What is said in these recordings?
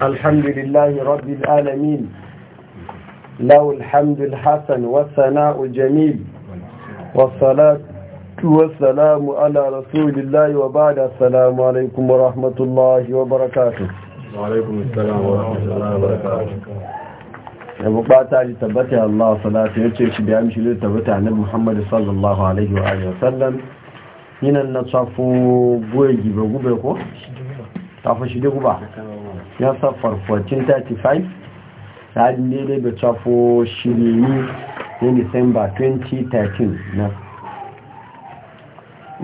الحمد لله رب العالمين له الحمد الحسن والثناء الجميل والصلاة والسلام على رسول الله وبعد السلام عليكم ورحمة الله وبركاته وعليكم السلام ورحمة الله وبركاته abu bata ji tabbata Allah salatu ya ce shi da amshi da tabbata na Muhammad sallallahu alaihi wa alihi wasallam yinan na tsafo goyi gube gube ko tafi shi da guba ya safar 1435 hadin daidai da tafo shirini na disamba 2013 na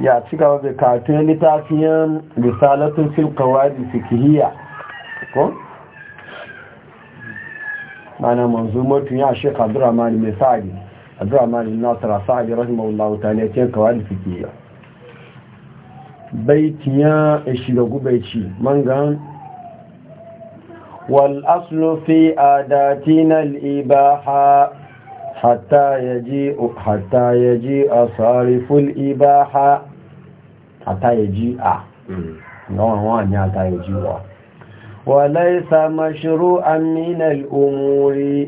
ya ci gaba da ya littafiyan misalatun filkawa da fikihiyya ko? mana manzu mutum ya shek mani mai sa'adi na tara sa'adi rahimahullahu ta ne ce kawai da Bai baitiya ya shiga gubaici mangan والأصل في آداتنا الإباحة حتى يجيء حتى يجيء صارف الإباحة حتى يجيء يعني حتى يجيء وليس مشروعا من الأمور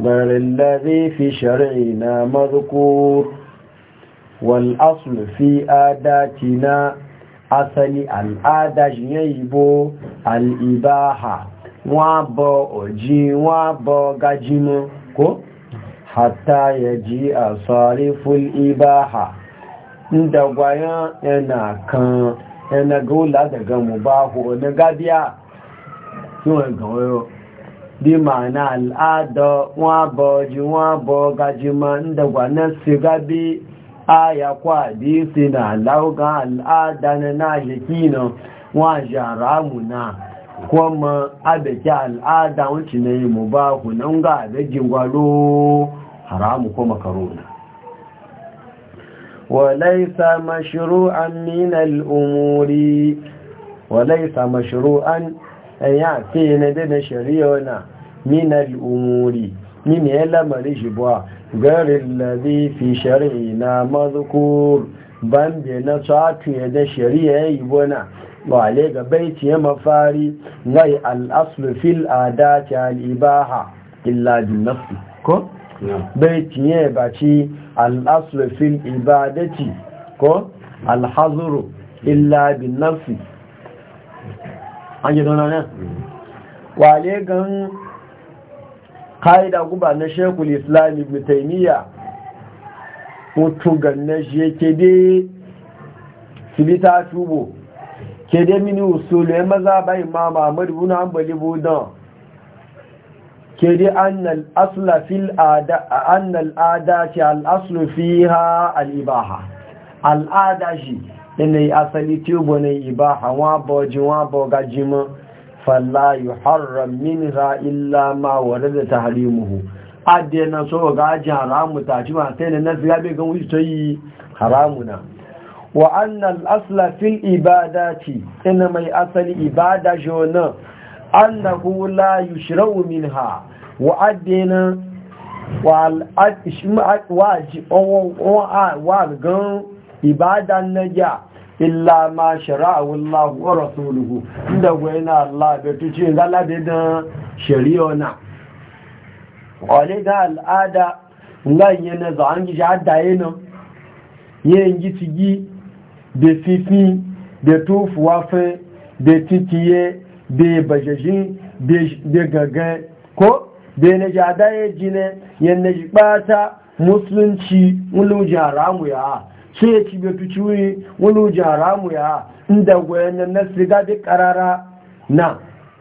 غير الذي في شرعنا مذكور والأصل في آداتنا أصل الآداج يجب الإباحة wọ́n bọ òjì wọ́n bọ gajimu kó hàtà yẹ jí àsọ̀rí fún ibáhà ń ẹnà kan ẹnà daga mú bá hù ní gábíà tí wọ́n gan bí òjì aya kwa na láwọ́gán al'adá náà kuma adake al'ada wacce na yi ku nan ga zagin gwalo haramu ko makarona walaisa mashru'an mashiru an eh, ya na dina shari'ona min al'umuri min ya lamari shi buwa garin lazi fi shari'a na mazukur ban na sa'atu ya da shari'a ya yi buwana wale ga baiti ya mafari wai al'aslu fil adati al'ibaha illa bin ko? baiti ya baci al'aslu fil ibadati ko? alhazuru illa bin an yi dona ne? Mm. wale gan ƙa'ida guba na shekul islam ibn taimiyya mutu ganna shi yake dai su bi ta shubo ke dai mini usulu ya maza bai mama madubu na hambali budan ke dai annal asla fil al'ada ce al'aslu fi ha al'ibaha al'ada shi yana yi asali tubo na ibaha wa bojin wa boga jima falla yi haram min illa ma wadda da ta harimuhu adiyar na so ga ajiyar haramu ta ci ma sai da na zira bai gan wuce ta yi haramuna wa annal asla fil ibadati ina mai asali ibada jona annahu la yushra'u minha wa addina wa gan ibadan naja illa ma shara'ahu Allah wa rasuluhu inda gwayna Allah da tuce ga labidan shari'ona wale ga al'ada ngan na za an gi jaddaye nan de fifi da tufuwafe de titiye de bajaji de gagan ko da na jada ya ji ne yana musulunci wulujin haramu ya sai ya ci betu ciwi wulujin haramu ya inda gwayan na siga da karara na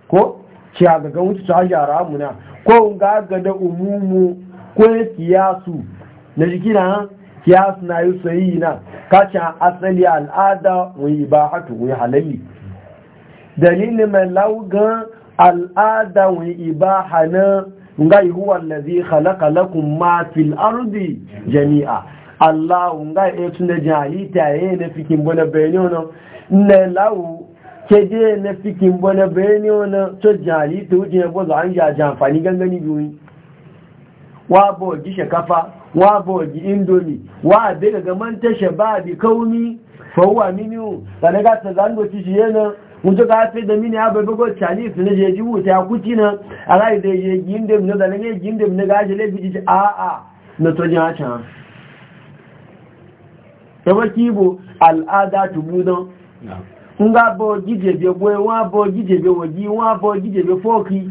ko ci a gagan wuce su haramu na ko ga gada umumu ko ya kiyasu na jikina kiyas na yi sayi na kacin asali al'ada wani ba hatu wani halali dalilin mai laugan al'ada wani ibaha na ngai huwa lazi halaka lakun ma fil ardi jami'a Allah ngai e tuna da jali ta yi na fikin bane bayani ona? na lau ke je na fikin bane bayani ona to jali to je yabo za an ya jamfani gangani biyu wa bogi shakafa wa bogi indomi wa daga gaman ta shababi kauni fawwa minu sana ga ta zango ci shi yana mutu ka hafi da mini abu bugo chinese ne je wuta ya kuti na ala da je gindem na da ne gindem na ga je le bi a a na to jin hacha e da waki bo al'ada tubudan nga bo gije be bo wa bo gije be waji wa bo gije be foki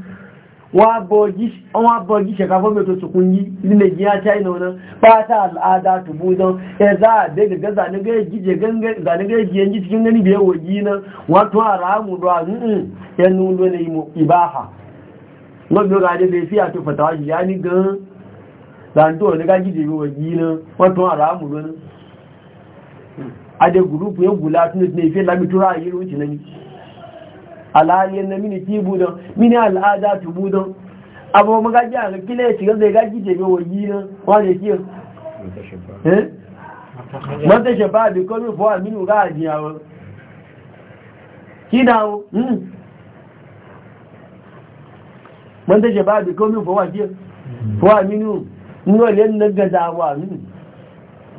wọ́n bọ́ jíṣẹ́ ká fọ́mí tó tukun yí nílẹ̀ jíyá china wọn pátá al'ada tubu don ẹ za a bẹ gaga zanigar jiyan jí cikin gani biya waji na wato tún ara amuru n'un ya nulo na ibaha wọ́n bí ọ̀rọ̀ bai fi àti fatawa shi ya ní gan zanto wani ga jíje bi waji na wato tún ara na a da gurupu ya gula tun da tun lamitura a yi na alhalin na mini ki budan mini al'ada tu budan abu magaji a kila ya shiga zai gaji ce bai wayi nan wane ki eh? mata shafa bi komi fuwa mini ga ajiyawa kina o hmm? mata shafa bi komi fuwa ki fuwa mini nwa ne na gazawa hmm?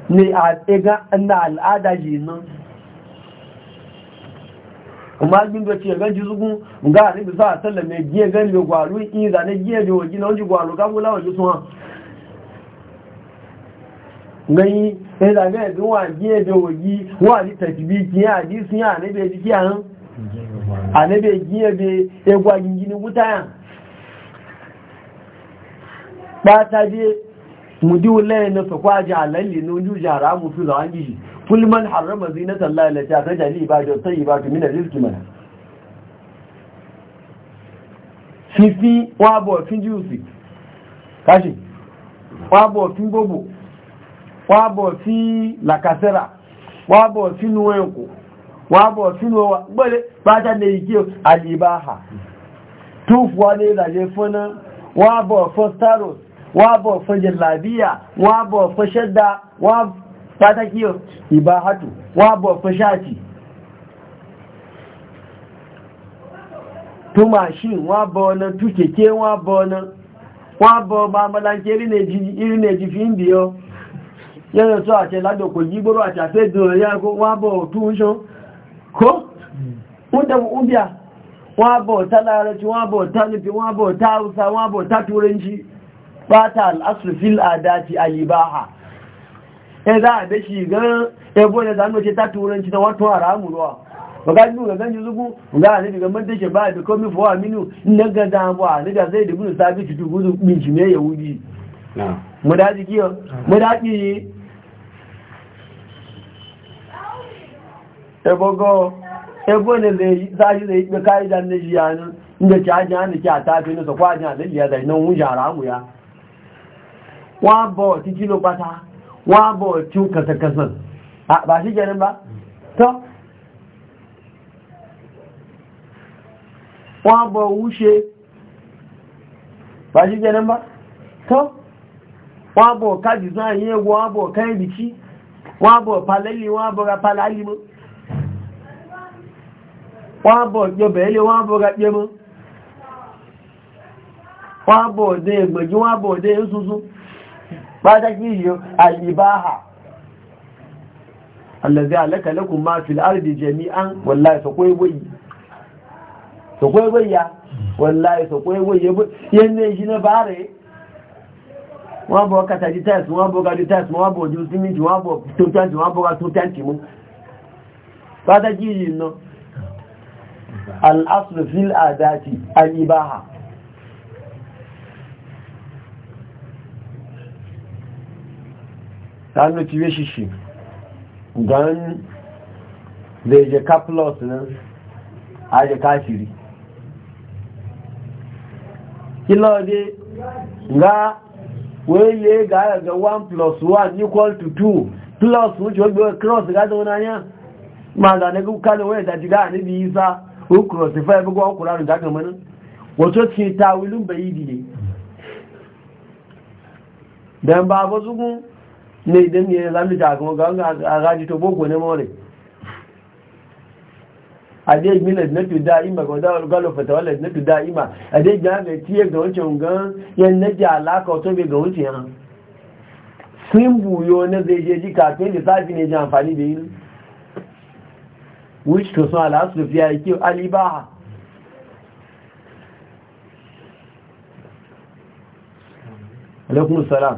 ne a tsega na al'ada ji nan kuma jin da ce ganji zugun ga ni bi sa sallam ne giye gani da gwaru in za ne giye da waji na waji gwaru ka bula waji sun ngai sai da ga ga wa giye da waji wa ni tasbi ki ya ji sun ya ne be ji ki an a ne da giye be e gwa gingini mutaya ba ta je mu diwule ne fa kwaji alalli no ju jara mu fi zawan gishi fulman harama zinatan Allah lati akhraja li ibadi tayyibati min rizqi man fifi wabo fin juice kashi wabo fin bobo wabo fi lakasera wabo fin wenko wabo fin wa gbele bata ne yike alibaha tufu wa ne da je fona wabo fostaros wabo fajallabiya wabo fashadda wabo fata kiyo ibahatu wa fashati tuma shi wa na tukeke wa na ba malanke iri na ji fin biyo yẹn sọ àti ẹ̀lájọ kò yí gbóró àti àfẹ́dùn ya ko wọ́n bọ̀ tó ko ṣán kó ń ta ń bíà wọ́n ta tá lára ta hausa turanci al'asufil e za a da shi gan ebo eh, da zanen ce ta turanci ta wato haramu ruwa baka ji ga ganji zugu ga a nabi gaban dashi ba da komi fawa minu na ga damuwa na ga zai da gudu sabi ci tugu min ya ne yahudi mu da ji kiyo mu da ki ebo eh, go ebo ne zai za shi zai ga kai da ne jiyan inda ci ajin ki a tafi nasa kwajin a lalliya zai nan ya wa bọ̀ títí ló pátá wa bautin kasakasan ah, ba shi kenan ba to wa ba wushe ba shi kenan ba to wa ba ka design ye wa ba ka biki wa ba palali wa ba palali mo wa ba yo bele wa ba ga pe mu wa ba de egbeji wa ba de nsusu pàtàkì yíò alìbáhà allazi alaka lakum ma fil ardi jami'an wallahi sakwai wayi sakwai wallahi sakwai yanne shi na wọ́n bọ̀ tẹ́ẹ̀sì wọ́n bọ̀ tẹ́ẹ̀sì wọ́n bọ̀ ojú sí méjì wọ́n bọ̀ tó tẹ́ẹ̀sì wọ́n bọ̀ tó tẹ́ẹ̀sì mú pàtàkì yìí náà ranar ciwe shi don zai je kaplot nan aje kashiri kila dai ga wele ga ga one plus one equal to two plus which will be cross ga n'anya ma da ne kuka da waya da ne isa o crossify e go Qur'an da ga wato ce tawilun bayidi ne dan ne idan ne za mu jagon a gaji to boko ne more a dai mila na da'ima ga wadda na da'ima a dai tiye ga wancan gan yan na ji alaka ga yan sun buyo na zai je ji kafin ne ji amfani da to sun alibaha salam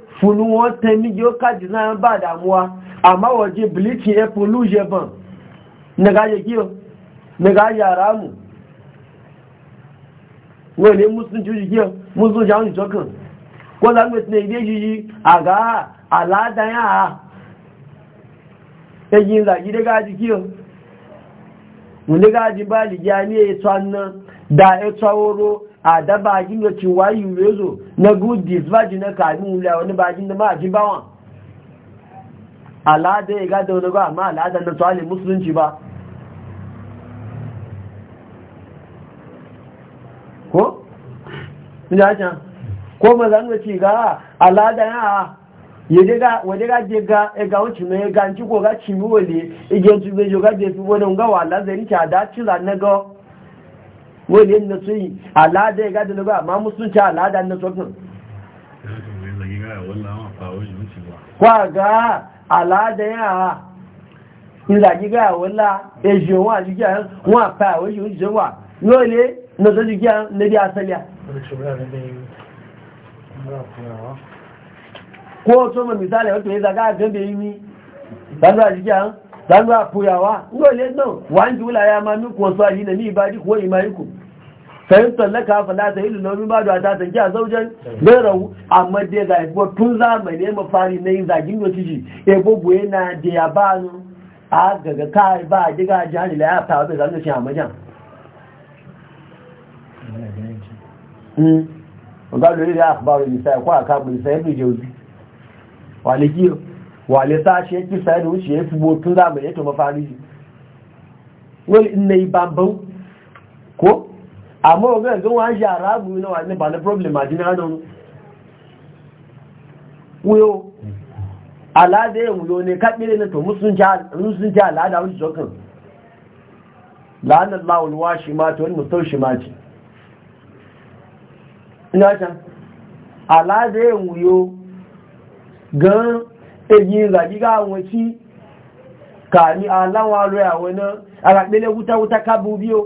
funu wọn tẹ níjẹ́ ó kájì náà bá dàmúwa àmáwọ̀ jẹ́ bìlìkì ẹ̀pọ̀ lóòjẹ́ bọ̀n nígbàáyé kí o nígbàáyé àrámù wọ́n lè muslim jù kí o muslim jù àwọn ìjọkàn kó lágbèsìn ilé yìí àgá àládáyà èyí ń làjí dégájì kí o nígbàájì bá lè ní ètò àná da ètò àwòrán a da bagin da ci wayu zo na ba ji na kamin wula wani bagin da ma'aji bawan al'ada ya gada wani ba ma al'ada na tsohon musulunci ba ko? inda haka ko mazan da ci ga al'ada ya waje ga je ga e ga wuce mai ganci ko ga cimi wale igiyar cibiyar ga jefi wani e ga wa lazari ta da ci na ga wani yadda su yi al'ada ya gada na ba amma musulunci al'ada na tsokin kwaga al'ada wọn àpá àwọn èṣì òun wà yóò lé nọ́sọ́jú gíà lédí kó tó mọ̀ mìsàlẹ̀ ọ̀tọ̀ ìzàgá àgẹ́bẹ̀ yìí tàbí àjíjá tàbí àpòyàwá yóò lé náà wà ń jù láyá máa mú kò sọ àyínà ní ìbájú kó ìmáyíkù fayin tallaka fala ta hilu nomin ba da ta tanki a zaujen gairawu amma dai ga ibo tun zamani mafari na yin zagin yau ebo buye yana da ya ba nu a gaga kai ba a diga jihani la ya fawa zanen shi a majan hmm. ga lori da akhbaru nisa ko aka bu sai bi jauzi waliki wale shi yake sai da wuce ya fi botun zamani ya to mafari wani inna bambam ko àmọ́ ọgbẹ́ ẹ̀gẹ́ wọ́n ń ṣe àrábù náà ní bàní problem àdínádọ́ wíó aláàdé ìwúlò ní kápílẹ̀ ní tòmú jẹ́ aláàdá òṣìṣọ́ kan láàrín láwọlúwá ṣìmáàtì wọ́n mọ̀tọ́ ṣìmáàtì gan ní aláwọ̀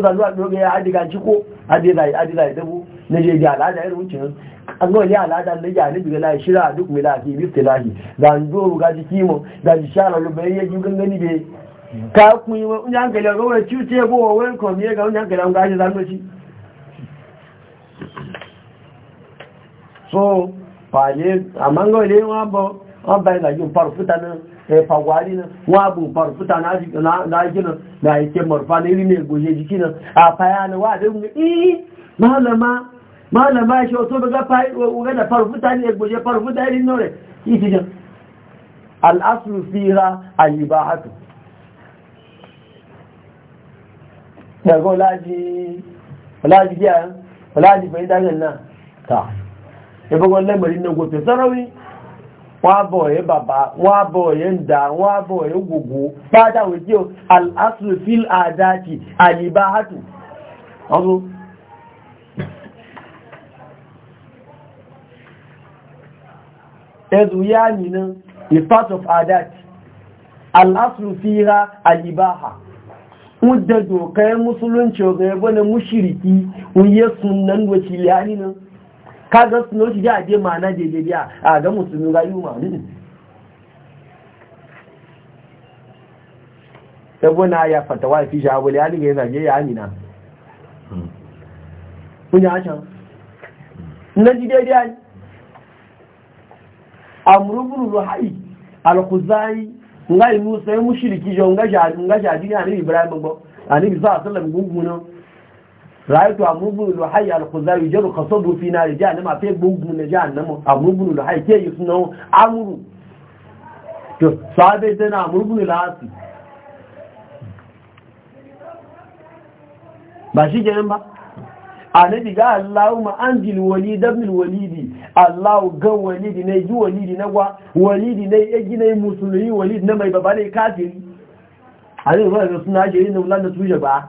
da zuwa doge ya adiga jiko adizai adizai dabu na je ga al'ada irin wucin an ga al'ada ga ni bi la shira duk mi la fi bistilahi dan do ga jiki mu dan be ka yi wani ga wani cuce go welcome ye ga wani hankali ga shi zan ci so pale amango le wa bo on bai la parfuta e wa bu na yake marfa na iri mai goje jiki nan a fayana na wa da yi malama malama shi wato ga fayi ga da farfuta ne goje farfuta irin nore yi fi jan a yi ba haka. daga olaji laji biya laji bai dagan nan ta ibagon lamarin na gobe sarawi wa boye baba wa boye nda wa boye gugu bada wejo al aslu fil adati alibahatu ozo ezu ya ni na the part of adati al aslu ha alibaha mudda do kai musulunci ga yabo na mushriki un yasun na ka ga suno shi ya je mana daidai biya a ga musulmi ga yi umarni sabona ya wa fi shawul ya liga yana ya amina kun ya can Na ji daidai ne amrubun ruhai alkuzai ngai musa ya mushiriki jo ngaja a duniya ne ibrahim gbo ani bisa sallam gungunan ra'aytu amrubun luhay al-khuzai jaru qasabu fi nar jahannam fa bugun na jahannam amrubun luhay ke yusnu amru to sahabe na amrubun hasi. ba shi nan ba annabi ga Allahumma anjil walid ibn walidi Allah ga walidi ne ji walidi na gwa walidi ne ya gina musulmi walidi na mai babare kafiri a zai zuwa da suna ake yin da wula su tuje ba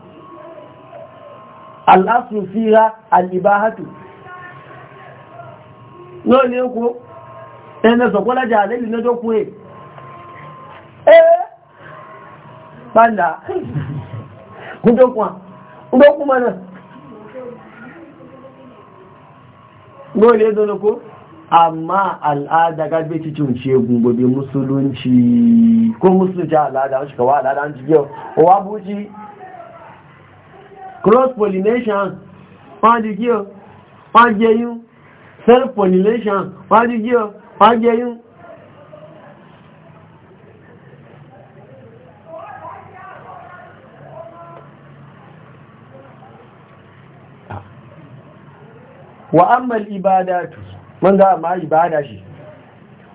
al'aslu fiha al'ibahatu yóò ní kú ẹni sọ̀kọ́lájà àlébì lọ́jọ́ kú ẹ̀ ẹ́ pàdà kújọ́kùn ọgbọ́kùn mọ́nà yóò ní ẹ̀dọ́nà kú àmá al'ada gágbé títí ń ṣe gbogbo musulunci ko musulunci al'ada wọ́n ṣe kọwa al'ada ń jíyọ́ cross pollination wọ́n di kí o wọ́n jẹ yún self pollination wọ́n di kí o wọ́n jẹ yún wa ammal ibadatu mun ga ma ibada shi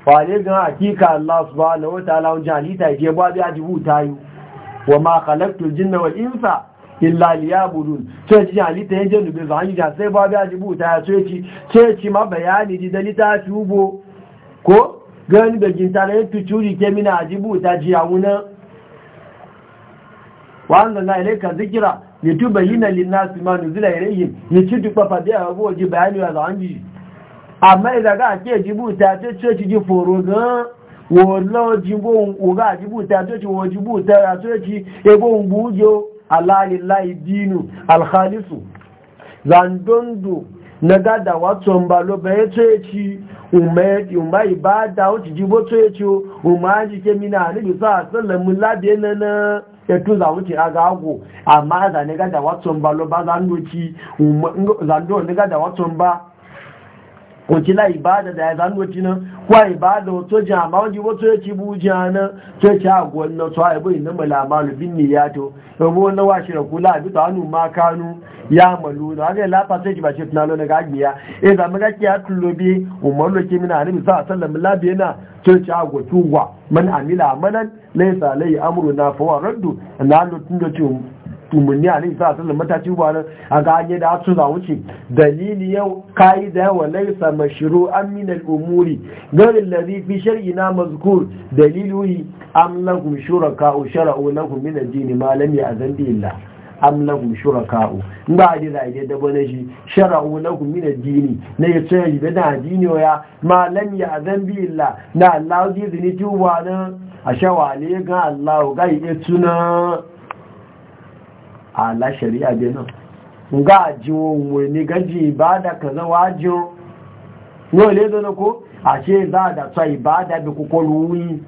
fare gan hakika Allah subhanahu wa ta'ala wajen halitta je ba bi ajibu tayu wa ma khalaqtul jinna wal insa illa liyabudun sai ji ali ta yaje lube ba hanya sai ba ga jibu ta ya ce ce ci ma bayani ji da lita tubo ko gani da ginta ne tucuri ke mina jibu ta ji awuna wanda na ile ma abu bayani ji ya alalillahi dinu alhalisu zandondo na gada watan balo bai tsoyeci umar ibada wacce jibo tsoyeci umar jike mina alibi sa a tsallamin labe na na ẹ̀tún zàwọn ti aga agwò àmá zànígádàwà tó ń bá lọ bá zàndó ní gádàwà tó ń bá kila ibada da ya zanu wacce nan kuwa ibada wato jama wani wato ya ci bujiya nan ta ci agwon na su haibu inda malamalu bin ne ya to rabu wani washe da kula a bisa hannu ma kanu ya malu na haka lafa sai ba ce tunalo na gagiya e zama ga ya tullo bi umar ke mina hannun bisa a sallam labiya yana ta ci agwon tuwa man amila manan laisa lai amuru na fawa raddu na hannun tun da ce tumuni a nisa sun da mataci ba nan a gage da su za wuce dalili yau kayi da yawa laisa mashiru an mina umuri garin lari fi shari'i na mazkur Dalili am lahum shuraka'u shara'u lahum min ad-din ma lam ya'zan billah am lahum shuraka'u ba da zai da bane shi shara'u lahum min ad-din ne ya ce da addini ya ma lam ya'zan billah na Allah zai zini tuwa nan a shawale ga Allah ga yi tuna ala shari'a dai nan ga ajiwo wani gaji ibada kaza wa ajiwo yau da zo na ko a ce za da tsaye ibada da kuka ruwi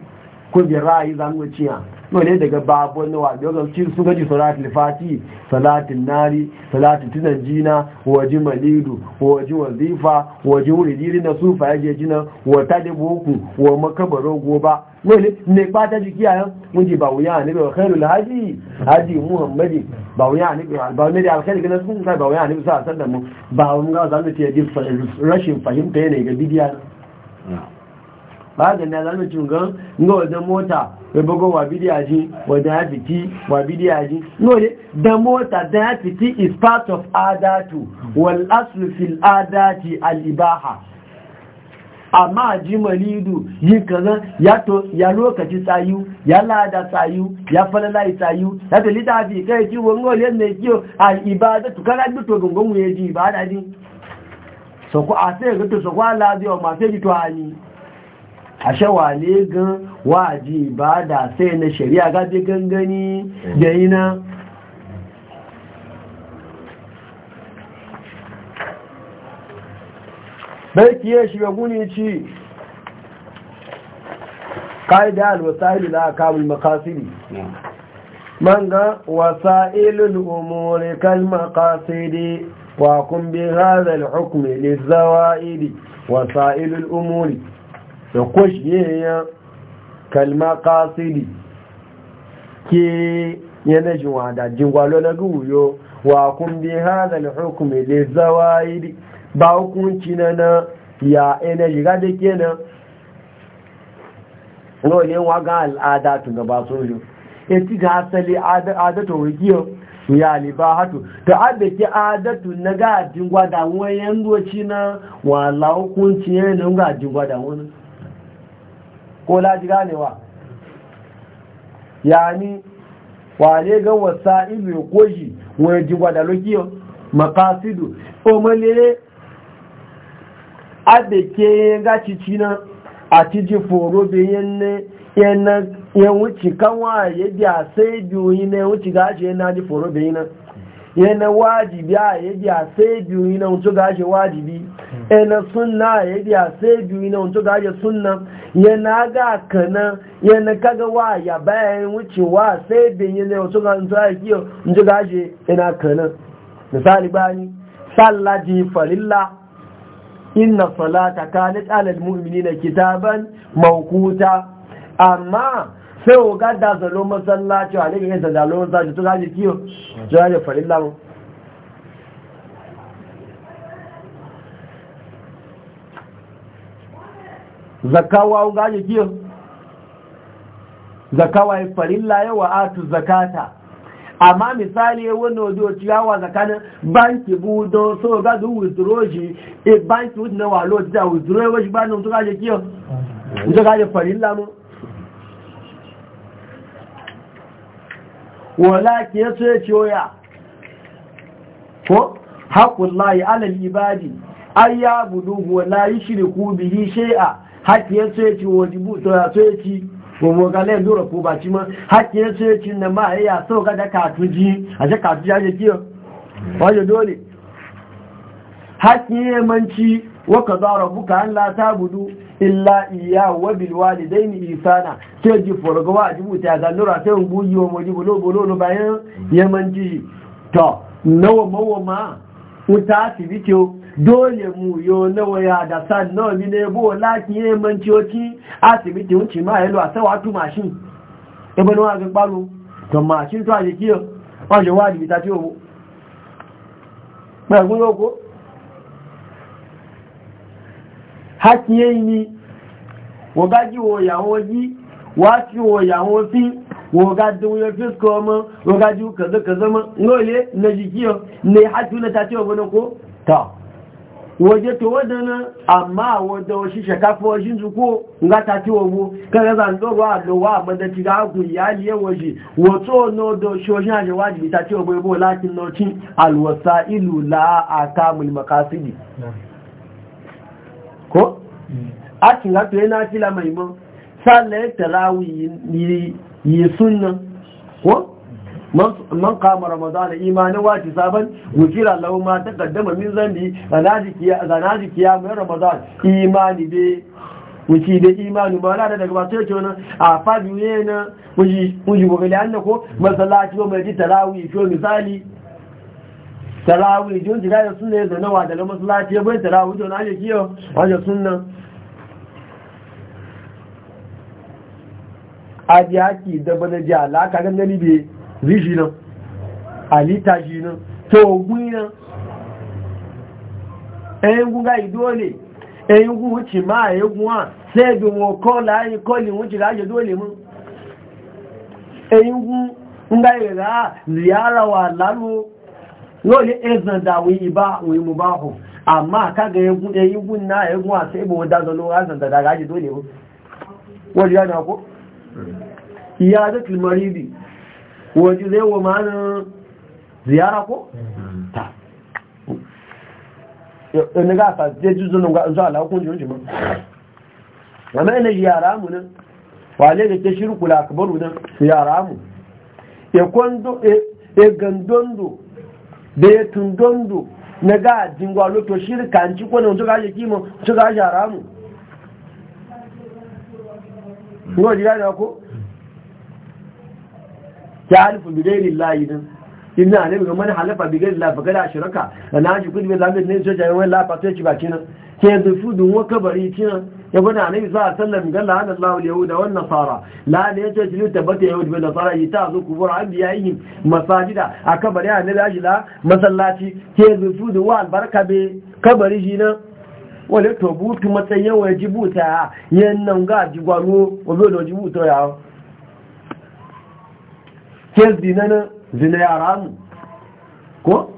ko bi ra'ayi zanuwa ciya ne daga babu wani wa yau gamci sun gaji salatul fati salatul nari salatul tunan jina waji malidu waji wazifa waji wuridiri na sufa ya je jina wa tadiboku wa makabaro goba wani ne fata jiki a yan mun ji ba wuya ne ba khairul haji haji muhammadi ba wuya ne ba ba ne da alkhairi kana sun ba wuya ne ba sa mu ba mun ga zamu ce ji rashin fahimta yana ga bidiya ba ga na zamu ci ga ngo wajen mota gbogbo wà àjí wọ̀dá àfìtí wà àjí lóòrè the mota da is part of adatu a aslu fil adati alibaha amma àjí malidu yi kaza ya lokaci tsayu ya lada tsayu ya falalai tsayu ya tali fi al'ibadatu mu ya ji ibada ji to so a wane gan waji ba da sai na shari'a ga bi gangani mm. da Bai barki ya shiga guni ci ƙa'ida al-wasa'il la makasiri mm. man ga wasa'ilul umuri kal makasiri wa kun bi hadha al lizawa'idi wasa'ilul umuri da kwashiyayya kalma qasidi ke yana jiwa da jingwalo na guyo wa kun bi hada da hukumi da ba ba hukunci na na ya yana shiga da ke nan rolin waga al'ada tun gaba sojo e ti ga asali adatun rikiyar ya libahatu ta adake adatu na jingwa gwada wayan gochi na wala cinana ga jingwa gwada wani ko laji ganewa yani wale ga wasa ilu koji wani jigwa da lokiyo makasidu abe abeke ga cici na a ciji foro bayan ne yan wuce kanwa ya biya sai biyu ne wuce gashi yana di foro bayan nan yana wajibi a yabi a sai biyu yana wuce gaje wajibi yana hmm. sunna a yabi a sai biyu yana wuce gaje sunna yana ga kana yana kaga wa ya bayan wucewa sai biyu yana wuce gaje wuce gaje yana kana misali bani sallaji falilla inna salata kanat alal mu'minina kitaban mawquta amma sai o ga da zalo masallaci a ne yin zalo masallaci to zaji kiyo zaji farin mu zakawa o gaji kiyo zakawa yi farilla yawa atu zakata amma misali wani ojo ciyawa tsakanin banki budon so ga zuwa withdraw shi e banki wuce na walo da withdraw shi ba na mutu gaji kiyo mutu gaji farilla mu walaki ya ce oya ko layi alal ibadi an ya budu wala yi ku bihi shai'a haƙi ya so ya ce wajibu to ya so ya ci gbogbo galẹ̀ lóòrò kó ba ci ma haƙi ya so ya ci na ma'a yà so ga da kàtújí a ṣe kàtújí a ṣe kí wọ́n dole haƙi ya manci waka zara buka an lata ta budu illa iya wa bil walidaini ihsana sai ji forgowa a jibuta ga nura sai un buyi wa moji bolo bolo bayan yaman ji to nawa mawa ma uta sibiti dole mu yo nawa ya da san nawa mi ne bo lati yaman ci oci asibiti un ci ma yelo asawa tu machine e bo wa ga palu to machine to aje kiyo wa je wa di hakiyayi ni woga ji wo yawo ji wa ci wo yawo fi woga dun yo fisko mo woga ji kaza kaza mo ngole na jikiyo ne hatu na tati ce wani ko ta waje to wadana amma wadda wasu shakafa shi zuko nga tati ci wabu kaga zan doro a lowa a madaci ga ku iyali ya waje wato no do shoshin aje wajibi ta ce wabu bo lakin nautin alwasa ilu la a kamul makasidi ko a kin ga to yana fila mai mun sallar tarawih yi sunna ko man kama ramadana imanin wace sabon wukira lau ma ta kaddama min zambi zana ya mai ramadan imani be wuci da imani ba da daga masu yake wani a fadi ne na wuji wakili an ko masallaci wa mai ji ko misali tarawih jun jira da sunna da nawa daga masallaci ya bai tarawih jun ake kiyo aje sunna haki ji alaka rishi nan alita shi nan to nan idole gun wuce ma wuce dole gun ziyara wa lóòlé ẹzàndà wí ibá wí mú bá hù àmá kága egun náà egun àti ibò dáadọ́ ló rá zàndà dára jù tó lè hù wọ́n ya na ziyara kó ta ẹnigá àfàjẹ́ jù zọ́ àlákún jù jùmọ́ àmá ẹnẹ yàrá mú náà wà lè rẹ̀ ṣírùkù làkàbọ̀rù náà yàrá mú ẹ̀kọ́ da ya tundondo na ga jingwa loto shirka ci ko ne wato ga shi kimo wato ga shi haramu ko ko din ibn ne ga man halafa bi ghairi la faqala shiraka na ji kudi mai bi ne so jaye wala fa to ci ba kina ke da fudu wa kabari kina ya bana ne sallallahu a wasallam ga la'ana allah al yahuda wa nasara la ne yace ta bata yahud bil nasara yita zu kubur anbiya'ihim masajida a kabari annabi ajila masallaci ke da fudu wa albarka be kabari jina wale to butu matsayin wa buta yan nan ga gwaro wa bi da buta ya ke dinana zina yara mu? ko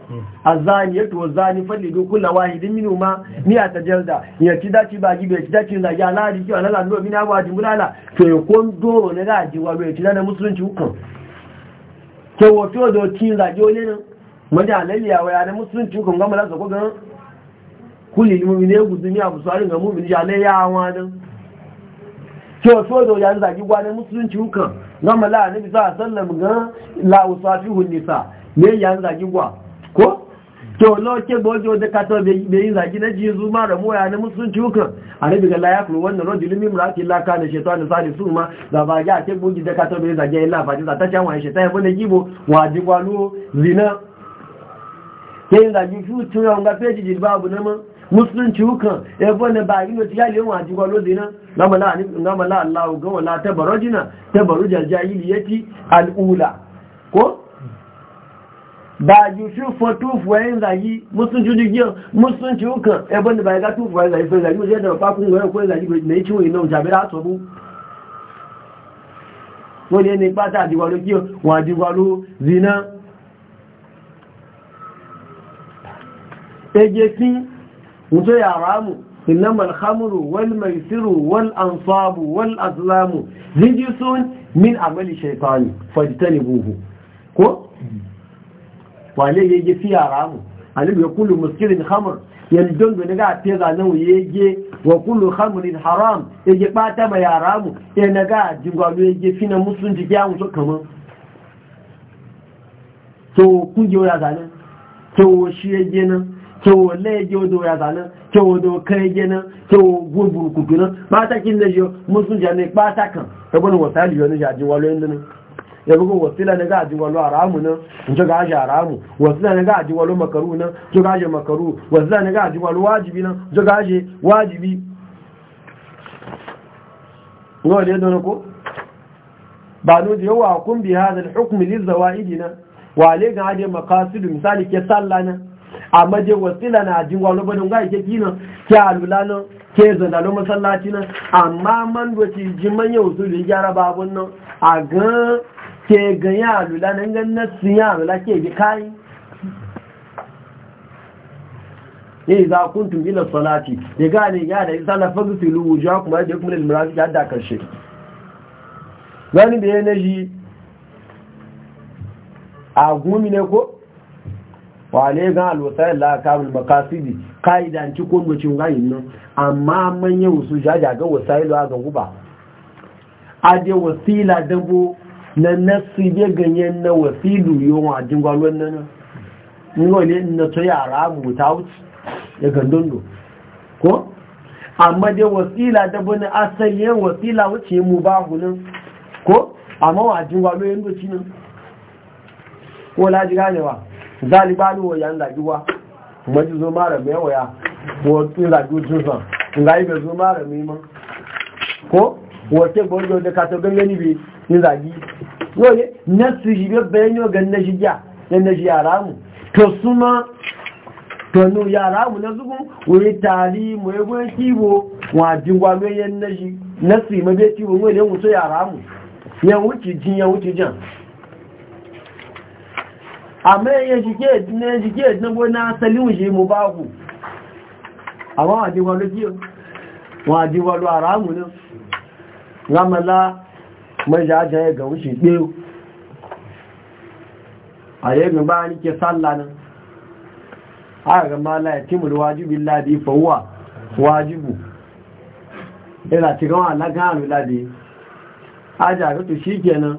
azani yato azani falli do kula wahidin minu ma ni a ta jalda ya ci dace ba gibe ci daci na ya ladi ki alala ndo mina wa di mulala to ya kon do ne ga wa be ci da musulunci hukun ke wo to ci la jo nan mun da alaliya wa ya musulunci hukun ga mala ko ga kuli mu'mine guzumi abu sarin ga mu'mini ya ne ya wa ke wo to ya zagi gwa musulunci hukun gama la annabi sa sallam gan la usafihu nisa me yan zagi gwa ko ke bojo da kato be yin zagi na jizu mara ma moya na musulunci a annabi ga la ya kulu wannan rajulun min na salisu ma da ba ya ke boji da kato zagi ya gibo wa zina ke yin zagi su tura na musulunci hukan yabo ne ba gino ti yali yawan ajigwa lodi na gamala allahu gawa la tabaro jina tabaro jajayili yati al'ula ko ba ju fi fotofu yayin zagi musulunci jirgin musulunci hukan yabo ne ba ga tofu yayin zagi fai zagi wajen yadda ba kun gwaya ko zagi na yi ciwo ina jami'a a sobu wọ́n ní ẹni pátá àjíwá ló kí wọ́n àjíwá zina ẹjẹ́ mutu ya ramu sinan malhamuru wal maisiru wal ansabu wal azlamu zijisun min amali shaitani fajitani buhu ko? wale ya yi fi ya ramu alibu ya kulu muskirin hamur ya don gani ga teza nan ya yi wa kulu hamurin haram ya yi bata mai ya ramu ya na ga jingwalu ya yi fi na musulun jiki ya mutu kamar to kungiyoyi a zanen to shi ya yi nan cewa leje odo ya zanen cewa odo kai gina cewa gurgur kutu nan ta kin da shi musu ja ba ta kan ebo no wasali yo ne ja ji walo yanzu nan Ya go wasila na ga walo walo ramu nan njo gashi a ramu wasila na ga walo makaru nan njo gashi makaru wasila na ga walo wajibi nan njo gashi wajibi no le don ko ba no je wa kun bi hadal hukm lil zawaidina wa alayka hadi maqasid misali ke sallana amma je wasila na ji wani bane ga ke kina ke alula nan ke zandalo masallaci nan amma man doci ji manya usuli gyara babun nan a ga ke ganya alula nan ga nasin ya alula ke bi kai yayi za kuntum ila salati ya gane ya da sallah fa gusulu wujuhakum wa yadikum lil marafiq da karshe gani da yanayi a gumi ne ko wale gan alwasayar la'akawul makasidi ka'idanci kundocin rayin nan amma manyan wasu jajaga wasayilu a ga A aje wasila dabo na nasu be ganyen na wasilu yawon a jingwalon nan nwale na to yara buta wuce ya gandondo ko amma dai wasila dabo na asalin wasila wuce mu ba hulun? ko amma wa jingwalon yanzu ci nan ko laji ganewa zalibani wa yan lagiwa kuma ji zo mara mai waya wato lagi jinsa nga yi ga zo mara mai ma ko wace gwarzo da kato gangani bai ni zagi yoye na su shi bai bayan yau gan na shi ya yan na shi yara mu to suma to nu yara mu na zugun wuri tari mu ya gwen kibo wa jingwa mai yan na shi na ma yi mabe kibo mu ne mu so yara mu yan wuce jin yan wuce jan amma yin jike edinagbo na salin shi mu baku amma wajiwalu jiyo wajiwalu a ramu ne ramala mai jajen ya ga wuce ɗewu a yi gaba nike tsalla nan aka gaba laifimul wajibin ladi fawwa wajibu yana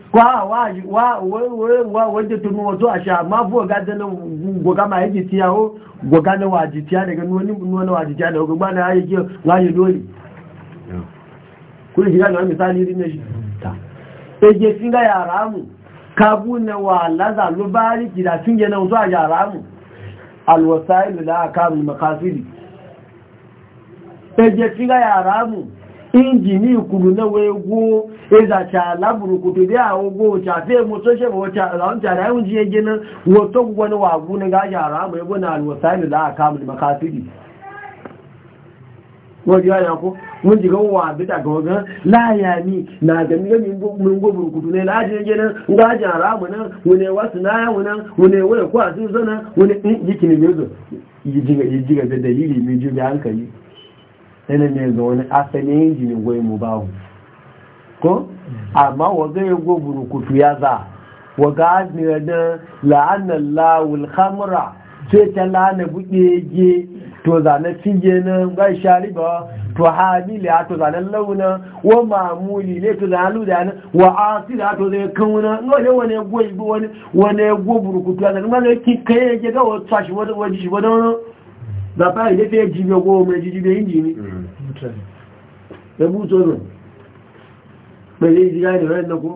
kwa wa wa wa wanda tumu wato a sha ma buwa gada na goga ma yake tiya o goga na wajitiya daga wani wani wajitiya daga goga na yake waje dole kuli shiga na misali rin shi ta eje singa ya ramu kabu na wa laza lo bari kida singe na wato a ya ramu al wasail la akam maqasid eje singa ya ramu injini kuru na wee gwuo ịzacha laburukutu bịa ụgwọ chafe motoche ma ọchara ahụ ji eje na woto na, wa gwụ na gaji arụ ama ebo na alwasailu la aka mu maka asiri wọ́n yọ́ ẹ̀yànkú wọ́n jìgá wọ́n na gangan láàyà ní nàgbẹ̀mígbẹ̀mí gbogbo kùtù ní láti ẹjẹ́ náà ń na àrá àmì náà wọ́n na wá sí náà wọ́n náà na eh, ni wọ́n ẹ̀kọ́ àti ìsọ́nà wọ́n ni yìí yana ne ga wani asali injinin goyi mu bawu ko amma waga ya go burukutu ya za waga admira da la'annan lawul khamra sai ta lana buɗe ge to zane cinje na gai shariba to hamili a to zane launa wa mamuli ne to zane luda na wa asira to zai kauna wane wani goyi wani wani go burukutu ya zane ma ne ki kai ya ga wata shi wani wani wani bàbá ilé fẹ́ jíbi ọgbọ́ ọmọ ìjíjíbe ìjì hmm. hmm. ní ẹbú tọ́nà pẹ̀lú ìjìyà ìrẹ́ ẹ̀nàkọ́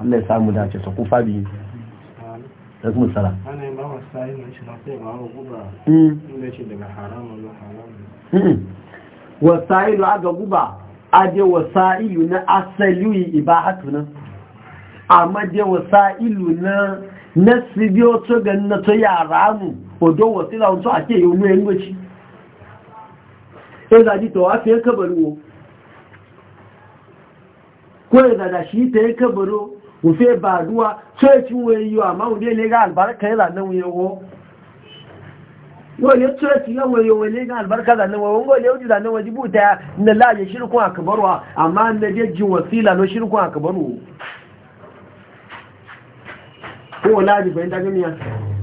alẹ́ sàmúdà àti ẹ̀sọ̀kú fàbí ẹkùn sára wasa'ilu aga guba aje wasa'ilu na asali ibahatu na amma je ilu na nasibi otu ganin na odo wasila wato a ke yi omu yin gwaci ya ta wafi ya kabaru o ko ya zada shi ta ya kabaru wufe ba duwa tsoyacin wani yiwa amma wunde ne ga albarka ya wani ga albarka ya na laje shirkun a amma na ko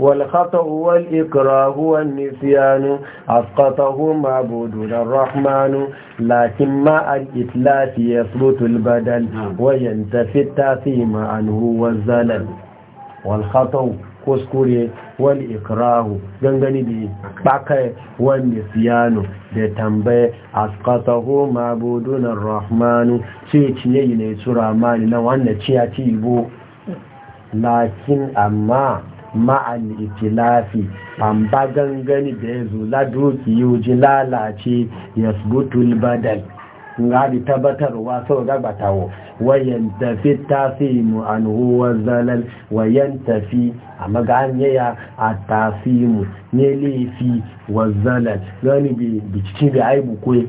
والخطأ والإكراه والنسيان أسقطه معبودنا الرحمن لكن مع الإتلاف يثبت البدل وينتفي التعثيم عنه والزلل والخطأ kuskure wal ikrahu gangani bi bakai wal nisyanu da tambaye asqatahu ma'budun ar-rahmanu ce ciye ne sura mani na wannan ciya ci lakin amma ma'an itilafi famba gangani da ya zo ladoki yau ji lalace ya subutul badal ngadi tabbatarwa sau gabatawo wayan tafi tasimu an huwa zalal wayan tafi a maganiya a tasimu ne laifi wa zalal gani bi cikin bi yi kwe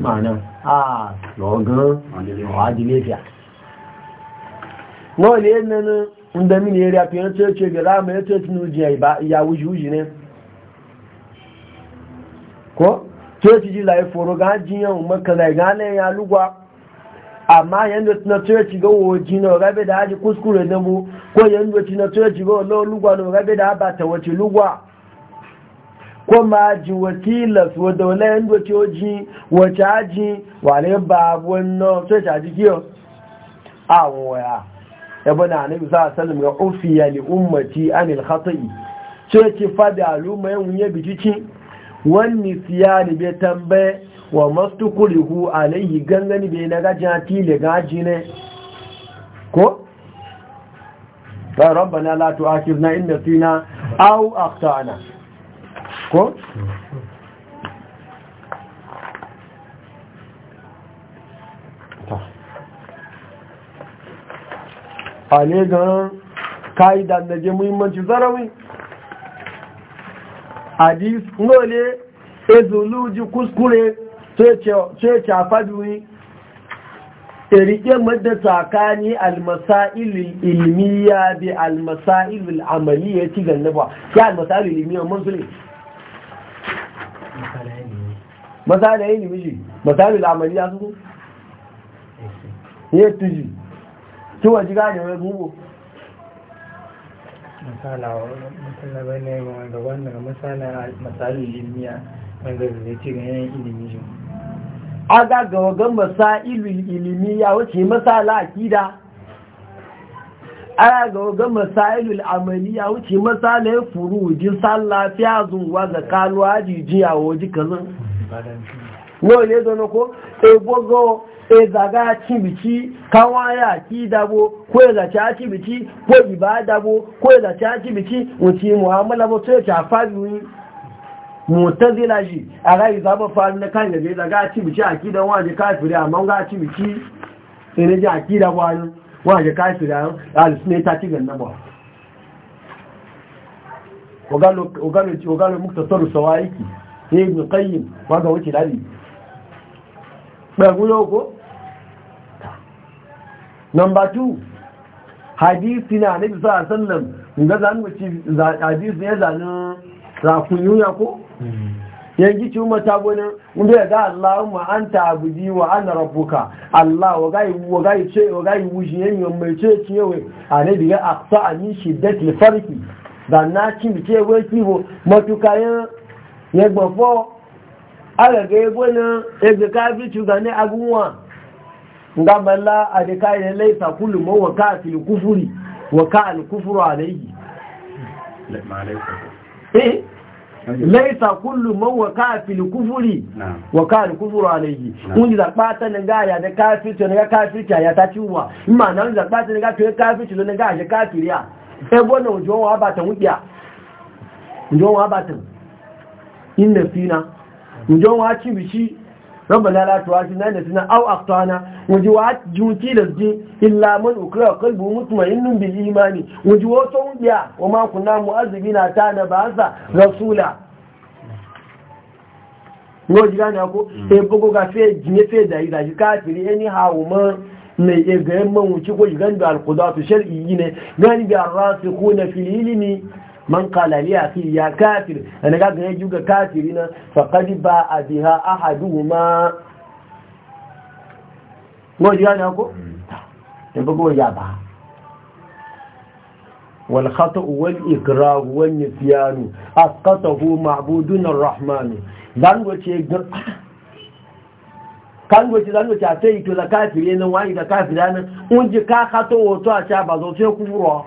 ma'ana a lagun wa di lafiya. ń dẹ́mí ní eré àfihàn tí ó ṣe gẹ̀rẹ́ àmì ètò ìtìnú jẹ ìyàwó ìṣújì ní kọ́ tí ó ti jí láì fòrò gá jíyàn mọ́kànlá ìgá lẹ́yìn alúgbà àmá yẹn ló tí ó ti gọ́wọ́ jìnà ọ̀gábẹ́dà ájí kúskúrò ìdánwò kó yẹn ló tí ó ti gọ́wọ́ lọ́ọ̀lúgbà ọ̀gábẹ́dà àbàtàwọ̀ ti lúgbà ko ma ji wakilas wadda wala yin dokoki wace aji wale ba wannan sai ta kiyo a waya ya bana annabi sallallahu alaihi wasallam ga ufiya li ummati anil khata'i ce ki fada aluma yan ya bijici wani siyani be tambaye wa mastukurihu alaihi gangani be na gajati le gaji ne ko ta rabbana la tu'akhidna in nasina aw akhtana ko ne gan ka'ida na je muhimmanci zarawi hadis ngole ezuluji kuskure sai ce a faduwi e rike madda tsakani almasailul ilmiya bi almasailul amaliya ci ganna ba ya almasailul ilmiya musulmi masalai ilimi masalai amaliya su ne tuji tí wọ́n jí gáàdì rẹ̀ gúngbò agaga wagan masailu ilimiya wace masala akida agaga wagan masailu amaliya wace masala ya furu jin sallafiya zuwa ga kaluwa jijiya waje wọ́n lè zọ́nà kó ezaga cibici kawaya ki dabo ko ezaci a biki ko iba dabo ko ezaci a cibici wuce mu'amala ba sai ta fabi mutazila shi a zaba faru na kan gaje zaga a biki a ki dan waje kafiri amma ga a biki sai na ji a wa ni wa waje kafiri a alisunai ta ci ganna ba ogalo muktasaru sawaiki ibn qayyim ga wuce dadi ɗaru yau ko? Number two, hadisi na Nabi Sallallahu Alaihi Wasallam ga zanuci hadisi ya zanen rakun yuna ko? Hmm. yanki ci mata gonin wanda ya ga Allahumma anta abudi wa an rabbuka Allah wa gai wa gai ce wa gai wuji yan yan mai ce ce wai annabi ya aqsa ani shiddatil farqi dan na ci ce wai kibo matuka ya ya gbafo aka ga ebo na ebe kafin cuga ne agunwa ga malla a da kayan laisa kullum wa ka fil kufuri wa ka al kufuru alayhi laisa eh? kullum wa ka fil kufuri wa ka al kufuru alayhi kun da bata ne ga ya da kafin to ne ga kafin ta ya ta ciwa imma nan da bata ne ga to kafin to ne ga ya kafiriya ebo na ojo wa ba ta wuya ojo wa ba ta inna fina njon wa ci bishi rabbana la tu'akhidna na nasina au akhtana wuji wa junti lasji illa man ukra qalbu mutma'innun bil imani wuji wa to biya wa ma kunna na ta na ba'sa rasula ngoji gani ako e bogo ga fe jine fe da ida ji kafiri hawo man mai ya e ga yamman wuce ko shigan da alkudatu shar'i ne gani da rasikuna fil ilimi man qala li akhi ya kafir ana ga ga juga kafirina faqad ba'a biha ahaduhuma ngo ji ana ko da hmm. bugo ya ba wal khata' wal ikrah wal nisyan asqatahu ma'budun ar-rahman dan wace kan goci zan goci a sai ito da kafire nan wani da kafira nan unji ka kato wato a sha ba zo sai kuburo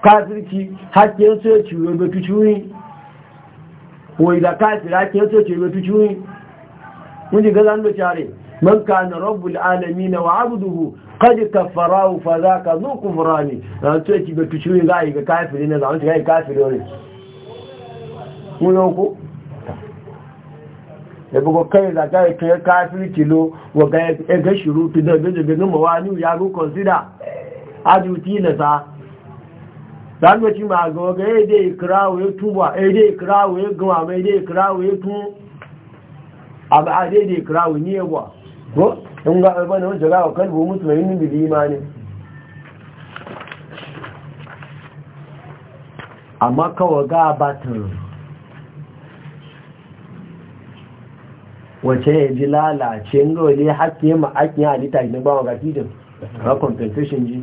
kafirci hakkin so ci yobe tucuyi wai da kafir hakkin so ci yobe tucuyi mun ji gazan da care man kana rabbul alamin wa abduhu qad kaffarahu fa zaka zu kufrani ran so ci be tucuyi ga ga kafiri na ne ya yi kafiri ne mun ko da bugu kai da ga kai kafiri kilo wa ga ga shuruti da ga ga mawa ni ya go consider ajuti na sa zanwaci ma ga ga ya dai wa ya tuba ya eh, dai wa ya gama mai dai wa ya tun abu a ah, dai dai kirawo ni ya buwa ko in ga alba na wajen gawa kalbo mutu mai yin bili imani amma kawai ga batun wace ya ji lalace ga wani haƙƙi ma haƙƙin halitta ne ba wa gafidin na compensation ji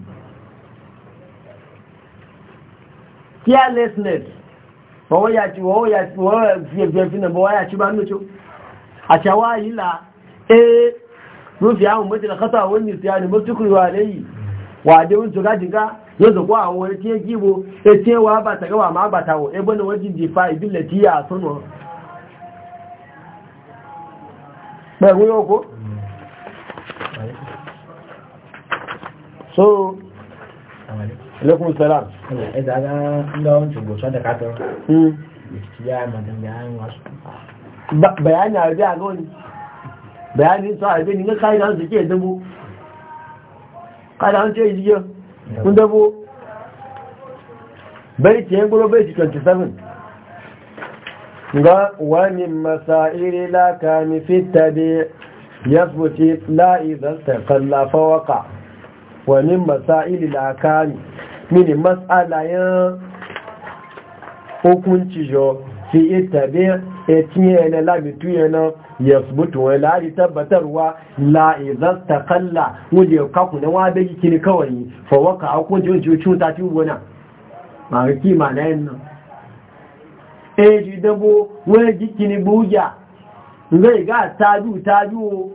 fearlessness wọ́wọ́ yà tí wọ́wọ́ yà tí wọ́wọ́ fíẹ̀fíẹ̀fínà bọ́wọ́ yà tí bá ń lóṣó àṣàwà yìí ee rúfì àwọn mọ́tílá kọ́tà àwọn ènìyàn ni mọ́tíkùnrin wà lẹ́yìn wà dé oúnjẹ gájìká yóò zọ̀kọ́ so alaikum salam idan eh, an ga wancan gosa da katar hmm. ya madan bayanin wasu bayani a rabi a ga wani bayani su a rabi ne ga kayan da hansu ke dabo kayan da hansu ke jigiyar kun dabo bai ce yankulo bai ci 27 ga wani masa'iri lakami fita da ya fuce la'izar ta kallafa waka wamin masa'iri lakami mini matsala yan hukunci jo fi itabe e tiye na labitu yana ya subutu wani lari tabbatarwa la'izar ta kalla wuje kaku na wabe yi kini kawai fawaka a kunci ciwo cuta ti ugona ma ga kima na yin nan e ji dabo wani jikini buja zai ga taju taju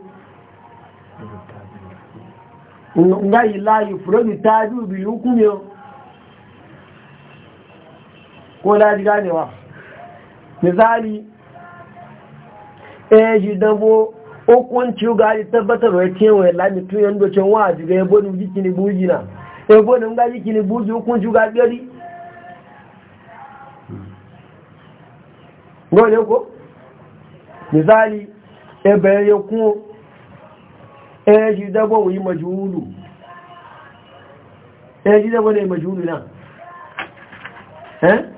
Ngayi layi furo ni taju bi hukumiyar ko laji ganewa misali eh ji dabo hukunci ga ji tabbatar wa ce wa lami tun yan doce wa ji ga yabo ni jiki ni buji na yabo ni ga jiki ni buji hukunci ga gari gole ko misali ebe ya kun eh ji dabo wi majulu eh ji dabo ne majulu na eh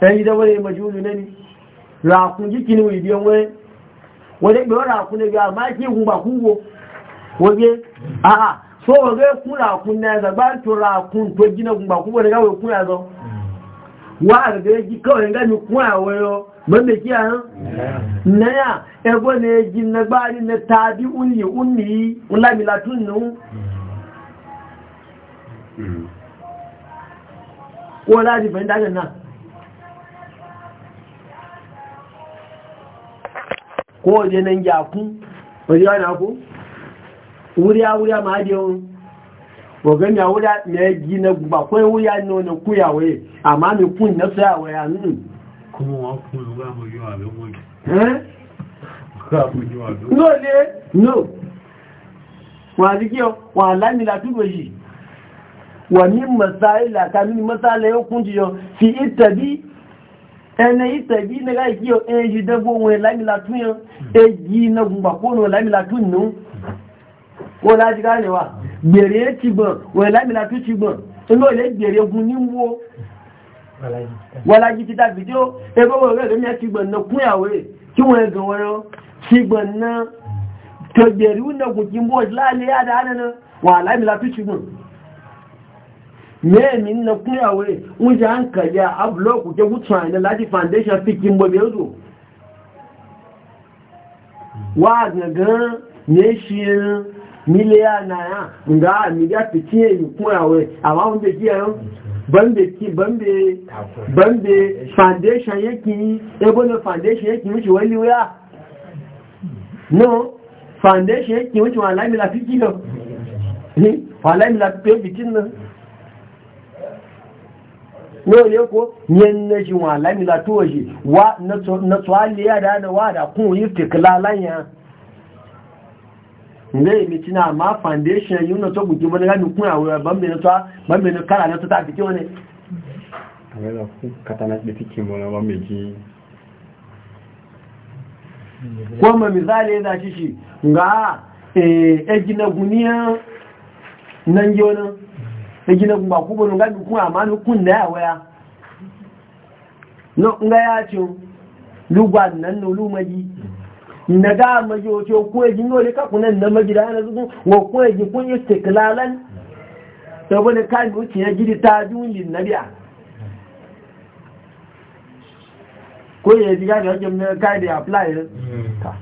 sai da wani majulu ne rakun jikin wai biyan wani wani gbe rakun ne biya ma ke ku ba ku waje a a so waje kun rakun na ga ba to rakun to gina ku ba ku ne ga wai ku ya zo wa ga ji kawai ga ni ku a wayo ban da kiya han naya ego ne ji na ba ni na tabi unni unni ulami latun nu wala di ban da nan ko waje nan yakun waje gane wuriya wuriya ma haɗe yawon wagan ya wuriya na ya gi na ba kawai wuriya ne wani kuya amma mai kun na saya waya nun kuma wa kun ruwa mu yi wa eh? wani no le no wa jiki wa lami la tudo yi wa min masaila ka min masaila yau kun yau fi ittabi ẹni ìtẹ̀bí nígbà ìkí ẹ̀yí dẹ́gbó wọn lámìlátún yẹn èyí iná gùnbà kóòrò lámìlátún nù wọ́n láti ká rẹwà gbèrè ti gbọ̀n wọ́n lámìlátún ti gbọ̀n inú e ilé gbèrè gun ní wo wọ́n ti tàbí tí ó ẹgbẹ́ wọn rẹ̀ ti mẹ́ẹ̀mí ń lọkúnyàwó ń jẹ́ à ń kẹ̀lẹ́ àbúlọ́ọ̀kù jẹ́ gútùn àìlẹ́ láti foundation fi kí n bọ̀bẹ̀ òdò wà gangan ní ṣe nílé ànáyà ǹgá àmìyà fi kí èyí kún àwẹ̀ àwọn foundation na foundation wani wuya foundation fi no ne ko yen na ji wa lami la to ji wa na tsali ya da wa da kun yi tiklalan ya ne mi na ma foundation yun na to guji mun ga ni kun awu ban be na to ban na kala na to ta fike wani wala ku katana da fike mun ba me ji ma misali da shi nga ga eh ejina guniya nan yonan egina kuma ku bonu ga ku amanu kun na yawa ya no nga ya ci lu gwa nan no lu maji na ga maji o to ku egin ole ka kunan na maji da na zugun wo ku egin kun istiklalan to bane kan ku ci ya gidi ta dun lin nabiya ko ya diga da hakim na kai da apply eh? hmm. ta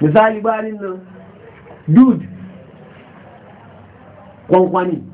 misali ba nan dude kwankwani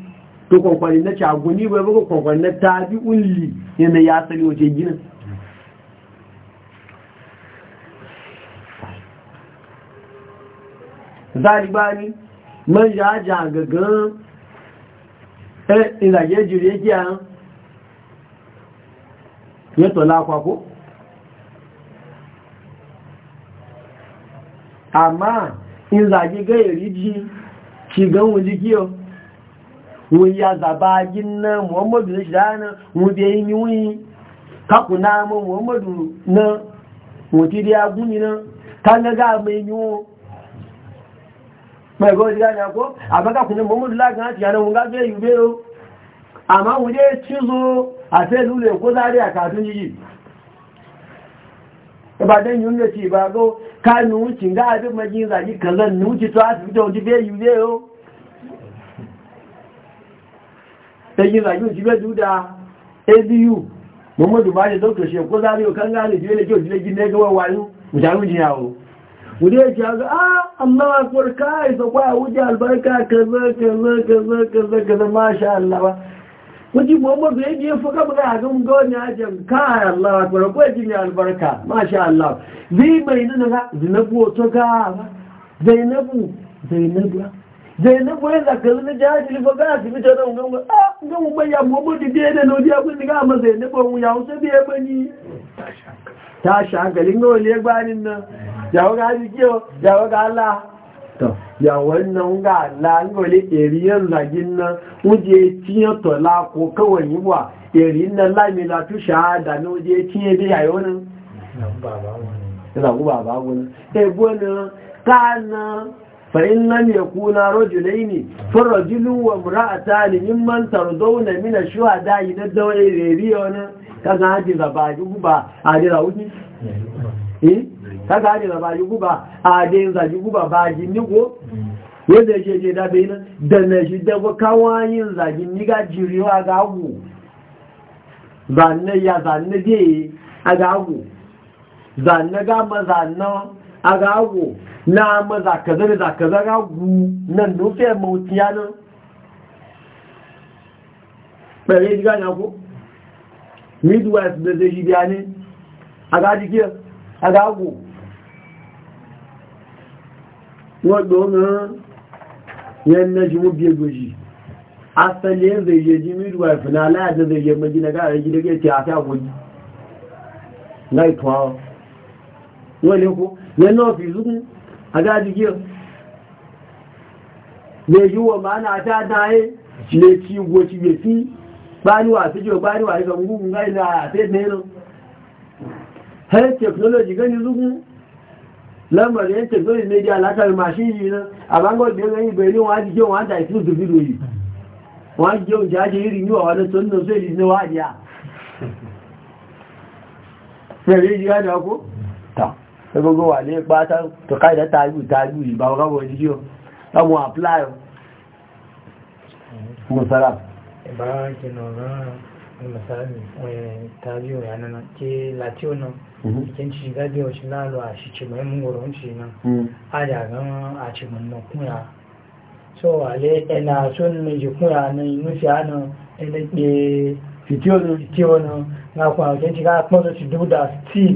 to kwakwari na caguni bai baka kwakwari na tabi ulli yana ya sani wace ginin zaribani man ya ja gagan eh ina jiri yake an yato lakwa ko amma in zage ga yari ji ki gan wuji kiyo wọ́n yá zàbáyí muhammadu ní ṣìdá náà wọ́n dé yí wọ́n yí kakù náà mọ́ muhammadu náà wọ́n ti dé agún ní náà kánágá mẹ́yí wọ́n pẹ̀lú ko láti àkó àbákàkù muhammadu lágán àti àná wọn gágbé ìgbé o àmá wọ́n dé chízo àfẹ́lú lè lule sáré àkàtún yìí ìbàdẹ́yìn ń lè ti ìbàgó ká nù ú ti ń gá àbí mẹ́jì ń ràjí kan lẹ́nu to tó àti fíjọ òjì fẹ́ yìí o sai zagi jibe duda ADU muhammadu bani dr shekku zari o kan gane jibe ne kyau jibe gine gawa wayo mutane jiyawo wuri ya ce ga a amma akwai kai sa kwaya wuce albarka kaza kaza kaza kaza kaza masha Allah ba muhammadu ya biye fuka buga a gan gani a jan kai Allah akwai kwaya jini albarka masha Allah zai mai nuna ga zinabu wato ka zainabu zainabu zainab wani zakalin na jihajili ba gana su fita don gan a ya momo da biya da nodi ya wuce biya bani ta shagalin ga wani gbanin nan ya waga haji kiyo ya waga allah ya ko kawai yi wa eriyin tu shahada na e kana فإن لم يكونا رجلين فالرجل وامرأتان ممن ترضون من الشهداء يدعوا إيريون kaga haji zabaji guba a dai rawuji eh kaga haji zabaji guba a dai zaji guba baji ni go yadda yake ce da bai da na shi da go kawayin zaji niga ga jiriwa ga gu zanne ya zanne dai a ga gu zanne gama ma zanne a ga gu na maza kaza da zakaza ragu nan nufe mautiya nan ɓare ji gani ako midwest da zai ji biya ne a gaji kiyar a gago wadda wani yan na ji mu biye goji asali yin zai je ji midwest na layar zai je magina gara gida ga ce a ta goji na ituwa wani ko yan na fi a gaji giyar yi wa ma'ana ta daye ne ci goci mai fi baniwa su jiwa baniwa ya zama gugun gai na sai na yanar health teknoloji gani zugun lambar yin technology media latar mashin yi nan a bangar da yanayi bai yin wani jiyan wani taifin su fi doyi wani jiyan jaje yi rinyuwa wani tsohon sai yi na wadiya sai rediyo ya da ko ta gbogbo wà ní ipá tó káìdá tààjú tààjú ìbá ọgbọ̀ ìdíjí o ọmọ àpláyọ mùsára ìbára ìkìnà rán mùsára tààjú ìyànà tí láti ọ̀nà mhm. ìkẹ́ ti ṣe mhm. gájẹ́ ọ̀ṣì so na inú sí àná ti ká pọ́n ti dúdà steel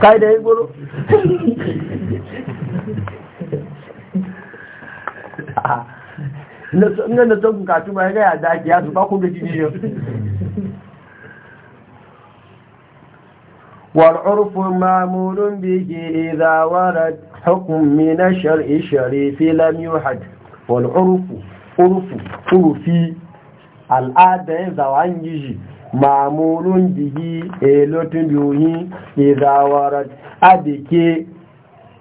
kai da ya goro na da son katu ma ya daki ya su ba da gaji ne والعرف معمول به إذا ورد حكم من الشرع الشريف لم يحد والعرف عرف عرفي الآدم زوانجي e lotin elotun biyoyin izawarar adike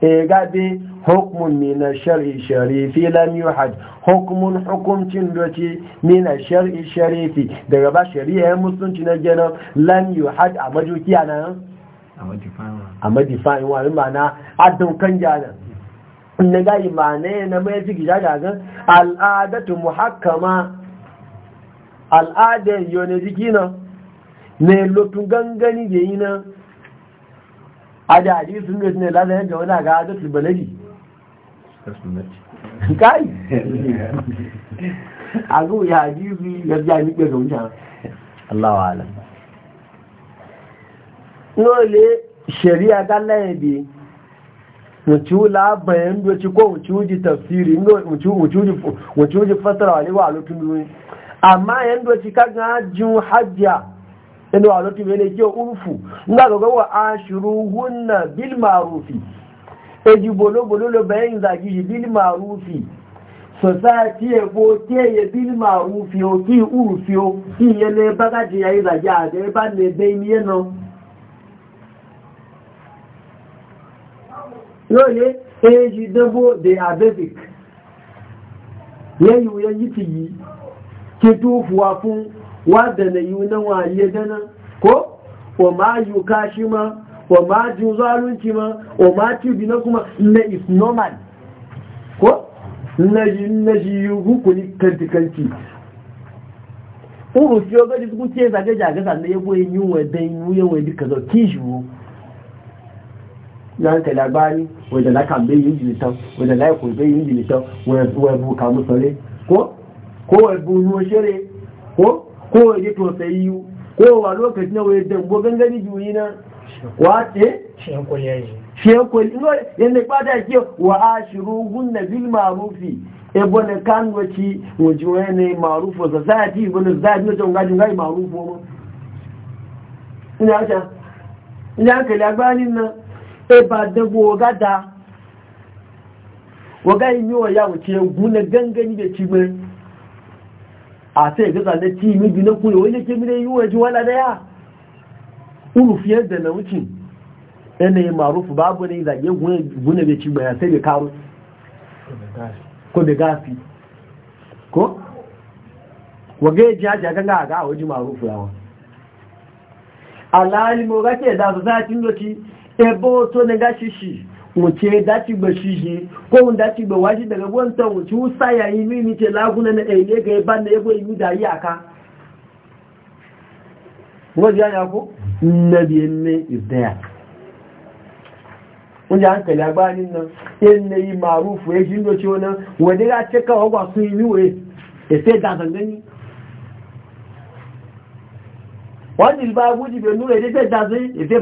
gabe hukumun mina shari'i sharifi lam yuhad hukumun hukumcin doci mina shari'i sharifi daga ba shari'a musulunci na gina lam yuhad a majukiya nan a majifayin wani mana adaukan jana na gaji ma ne na mai fi gida gagan al'adatu muhakkama al'adar yone jiki na ne lotun gangani da yi na a da hadisun ne ne lazayar da wani ga hadatul baladi kai a zuwa ya hadisi ya ja ni ke zuwa Allah wa nole shari'a bi la bayan doci ko wuce wuce tafsiri wuce wuce fasara wa ne wa lotun duniya amma yanda ci kaga jin hajja inda wa lotu bene ke na nga ga wa ashuruhunna bil ma'rufi eji bolo bolo lo bayin zagi bil ma'rufi society e bo te ye bil ma'rufi o ki urfi o ki ye ne bagaji ya yi zagi ade ba ne be ni eno lóye eji dabo de abẹ́bìk yẹ́yù yẹ́yí ti yìí ke tufuwa fun wadda na yi na wale dana ko wa ma yi kashi ma wa ma ji zalunci ma wa ma ci bi na kuma na is normal ko na ji na ji yi hukuni kanti kanti uru fiye gaji su ce zage zage sannan ya boye yi wa dan yi wa duka zo kishiwo na ka labari wadda na kan bai yi jilitan wadda na ya kurbe yi jilitan wadda buka musulai ko ko bunu shere ko kowa ya to sayu ko wa lokacin da waye dan gogan gani juyi na wace eh? shi hankali yayi shi hankali no yanda kwata ke wa ashiruhun bil ma'rufi e bona kan wace wajen ne ma'rufo society bona zaji na gajin jonga ma'rufo ma ina aka ina kale agbanin na e ba dabo gada waga yi wa ya wuce gunan gangani da cibiyar a sai ga zane ci mi bi na kuyo wani ke mine yi waje wala daya urufi yadda na wuce yana yi marufu babu ne zage gune bai ci bayan sai bai karo ko bai gafi ko waga ya jiya jaga ga ga a ga? waje marufu yawa alali mo ga da su sa cin doki ebo to ne ga shi wuce daci ba shi shi ko da daci ba washi daga wanta wuce wusa yayi mini ce laguna na ɗaya ga ya banda ya goyi da yi aka wajen ya ko na biyan ne is there marufu yà ń tẹ̀lé wani nínú ẹnlẹ̀ yìí màrúfù èjì ń lọ́tí wọn wọ́n dé láti ṣẹ́kọ̀ ọgbà ba inú rẹ̀ èsẹ́ ìdásangẹ́ni wọ́n da agbójìbẹ̀ nú rẹ̀ dé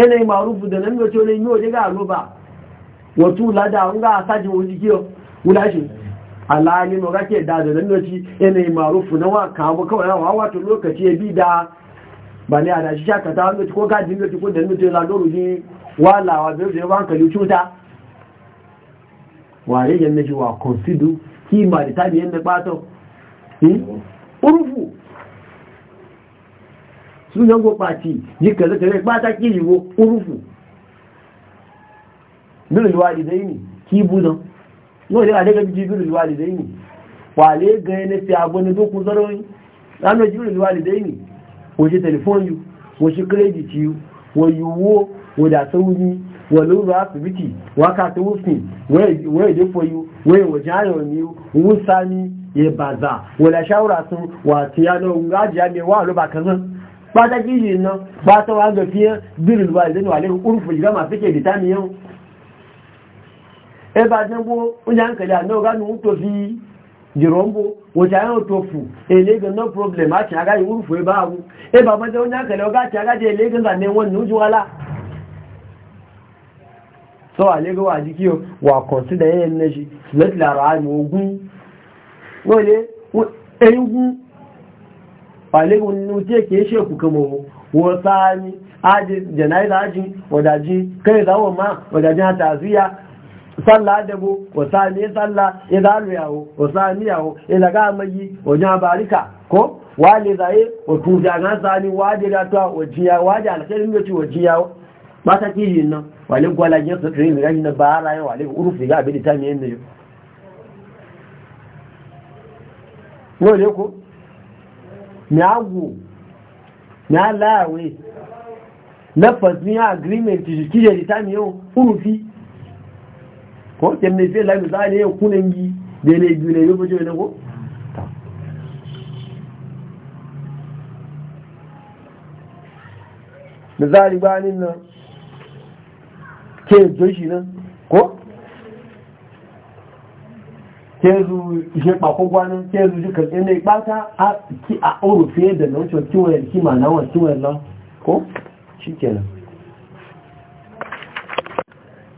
yanayi marufu da nan gaci wani yi waje ga roba wato lada an ga sajin wani kiyo wulashin alali no kake da da nan gaci yanayi marufu na wa kawo kawai yawa wato lokaci ya bi da ba ne a da shi shakata wani gaci ko gajin gaci ko da nutu ya lado ruji walawa bai zai wankali cuta ware yan naji wa consider kima da tabi yan da bato hmm? urufu sunan go pati yi kaza kaza ba ta ki yiwo urufu bil ki budan da daga ga ne fi abun do ku zaro lanu ji bil walidaini wo ji telephone yu wo ji wo sauri asibiti wa ka baza shawara sun wa wa ba ta kiri nan ba ta wa ga fiye birnin ba zai wale urfin gama suke bitamiyan e ba zan bo onye hankali a náà gánú tó fi jìrọ̀mbó wòtí àwọn tó fù elégán no problem àti agáyé urfin ẹ bá wú e ba mọ́jẹ́ onye hankali ọgá àti agájẹ́ elégán gà níwọ̀n ní ojú wálá sọ àlégán wà jí kí o wà consider yẹn nẹ́ṣi lẹ́tìlára àmì ogun wọ́n e lé ẹ̀yìn falegun nínú tí èkè ṣe òkú kan mọ̀ wọ́n sáá ní jẹ̀náìlá ajin ọ̀dàjí Sallah, máa ọ̀dàjí àtàzíyà sálà àdẹ́gbò ọ̀sáà ní sálà ìdálùyàwó ọ̀sáà níyàwó ìlàgá àmàyí ọ̀jọ́ àbáríkà kó wà lè záyé òtún ìjàgánsá ní wádìí yi òjìyàwó wa àlẹ́kẹ́rin ló ti òjìyàwó mátàkì yìí náà wà lè gwalajin sọ̀tìrín ìrìnàjì na bàárà yẹn ne lè ne gáàbí ni agwo ni aláàwẹ̀ lẹ́fọ̀sí agreement kíyẹ̀ ìtàní yóò fúrù fi kọ́ tẹ̀mẹ̀ fẹ́ láìpẹ̀sá ní ẹkùn lẹ́yìn dẹ̀lẹ̀ ìgbìlẹ̀ yóò bójú ẹ̀lẹ́gbọ́ ba gbanin ke joshi nan ko kezu ishe kwakwakwani kezu jika ina ta a ki a oru fiye da naucin kiwon e ki ma na wa kiwon nan ko shi kenan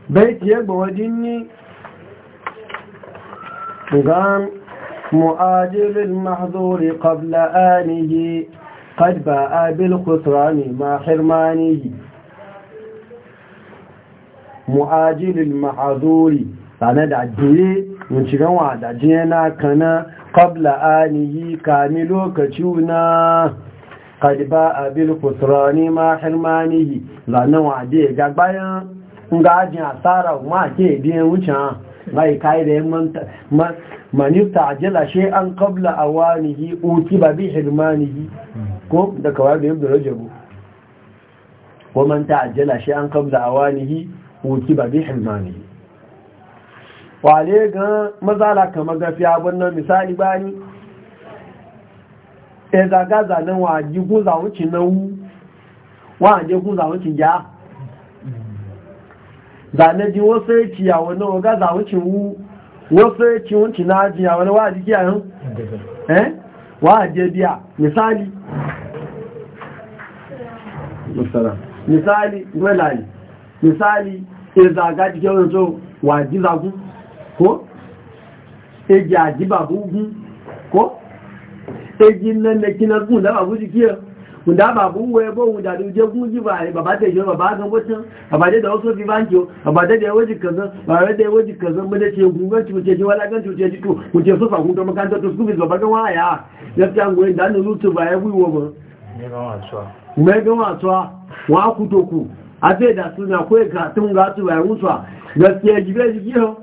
bai kiye ga wajen ni ga mu'ajilin mahzuri qabla anihi qad a bil khusrani ma hirmanihi mu'ajilin mahzuri sane da ajiye wunciganwa da na kana kabla anihi kami lokaci na kadiba abil kusurani ma hirmanihi zanen wade ga bayan ngajin asara ma ke biyan wucin mai kai da yin ta ajiyar shi an kabla awanihi uki ba bi hirmanihi ko da kawai da yadda rajabu ko man ta ajiyar shi an kabla awanihi uki ba bi hirmanihi wale ga mazala kamar gafiya wannan misali bani e zaga zanen wa guza wucin na wu wa wucin ja ya zane ji wasu ya ciya wani waga wucin wu wasu ya ci wucin na ajiya wani wa jiki a eh wa je biya misali misali gwelali misali e zaga jikin wani zo wa ji zagun ko eji ajiba bugun ko eji nana kina gun da babu jikiya wanda babu waye bo wanda da je gun ji ba baba da yo baba ga wata baba da wasu bi banki baba da da waji kaza baba da waji kaza mu da ce gun ga ci ce ji wala ga ci ce ji to mu ce so fa gun da makanta to su bi baba ga waya ya ta ngwe da no lutu ba ya wiwo ba ne ga waswa ne ga waswa wa ku to ku a da suna ko ka tun ga su ba ya wusa gaskiya jibe jikiya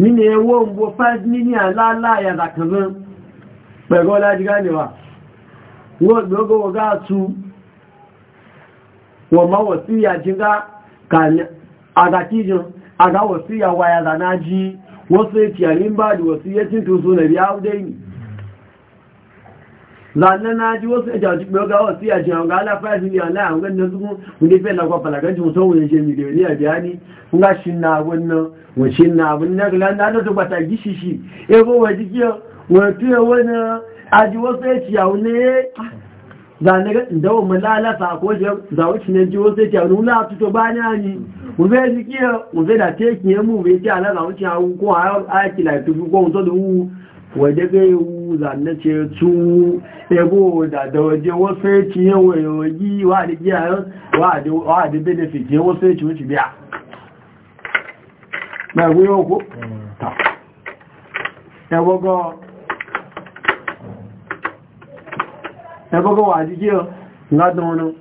nínú ẹwọ́ ń mbụ 5 million láláyà dàkànlá pẹ̀lú ọlájíká níwà gbogbo ga tú wọ́n máa wọ̀ sí àjíká àdàkíjọ àdáwọ̀ sí àwàyàdà náà jí wọ́n sí ìtìyà ní wọ̀ sí yẹ́ tí tó so nẹ̀rí áúdẹ́ zanen na ji wasu ya jaji ɓoga wasu ya jiyan ga alafa su ya na hangar na zuku wani fe lagwa falaganci mutum wani je miliyoni a biya ni kun ga shi na wannan wace na abin na gula na da su ta gishi shi ya e ko wa jiki wani tuye wani a ji wasu ya ciya wani zanen ga dawo mu lalata ko je za wuce ne ji wasu ya ciya wani wula tuto ba ni ni mu fe jiki mu fe da tekin ya mu bai ci ala za wuce hawu ko a yaki la tufi ko mutum da wu waje zai wu zane ce tu ebo da da waje wasu ya ci yawa yi wa da giya wa da benefit ya wasu ya ci wuce biya mai guyo ku? ta ebogo wa jike ngadon wani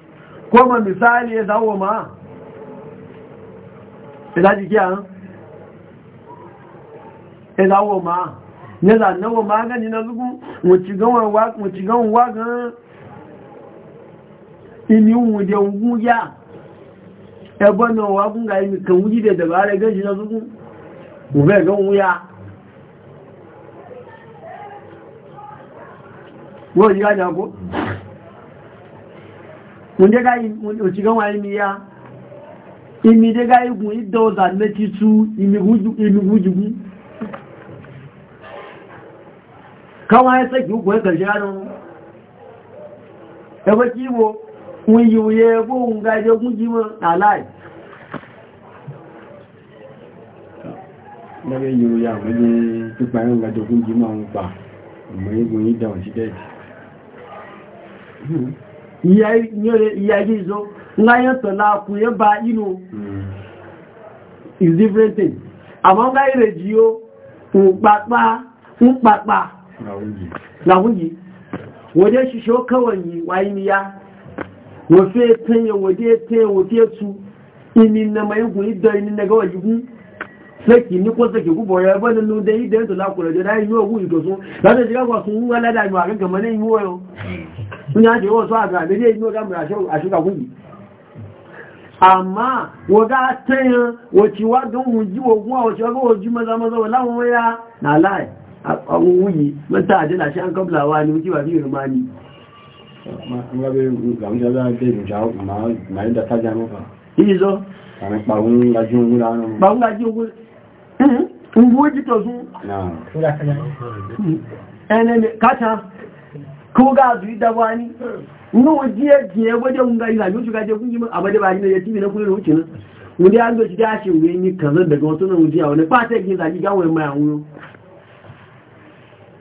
kuma misali ya zawo ma ila jike an? ila wo ma ya zanen e wa magani na zugun wacigan wagan iniwu da wugun ya ebe na wagun ga yi kan wuji da dabarai gaji na zugun ube gan wuya wọ́n yí gáyà kó wọ́n gáyì òṣìgán imi ya imi dé gáyì gùn ìdọ́ọ̀dà mẹ́títú imi gújùgún káwọn ẹ́ sẹ́kì òkú ẹ́kẹ̀ ṣáàrùn ẹgbẹ́ kí wo ń yí òye ẹgbẹ́ òun ga ẹjọ́gún jí mọ́ aláì lẹ́gbẹ́ yí òye àwọn ẹgbẹ́ pípa ẹ̀rùn ga ẹjọ́gún jí mọ́ àwọn pa ọmọ egun yí dáwọn ìyá ilé ìzọ́ ńláyẹ́ntọ̀ láàkùnrin bá inú is different thing àmọ́ ń gá ìrẹ̀jì ó ń pàpá ń pàpá lahunji waje shi sho kawai yi miya wafe tanye waje tanye wafe su imi na mai guri da imi na gawa wajibu saki ni ko saki gubo ya bani nun da yi da yanzu la kula da na yi hmm. wa guri to so za shi shiga kwa sun wala da ma ga kamar yi wayo sun ya ce wasu a ga da yi yiwa ga mu a shiga guri amma waga tanye waciwa don mu ji wa kuma waciwa ga wajibu maza maza wala waya na lai a ƙwawon wuyi mata adina shi an kabla ni wuki ba biyu rumani Izo? Gbàrún gají ẹ̀jì ẹgbẹ́jẹ́ ń ga ìlànà oṣù gajẹ́ fún jímọ̀ àbẹ́dẹ́bà ní ẹ̀yẹ tí mi lẹ́kúnlẹ̀ òkìnà. Wọ́n dé á ń gbé ti dá ṣe ní kàzọ́ bẹ̀gán tó náà ń àwọn ẹ̀pá tẹ́gì ìlànà ẹ̀mọ̀ àwọn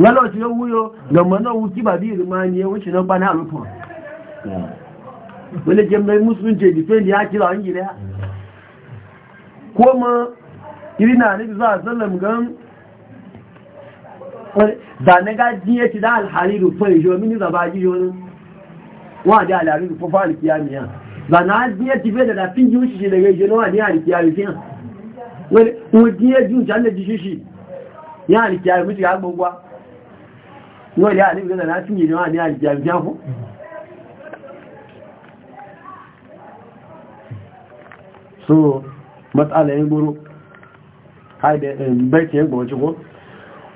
lọ́lọ́ tí ó wúyọ lọ́mọ náà wú kí bàbí ìrìnmá ní ẹwọ́n ṣe náà báná àrùn fún wọlé jẹmọ́ muslim jẹ ìdífẹ́ ní àkílọ̀ ń yìí rẹ̀ kó mọ́ ìrìn náà ní bíbá àzọ́lẹ̀m gan zanega díẹ̀ ti dá alhàrírù fún ìṣọ́ mínísà bá yíyọ wọ́n àdé alhàrírù fún fún àlìkíyà mìíràn zanega díẹ̀ ti fẹ́ dàdà fíjì ó ṣiṣẹ́ lẹ́yẹ ìṣẹ́ náà ní àlìkíyà mìíràn wọ́n díẹ̀ jù jálẹ̀ jíṣíṣì ní àlìkíyà mìíràn gbogbo wọ́n lè àdínkù lọ́dọ̀ láti yìí wọ́n ní àjàjá fún so matsala yin guru baiti yin gbowaci ko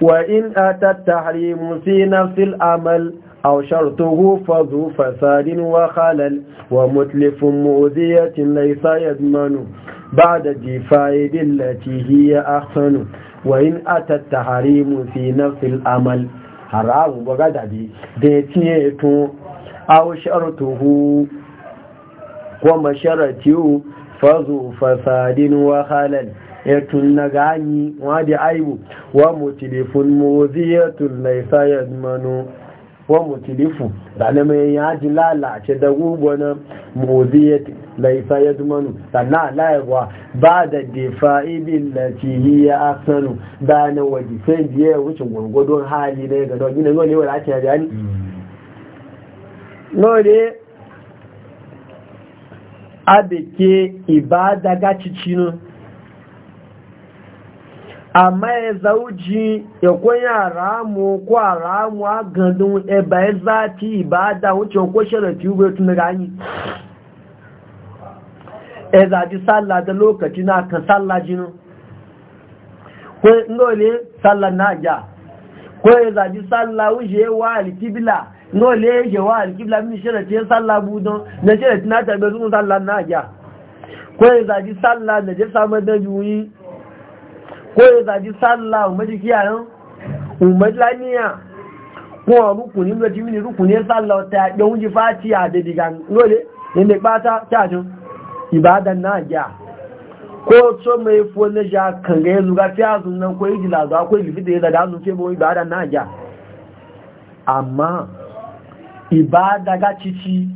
wa in ata tahrimu fi nafsil amal aw shartuhu fadhu fasadin wa khalal wa mutlifun mu'diyatin laysa yadmanu بعد الدفاع بالتي هي أحسن وإن أتى التحريم في نفس الأمل haramu ba ga dade da ya tiye to aw shartuhu wa masharatu fazu fasadin wa halal yatun gani wa da aibu wa mutilifun muziyatun laisa yadmanu wa mutilifu rana mai yaji lalace da gugunan moziyati laifa ya zumanu sannan laiwa ba da defa'i billaci ya asanu da na waje sai biye wucin gwargwadon hali na ga dogin da zuwa ne wadda ake yaga ni nore abike ibada gacicinu amma ya zauji ya kwanya ramu ko a ramu a gandun ba ya zafi ba da wucin ko sharafi ube tun rani ya zaji sallah da lokaci na kan sallah jinin ko ngole sallah na ja ko ya zaji sallah wuje wa alkibla ngole ya wa alkibla min sharafi sallah budon na sharafi na tarbe zuwa sallah na ja ko ya zaji sallah da jisa madajuyi ko ya zaji sallah umarji kiyayen umarlaniya laniya a rukuni mulki mini rukuni sallah ta yaɗe wunji a da diga lole yadda ɓata cajin ibadan na gya ko to mai fo na ja kan ga yanzu ga a sun nan ko yi lazuwa ko yi fita ya zaga sun febo ibadan na gya amma ibada ga cici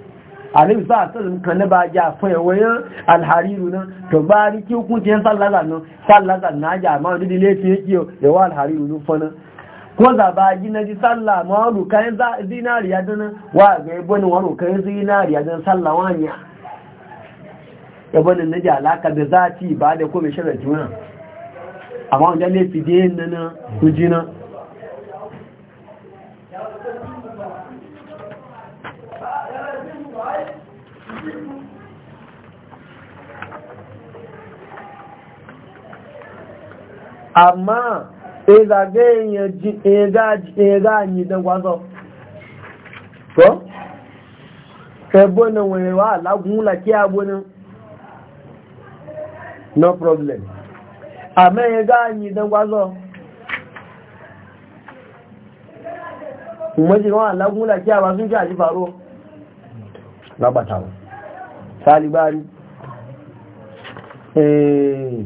alim sa asalin kan na ba ja fa wayan alhariru na. to ba ri ki ku tin sallaza nan sallaza na ja ma ni dile ti yake ya wa alhariru nu fa nan ko za ba ji na ji salla ma ru kan za zinariya dan wa ga yabo ni waru kan zinariya dan salla wanya yabo ni naji alaka da zati ba da ko me sharar juna amma wajen ne fi din nan ku ji nan amma sai e zagayen ya ganyi don kwazo ko? ẹgbọ́nà wẹ̀rẹ̀ wà lágúnlá kí no problem àmẹ́ ya ganyi don kwazo mọ́jí wọ́n lágúnlá kí agbá tún jẹ́ àjífàró lábàtàwọ̀ sálibárí ẹ̀ẹ́ e,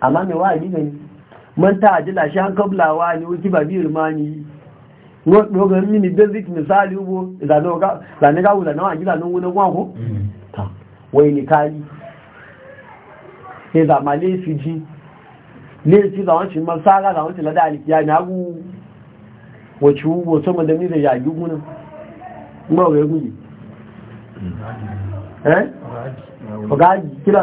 amma mai wa ji man ta ajila shi an kabla kablawa ne wuki ba biyu mani dogon mini basic misali ubo zane ga wula nawa gida nan wunan wako mm. ta wai ni kali ne zama laifi ji laifi za wancin masara za wancin lada alikiya na gu wacce ubo sama da mira yagi gunan gbawai guji mm. eh? ọgáàjì kílá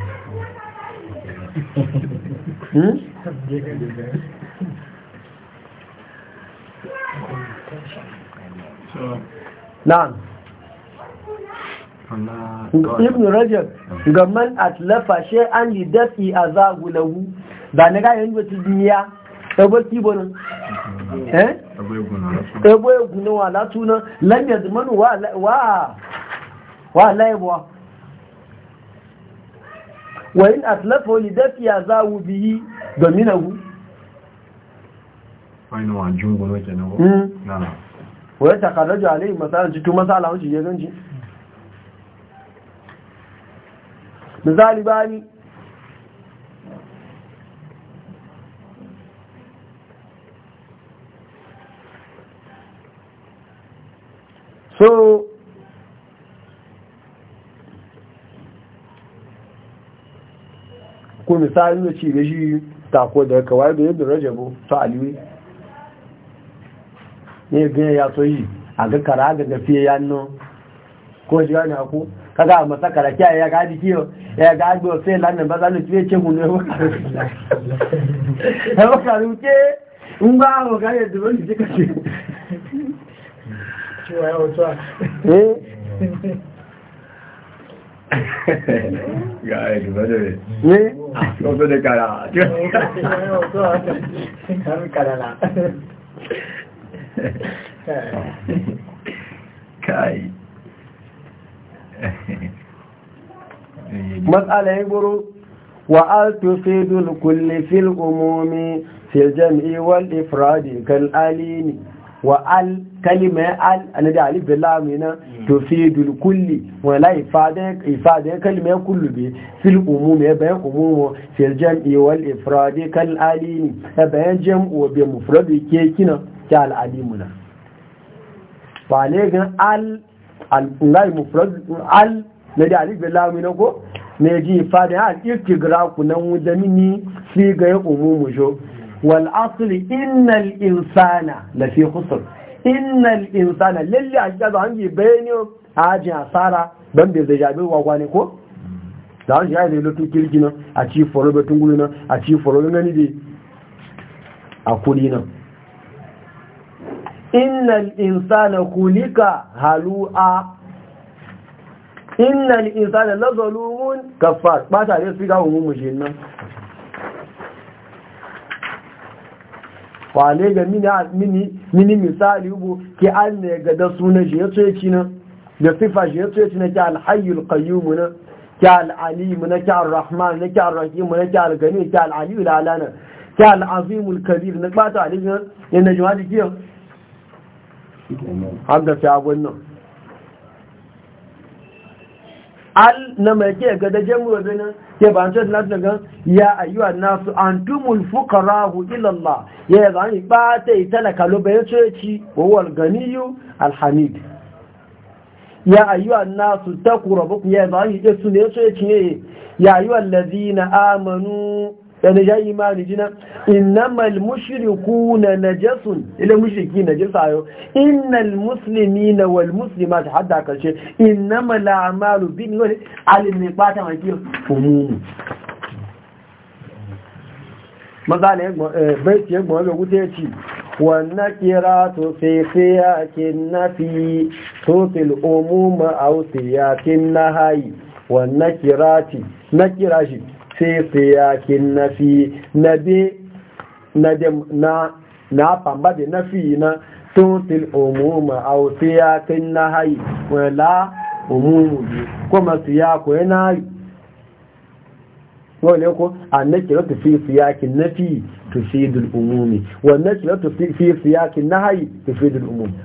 na'am ibn rajab gaman man atlafa an yi dafi a lahu da ne ga yanzu ti duniya ebo kibonin eh ebo eguna wala tuna lan wa laibuwa wa in aslafa li dafiya za wu biyi domin abu wa ya takarraju alayhi masalan cikin masala wuce ya ganji misali bani so ko misali da ci da shi tako da kawai da yadda rajabu ta aliyu ne biya ya so yi a ga kara ga gafiye ya nno ko shi gane "ako", kaga a masa kara kiyaye ya gaji kiyo ya gaji wa sai lannan ba za ni fiye ce hunu ya bakaru ya bakaru ke in ba a ga da zubar da jika ce cewa eh? ya 哎，你们这，你，我不能干了，就，我做，他们干了啦，开，مسألة يقولوا وآل تفيد الكل في العموم في الجمع والإفراد كالآلين wa al kalima al ana da alif da lam yana mm. tufidul kulli wa la ifada ifada kalima kullu bi fil umum bayan umum fil jam'i wal ifrad kal alini bayan jam'u bi mufrad ke kina ta al alimuna fa ne gan al al ngai mufrad al na da alif da lam yana ko ne ji ifada al istigra kunan wajamini fi ga umumu jo wal asli innal insana lafi khusr innal insana lalle a ga zan yi bayani a ji asara dan bai zai jabe da an kirgina a ci foro betun a ci foro ngani dai a kulina innal insana kulika halu'a innal insana lazalumun kafar ba tare su ga wane ga mini misali ubu ki an ne ga da suna shi ya ci na da sifa shi ya ci na ki alhayyul mu na ki alalim na ki rahman na ki arrahim na ki al ki alaliyul ala na ki alazimul kabir na ba ta yana jima'a da kiyan an ga nan al na mai ke ga dajen gobe ke ba ce da daga ya ayyuwa nasu tumul fukara hu ilallah ya ga yi ba ta talaka lo bai ce ci wawar ganiyu yu alhamid. ya ayyuwa nasu ta taqrabu ya yi ni su ne ce ci ya ayyuwa na amanu yana ya yi imani jina innamal na najasun ila mushriki najasa yo innal na wal ta hadda kace innamal a'malu bin wal alimi pata wa kiyo ya mazale baiti wuta ya ci wannan kira to sai siyakin nafi to fil ya ke na hayi wannan kirati na kira shi." siyakin nafi na bi na na famba de nafi na tuntil umuma au siyakin nahai wala umumu bi kuma siyako yana yi wọle ko annake lati fi siyakin nafi tufid al-umumi wannake lati fi siyakin nahai tufid al-umumi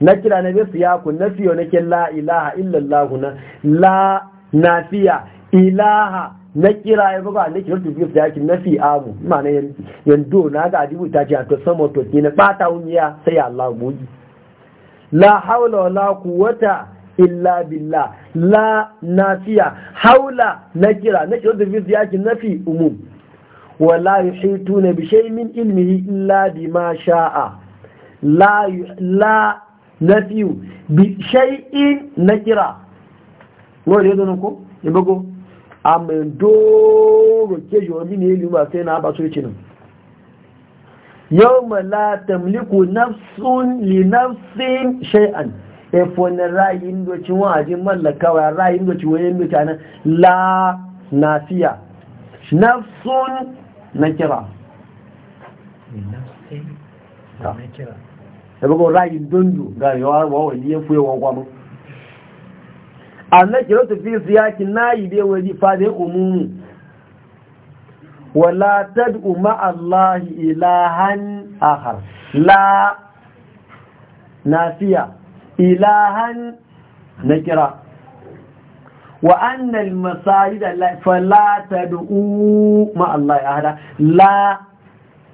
nakira na kira na bi siyakun nafi wa nake la ilaha illa allah na la nafiya ilaha na kira ya buga na kira tufi da yakin na fi abu mana yando na ga adibu ta ce a to sama to ke na bata wuya sai Allah goji la haula wala quwwata illa billah la nafiya haula na kira na kira tufi da yakin na fi umum wala yuhituna bi shay min ilmihi illa bima sha'a la la nafiyu bi shay'in nakira ngo ne don ko amin doro ke ni ne ma sai na ba su ci nan yau mala tamliku nafsun li nafsin shay'an efo ra'ayin rayin doci wajen mallakawa rayin doci wajen mutanen la nafiya nafsun na kira ta ebe ko rayin dondo ga yawa wawali ya fuye wa kwamun annakira su fi siyakin nayi bai wani fadin umumu wala tad'u ma'allahi ilahan akhar la nafiya ilahan nakira wa annal masajid fala tad'u ma'allahi ahada la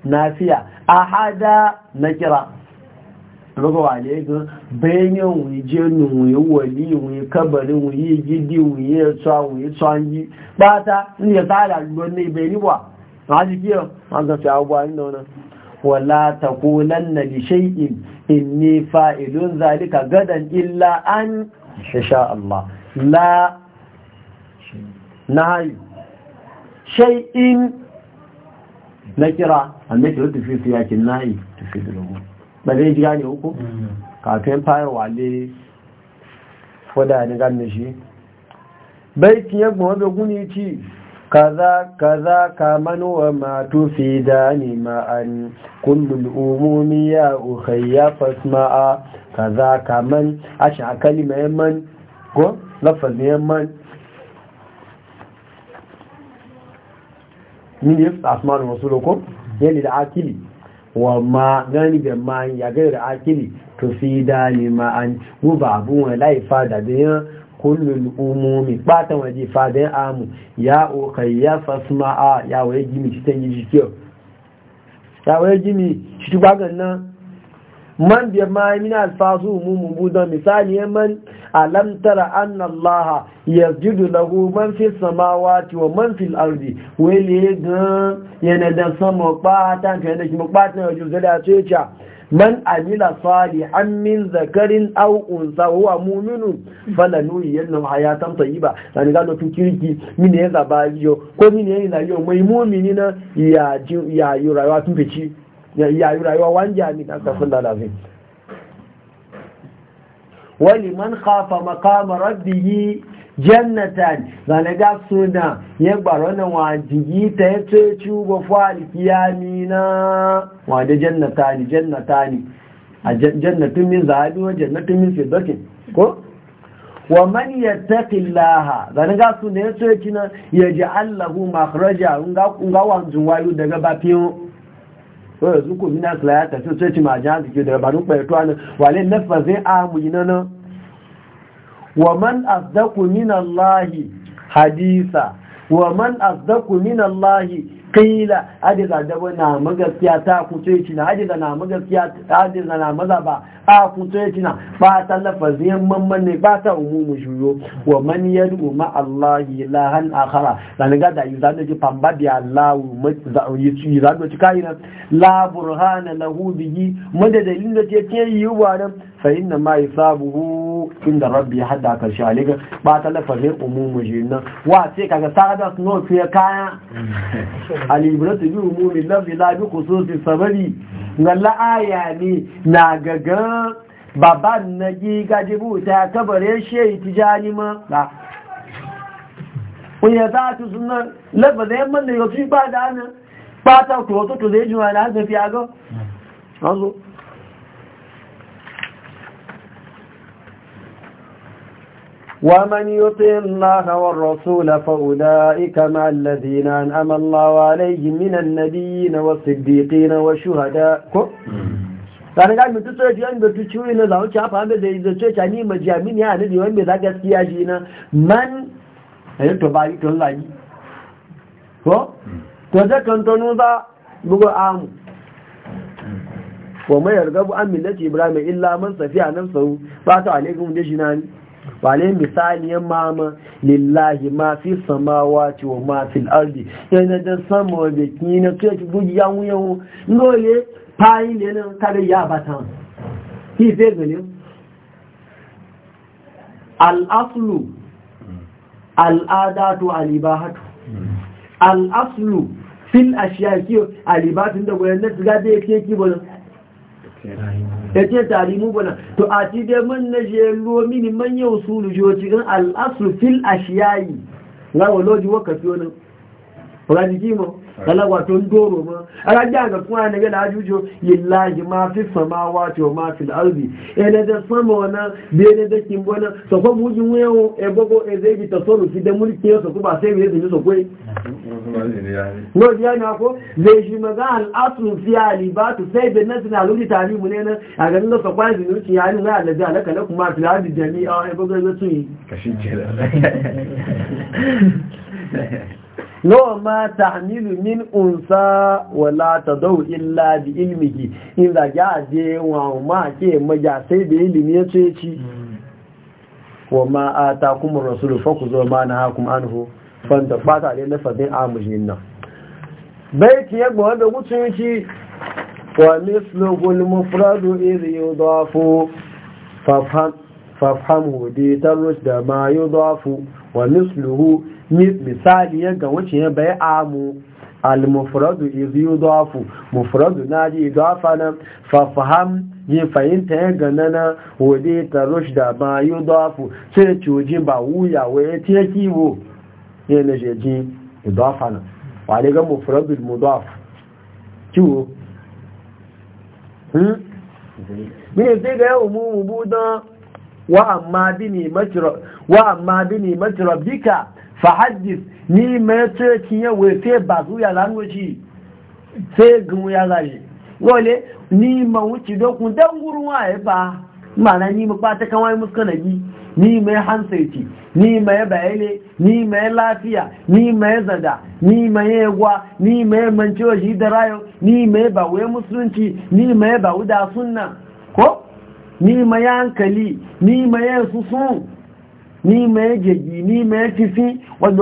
nafiya ahada na kira. rogo wale bẹ́ẹ̀ni bayan wuyi jenu wuyi wali wuyi kabari wuyi gidi wuyi tsawa wuyi tsanyi bata ni ya pátá ní ne bai riba ma ji kiyo na zalika gadan illa an sha Allah la nakira fi ba zai ji gane uku mm. kafin fara wale foda ni gane shi Bai baikin yagba wadda guni ci kaza kaza kaman wa ma tufi dani ma'an kullum umumi ya ukhayya fasma'a kaza kaman a shi a kalima yamman ko lafazin yamman min yi asmanu wasu lokon yadda da akili wa ma da ma ya da akili to fi da ni ma an mu ba abun wani lai fada da yan kullum umumi ta waje fada ya amu ya okai ya fasma a ya waye gimi shi ta yi ya waye shi tubagan nan man bi ma min alfazu umumun budan misali man alam tara anna allaha yasjudu lahu man fi samawati wa man fil ardi wele ga yana da sama patan kan da shi patan ya juzu da tsecha man amila salihan min zakarin aw unsa huwa mu'minun falanuhyiyannahu hayatan tayyiba dan ga lokacin kirki min ya zaba yo ko min ya yi na yo mai mu'mini ya ya yura wa tun fici yayi yi rayuwa wani jami na da mm. lafi wani man kafa maqama rabbihi jannatan zane ga suna ya gbaro na wajiyi ta yace ce go fali kiyami na da jannatan jannatan a jannatin min zahabi wa jannatin min fidokin ko wa man yattaqillaha zan ga suna yace so yake na yaji Allahu makhraja ga ga wanzu wayu daga bafiyo wọ́n tún kò nínú àtìláyà tàbí tó ti máa jáàdì kí ìdẹ̀rẹ̀ bàdún pẹ̀lú àná wà lè nẹ́fà sí ààmù yìí náà wà mọ́n àsìdákù nínú aláhì hadisa wà mọ́n kila adiza dabo na magaskiya ta kuto yi cina adiza na magaskiya adiza na maza ba a kuto yi cina ba ta lafaziyan mamman ne ba ta umumu shuyo wa man yadu ma Allah ilahan akhara dan ga da yi zanu ji famba bi Allah ma za yi ci zanu ci kai na la burhana lahu bihi madadalin da ce ke yi wa nan fa inna ma yusabuhu inda rabbi hadda karshe alika ba ta lafaziyan umumu na, wa sai kaga sada no fiye kaya alibratu bi umumi lafzi la bi khususi sababi ngalla aya ni na gaga baban na ji ta kabare shi tijani ma ba kunya za su suna lafazin man manna yau fi ba da ana ba ta kuwa to zai jiwa na hasafi a ga ومن يطع الله والرسول فأولئك مع الذين أنعم الله عليهم من النبيين والصديقين والشهداء kana ga mutu so ji an da tuciwi na zawo ci hafa da zai zace ta ni majamin ya ne wanda za gaskiya ji na man eh to ba yi to lagi ko to da kan to nu ba bugo am wa mai yargabu an millati ibrahim illa man safiya sau ba ta alaikum da shi na ni wale misaliyan mama lillahi ma fi samawati wa ma fil ardi yana da sama da kina ce ki buji ya wuyan ngole fayi ne nan kare ya bata ki fe gani al aslu al adatu al ibahatu al aslu fil ashiya ki al da wayan da ga da yake ki bolon ya ce tari bana to a ti dai man na je ruwa mini manyan su lujo cikin al'asu fil ashiyayi ga waloji wakafi wani rajiki mu talagwa to doro ma araja ga kuma ne ga lajujo lillahi ma fi samawati wa ma fi al-ardi ene da sama wana be ne da kin bona so ko buji wewo e gogo e zai ji tasoru fi da mulki so ko ba sai be zai so koi no ya na ko zai shi maza al-asru fi alibatu sai be nan na ludi talimu ne na a ganin da sakwa zinuci ya ni za Allah alaka lakum ma fi al-ardi a e gogo zai tuni kashin jela nawa ma tahmilu min unsa wala dau illa bi ilmihi inda da je wa ma ke maja sai da ilimi ya ce ci wa ma atakum ar-rasul fakuzu ma nahakum anhu fanta fata ne lafazin amujin nan ki ya gbawa da mutunci wa misluhu al-mufradu idh yudafu fafham fafhamu ta tarush da ma yudafu wa misluhu misali yadda wuce ya bai amu al iziyu dafu yudafu mufradu na ji dafa nan fafaham yi fahimta ya gana na wade ta rush da ba yi dafu sai cuji ba wuya waye tiye kiwo ya na jeji dafa nan wale ga mufradu dafu kiwo hmm? mini sai ga yawon mu mu budan wa amma bi ne matura matirabika fahadis ni mai tsoci ya wefe ba su ya zanuci sai gunwu ya zaje Wole, ni ma wuce dokun don gurin waye ba mana ni ba ta kawai muskanagi ni mai hansaiti ni mai bayane ni mai lafiya ni mai zada ni mai yagwa ni mai shi da rayo ni mai bawai musulunci ni mai bawu da sunna ko ni mai hankali ni mai susun ní mẹ́jẹ̀jì ní mẹ́tífí wọ́n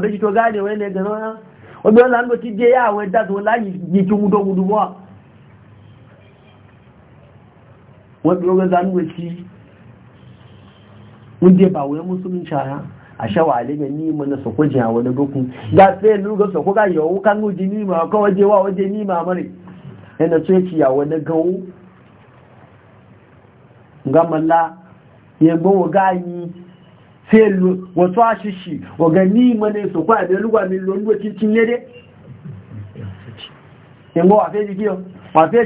bí sí ààrùn a shawale ne ni mun su kujin wani dukun ga sai lugo su kuga yawo kan guji ni ma ko waje wa waje ni ma mare yana so yake yawo na gawo ngamalla yebo ga yi sai lu wato ashishi ga ni mun su kwa da lugo mi lo ndo cincin ne de yebo a fe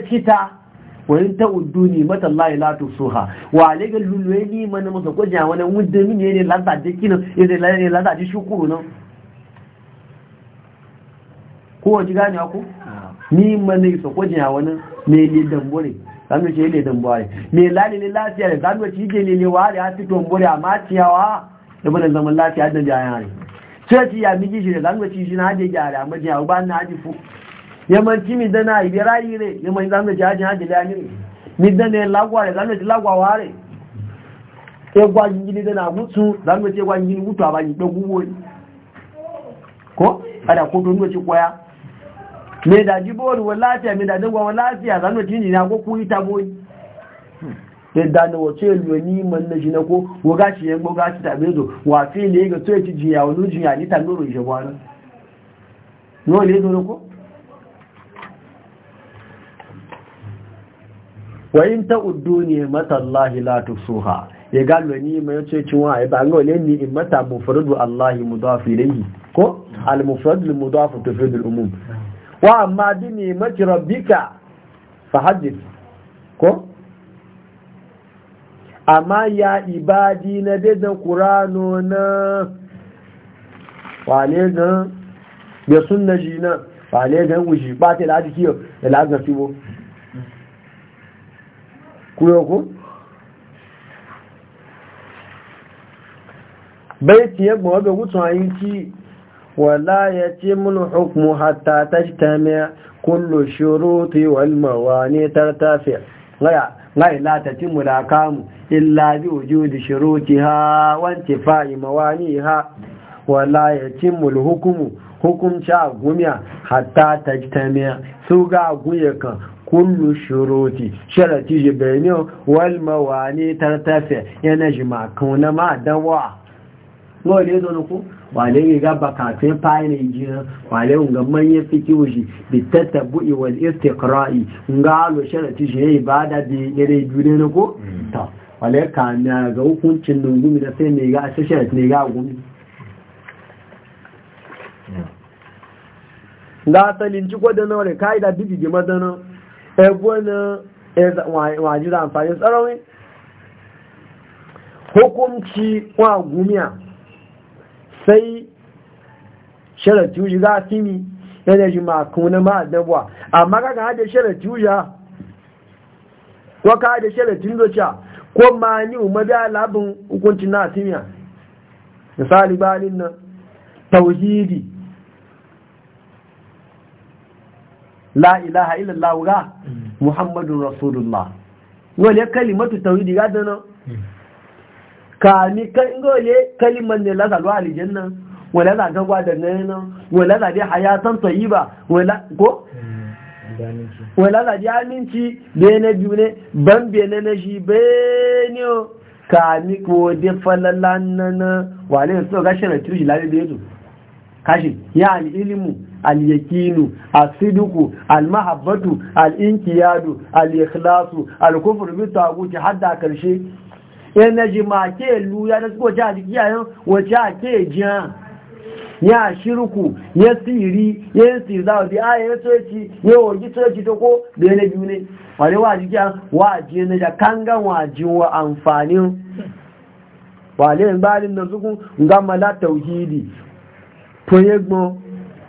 ji kita wani ta uddu ne mata Allah la suha wa le lullu lulwe ni man masa ko ja wani wudde min ne ne lada de kino ya de lada ne lada di shukuru no ko waji gani ku ni man ne so ko ja wani me le dambore zanu ce le dambore me lali ne lafiya da zanu ce je le wa wale a fito dambore amma maciyawa da bane zaman lafiya da jayani sai ci ya miji shi da zanu ce shi na je gyara amma ja ba na ji fu yamanci mi dana ibe rayi re yamanci zan da jajin hajji da yamiri mi dana lagwa re zan da lagwa ware e gwa jingini dana gutu zan da ya gwa gini gutu a ba ni doguwo ko ada ko don ce kwaya. me da ji jibori wallahi me da dangwa wallahi zan da tinji na ko ku ita boyi yadda na wace ni, man na jina ko waga shi yan goga shi tabe zo wa fi ne ga to ya ci jiya wani jiya ni tan doro je gwana no le zo ko wayin ta uddu ne matallahi la tusuha ya gano ni mai ce cin ai ba ga wale ni in mata mufradu allahi mudaf ilayhi ko al mufradu al mudaf tufid al umum wa amma dini ni rabbika fa hadith ko amma ya ibadi na da qur'ano na ne da ya sunna jina ne da wuji ba ta da dikiyo da lagan kuyo ku baiti yabba wabe wucin ayin ki wala ya ce mulu hukumu hatta ta ci ta mai kullu shuruti walmawa ne tartafiya ngai latacin kamu? illa bi wujudi shuruti ha wance fa'i mawani ha wala ya ce mulu hukumu hukumci agumiya hatta ta ci ta mai su ga agumiya kan كل shuruti sharati je والمواني ترتفع ينجمع كون ما دواء kuna ma dawa ngole don wale ga baka te fayne ji wale ga manye fiki wuji bi tatabu'i wal istiqra'i ngalo sharati je ibada da yare dure ne ko ta wale ka na ga hukuncin nungumi da sai ne ga ne ga gumi ci wale yi da bibi madana ebona wajira amfani tsarawin hukunci wa gumiya sai sharatu yi za a fimi yana ji a ma'adabuwa amma kakan hada sharatu ya ko ka hada sharatun zoca ko ma ni umaru labin hukuncin na fimiya misali balin nan tauhidi la ilaha illallah wa muhammadun rasulullah wale kalimatu tawhidi ga dana ka ni kan gole kaliman ne la zalwa aljanna wala za gagwa da nan wala za dai hayatan tayyiba wala ko wala za dai aminci da ne biyu ban be na ne shi be ne ka ni ko de falalanna nan wale so ga shirin tuji la be zo kashi ya al ilmu al-yakinu as-sidqu al-mahabbatu al-inqiyadu al-ikhlasu al-kufru bi taghuti hadda karshe yana ji ma ke lu ya da suko a jiki yayin wace ake jiyan ya shirku ya siri ya yi siri za a bi aya ya soci ya wargi soci ta ko da yana biyu ne wani waji a waji na da kangan waji wa amfanin wale yin balin da suku gama la tauhidi to ya gbọn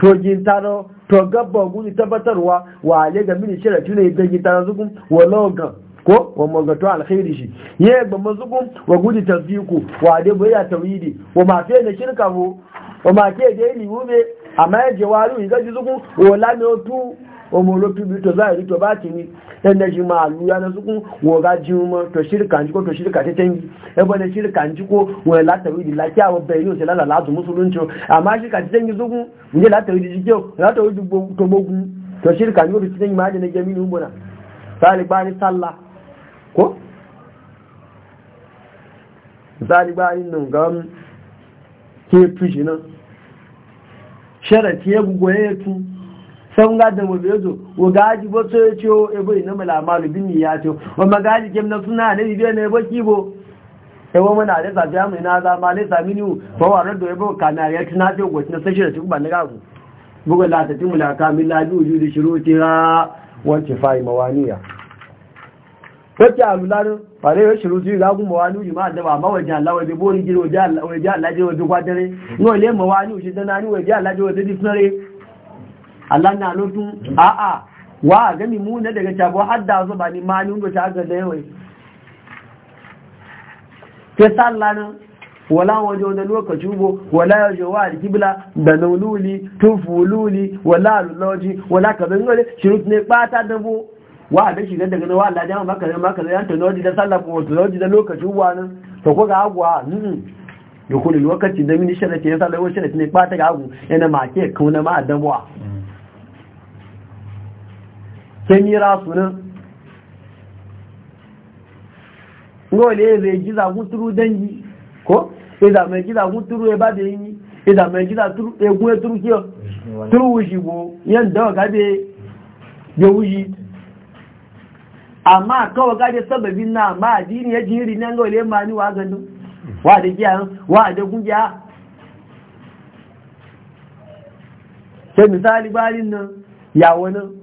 to gintano to gabba guni tabbatarwa wa ale ga mini shira tuna yadda gintano zukun wa logan ko wa magato alkhairi shi ye ba mazukun wa gudi tasdiku wa ade boya tawhidi wa ma fe na shirka mu wa ma ke da ni mube amma ya jawaru iga zukun wa la ne otu o mo lo tu bi to to ba ti ni yadda shi ma aluya na sukun woga jima to shirka jiko to shirka ta tangi yabo da shirka jiko wani latawi da lafiya wa bai yau sai lala latu musulunci amma shirka ta tangi sukun ne latawi da jikyau latawi da to bogun to shirka jiko ta tangi ma da na jami'in umbuna talibani sallah ko talibani nan ga ke tushi nan sharafi ya gugu ya tu Sau mun gaji mu bezo wa gaji ba so yace o e bai na malamalu bin ya to wa magaji kem na suna ne biyo ne ba kibo e sai wa mana da safi amu ina za ma ne sami ni fa wa rado e ba kana ya tuna ce gwaci na sashi da ci ba na gagu bugu la mu timula kamil la ju ju da shuruti ra wace fa'i mawaniya kace alularin fare ya shiru su ga kuma wani uji ma da ba ma wajen Allah wajen bori giro wajen Allah wajen Allah je wajen kwadare no le mawani uji dana ni wajen Allah je wajen disnare Allah na nufin a'a wa gami muna daga shago hadda zuba ni ma ni ta ga da yawai ke sallanin wala waje wani lokaci ubo wala yaje wa alkibla da naululi tufululi wala lulaji wala kazan gole shirut ne bata da bu wa da shiga daga na wala jama maka da maka da tanoji da sallah ko tanoji da lokaci uwa nan to ko ga agwa hmm, dukkan lokaci da mini sharati ya sallah wa sharati ne bata ga agu yana make kauna ma adabuwa sai mira sunan ngole zai giza guturu dangi ko iza e mai giza guturu ya e bada yi iza e mai giza egun ya turu kiyo turu wushi bo yan dawa gabe ya wushi amma kawai de sababin na ma addini ya jiri nan ngole ma ni wa gandun wa da kiyan wa da gungiya sai misali bayin nan ya wani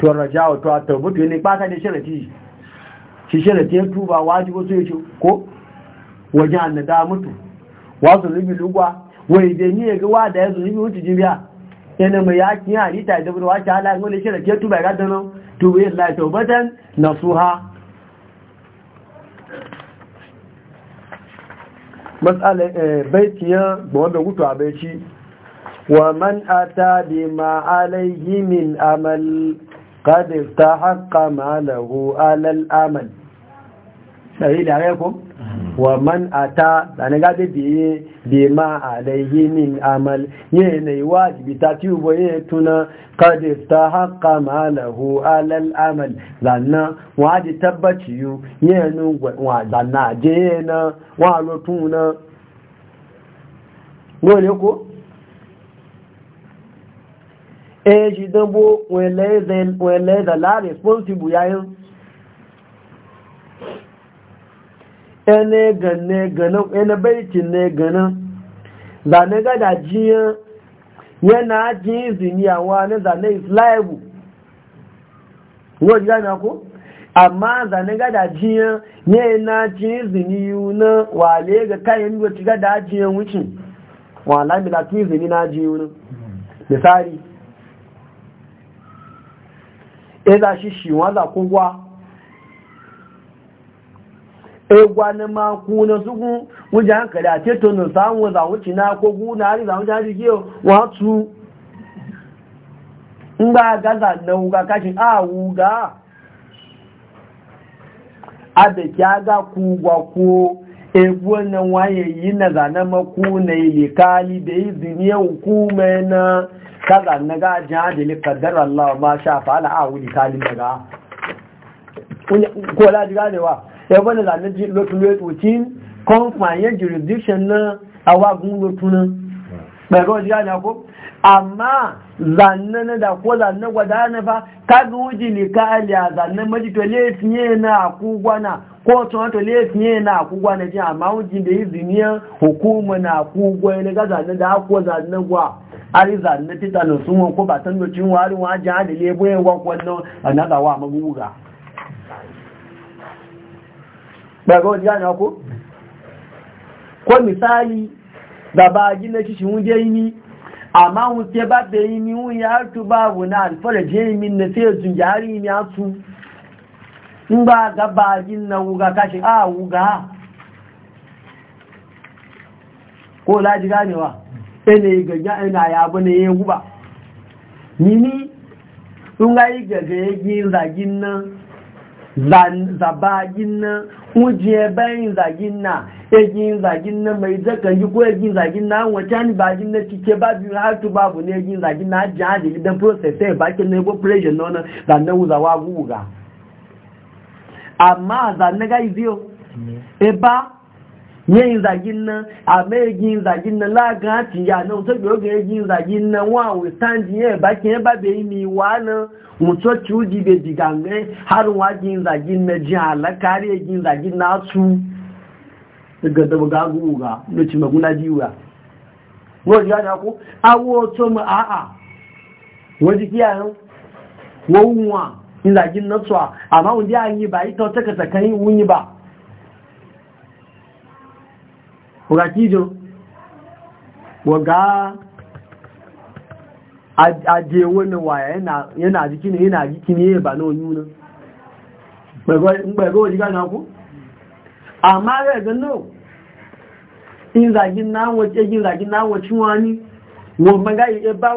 to rajawa to tawbatu ne ba ta da sharati shi sharati ya tuba wajibi so yace ko waje annada mutu wasu zubi lugwa wai da ni ga wa da yazo zubi mutu jibiya yana mai yakin halita da burwa ta ya tuba ga to nasuha mas'ala eh, baitiyan gwan a wa man ata bima قد استحق ما له على الامل sai da ko wa man ata dan ga bi bi ma alayhi min amal ye ne wajibi ta ci bo ye tuna qad istahaqqa ma lahu ala al amal lanna waji tabbaci yu ye nu wa lanna je na wa lo tuna gole ko e shi dambo wele da la responsible yayin na-egana gane ene baitin ne gane zane gada jiya yana jin ziniya wani zane is liable yau gane ku amma zane gada jiya yana jin ziniyu na wale ga kayan yau ci gada jiya wucin wala milatu zini na jiyu hmm. misali ẹ̀dà ṣíṣì wọ́n àdàkún wá ẹgbà ní máa kú ní ṣúgbùn wọ́n jẹ́ àkàrẹ̀ àtẹ́tò nù sáwọn ìzàwọ́n ti náà kógún náà rí ìzàwọ́n jáde kí wọ́n tú ń gbá gáza náà káṣí àwúgá kú egwu na wáyé yìí na na e na. kaza na ga jihadi ne kaddar Allah ma sha fa ala a wuli kalin daga ko la ji ganewa ya bane da naji lotu lotu tin confine jurisdiction na gun lotu nan ba ga ji ne ko amma zannan da ko zannan gwadana fa kaga wuji ne ka aliya zannan maji to le ne na kugwana ko to to le ne na kugwana ji amma wuji da izini hukuma na kugwa ne ga zannan da ko zanne gwa ariza na tita na sun ko ba san nocin wari wajen hada lebo yin wakwannan a na gawa maguga daga wajen ya ko? misali da ba gina shi wunde yi amma wuce ba da yi ni wun ya tu ba wuna alfara je min na sai sun jari ni ya tu in ba ga ba gina wuga kashi a ah, wuga ko laji ganewa ene gaga ina ya bane ya guba nini sun ga yi gaga ya gi zagin nan zabagin nan ujiye bayan zagin nan ya gi zagin nan mai zakan yi ko ya gi zagin nan wata ni ba gi na cike ba biyu har tu babu ne ya gi zagin nan ajiye ajiye gidan process sai bakin na yabo pressure na wannan zannan wuzawa guga amma zannan ga iziyo eba nye nzagi nan a mai yin zagin nan lagan ti ya na to gbe oge yin nzagi nan wa we stand yin ba kin ba be mi wa nan mu to ti uji be digange har wa yin zagin na ji ala kare yin zagin na su daga e da ga guga ne ti maguna diwa wo ya da ku awo to mu a a wo ji kiya nan wo wunwa yin zagin na so ama wanda an yi ba ita ta ka takan yi wunyi ba wọ̀gá kíjọ wọ̀gá ajiye na waya yana jiki ne yana jiki ne ba na wani nuna gbẹ̀gbẹ̀ òjì gánà náà in zagin náà na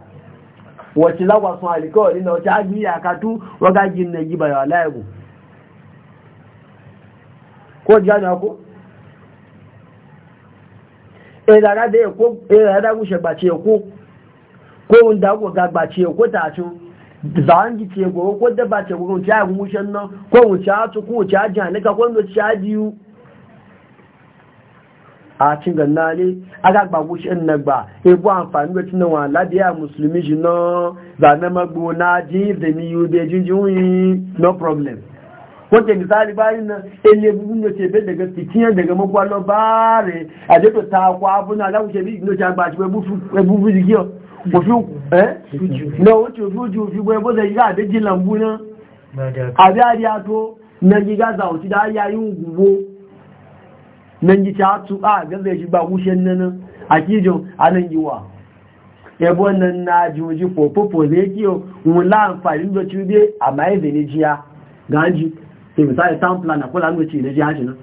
wacce za kwasun alikawari na wacce ajiyi eh, eh, a katu wagagin na giba yawa layagu ko jani ako? ìdára dé ga a cin ganna ne aga gbagbo shi na gba ebu amfani da tunawa labiya musulmi shi na zane magbo na ji da ni yi da jinjin yi no problem wata misali bayan nan ele bugun da ce bai daga fitiya daga magwalo bare a jeto ta kwa abuna za ku ce bi no ta gba shi bai bufu jikiyo òfin ẹ́ na ó tí òfin ojú òfin gbọ́ ẹbọ́ tẹ̀yí láàdé jí làmbú náà àbí àríyá tó nàíjíríà zàwọ̀ tí dáa yá yíò gbogbo nan ji ta su a gaza shi ba wushen nan a kijin a nan yi wa yabo nan na jiwoji fofofo zai kiyo wula amfani da cube a maye zane jiya ga hanji sai misali town plan akwai lamu ci da ji hanji nan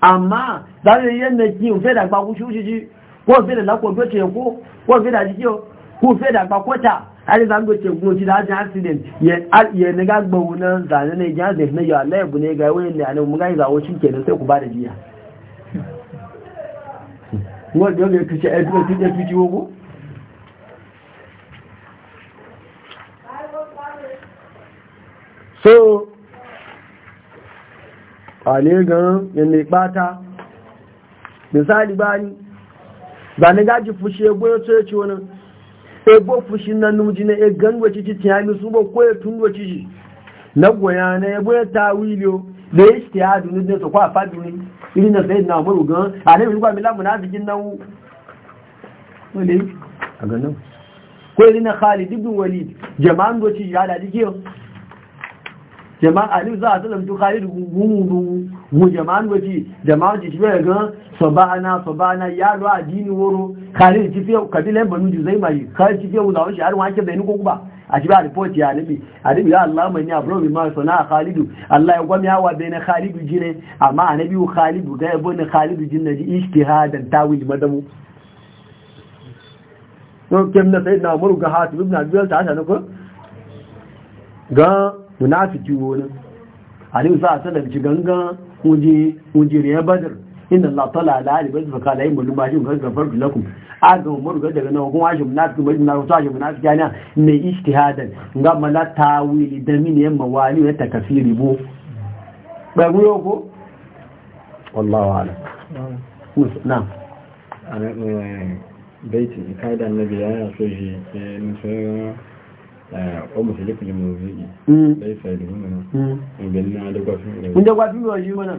amma za su yi yadda kiyo fai da ba wushe wushe ji ko fai da lakon ce ko ko fai da ji kiyo ko fai da kota? kwata ari zan ce ko ci da hanji accident ya na gagbawo nan zane na ji hanji na yau allah ya bune ga wani ne a nan mu ga yi zawo shi kenan sai ku ba da jiya Kuma jọ lè fi ṣe ẹgbẹ́ tí jẹ́ fíjí so àlẹ́ gan ẹni pátá misali bani, bá ní gbanigaji fushi egbo ya tsoye ci wani egbo fushi na nuji na egan gwacici tiyami su ba kwaye tun gwacici na goya na egbo ya tawiliyo da ya shi ya duni da su kwa fadi ne irin na sayi na muru gan a ne mai gwami lamu na zikin nan wale a ganin ko irin na khalid ibn walid jama'an doci ya da jike jama'a alif za a tsalam tu khalid gumudu mu jama'an doci jama'an doci ya gan sabana sabana ya lo dini woro khalid kifiya kabilan banu juzai mai khalid kifiya wuzawa shi har wake bai ni ko ba a shi ba report ya nabi adabi ya Allah mai a bro ma sana Khalidu Allah ya gwam ya wa na Khalidu jine amma anabi Khalidu ga yabo ne Khalidu na ji ijtihadan tawil madamu to kem na sai na muru ga hatu ibn Abdul ta ta ko ga munafiki wona anabi sa sallam ji gangan kuje kuje riya badr inna Allah tala ala ali bai faka lai mulu ba shi ga gafar lakum a ga umar ga daga nan kuma shi munafiki bai na rusa shi munafiki ne ne ijtihadan ga mala tawili da min yan mawali ne ta bo ba mu yoko wallahi ala na ana eh, baiti kaida annabi ya so shi sai ọmọ sílé mọ̀ sí yìí lẹ́yìn fẹ̀lú mọ̀ náà ìgbẹ̀lú náà lọ́gbàfí mọ̀ mọ̀ náà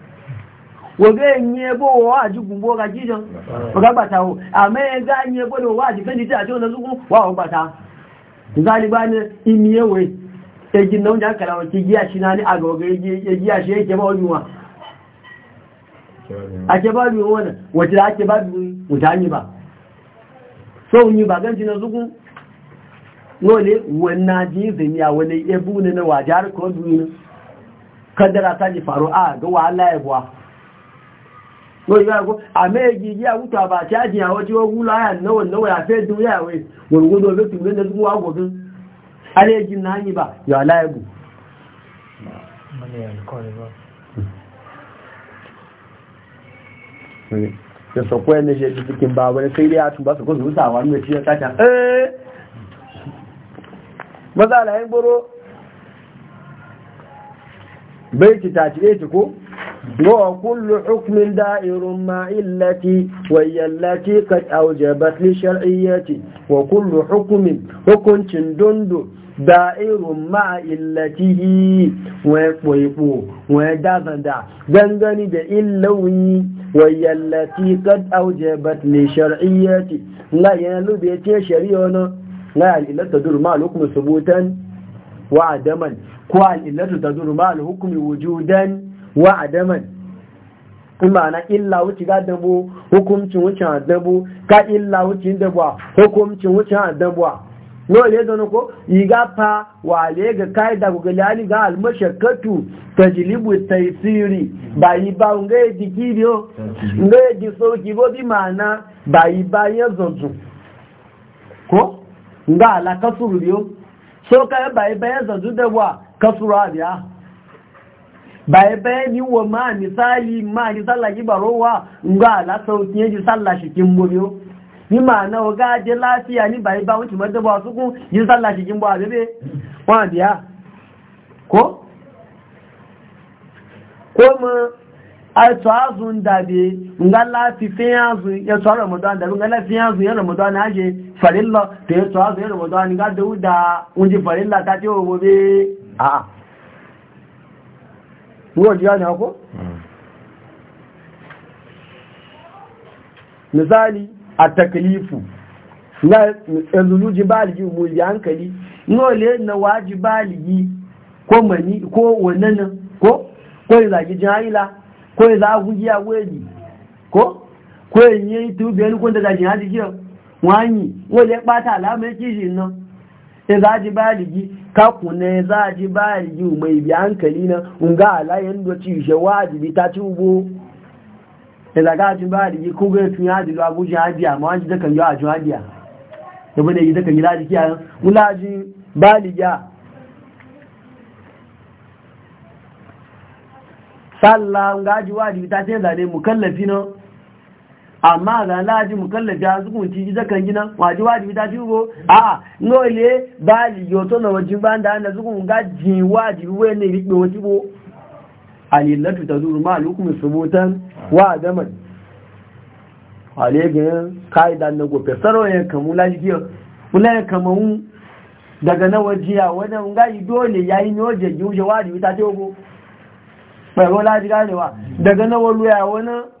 wọ́gẹ́ ẹ̀yìn ẹbọ́ wọ́n àjúgùn bó ọgá jíjọ ọgbàgbàta o àmẹ́ẹ̀gá ẹ̀yìn ji ni wọ́n àjíkẹ́ ní tí àjọ́ ọ̀nàzúgún wà ọgbàta ìgbàlígbà ní imi ẹwẹ́ giya shi jẹ́ kàràwọ̀ tí jí àṣínà ní na ẹjí àṣẹ ìjẹba ọdún wọn àjẹba ọdún wọn wọ́n ti àjẹba ọdún òjá yìnbà so yìnbà ba ti nàzúgún lóòlé wọn náà jí ìzẹ̀mí àwọn ẹbú nínú na járí kọ́ dúró kadara ta ji faru a ga wa ya e buwa wọ́n yá kó àmẹ́ẹ̀gì ilé àwútọ̀ àbàtí àti àwọn ẹni ṣe ti kí n wẹ́rẹ́ sí ilé àtúnbá sọ̀kọ́ sọ̀rọ̀ sàwà ní ẹ̀kí ẹ̀kájà ẹ́ẹ́ mọ́sàlá ẹ̀ gbóró bẹ́ẹ̀ ti tàti kó وكل حكم دائر ما التي وهي التي قد أوجبت لشرعية وكل حكم حكم تندند دائر مع التي ويقويقو ويدافندا دنغني بإلوي وهي التي قد أوجبت لشرعية لا ينالو بيتي شريعنا لا الإلة تدور مع الحكم ثبوتا وعدما كوال إلا تدور مع الحكم وجودا wa adaman imana illa wuce ga dabo hukumcin wucin adabo ka illa wucin dabuwa hukumcin wucin adabuwa no le dono ko iga fa wa le ga kai da ga ali ga almashakatu tajlibu taysiri ba ba unga di kidio nge di so ki bo bi mana ba yi ba ya zonzu ko nga ala kasuru yo so ka ba ba ya zonzu da wa kasuru abiya Ba bai bayani wa ma misali ma ni sallah ki wa. nga la sauki ji sallah shi kin bobiyo ni ma na o ga je lafiya ni bai ba wuce madda ba su ku ji sallah shi kin bo abebe wa biya ko ko ma a tsazun da be nga lafiyan azun ya tsara ramadan da nga lafiyan azun ya ramadan haje farilla to ya ramadan ga dauda unji farilla ta ce wa bobe a'a ruwan jiya ne hako? misali a taklifu na yanzu baligi mulki hankali nole na waji baligi ko mani ko wannan ko ko ya zagi jahila ko ya zagu giya weli ko ko ya yi tubiyar kun da zagi hajji kiyo wani wale ya bata alamar kishin nan sai za ji baligi ka kuna za ji baligi mai bi hankali na unga alayen da ci shi wajibi ta ci ubo da daga ji baligi ko ga tun ya ji abuja hadiya ma ji dakan yi a ji ya bane yi dakan yi laji kiya mula ji sallah unga ji wajibi ta ce zane kallafi na amma ga laji mukallafi a zukun ci ji zakan gina waji wajibi ta shigo a no ile ba li yoto na wajin ba da na zukun ga ji waji wai ne rikbe waji bo alillatu tazuru ma alhukum subutan wa adaman ale ga kai dan na gobe saro ya kamu laji kula ya kamu daga na wajiya wannan ga dole yayi noje ji wajibi ta togo bai wala ji ganewa daga na waluya wani?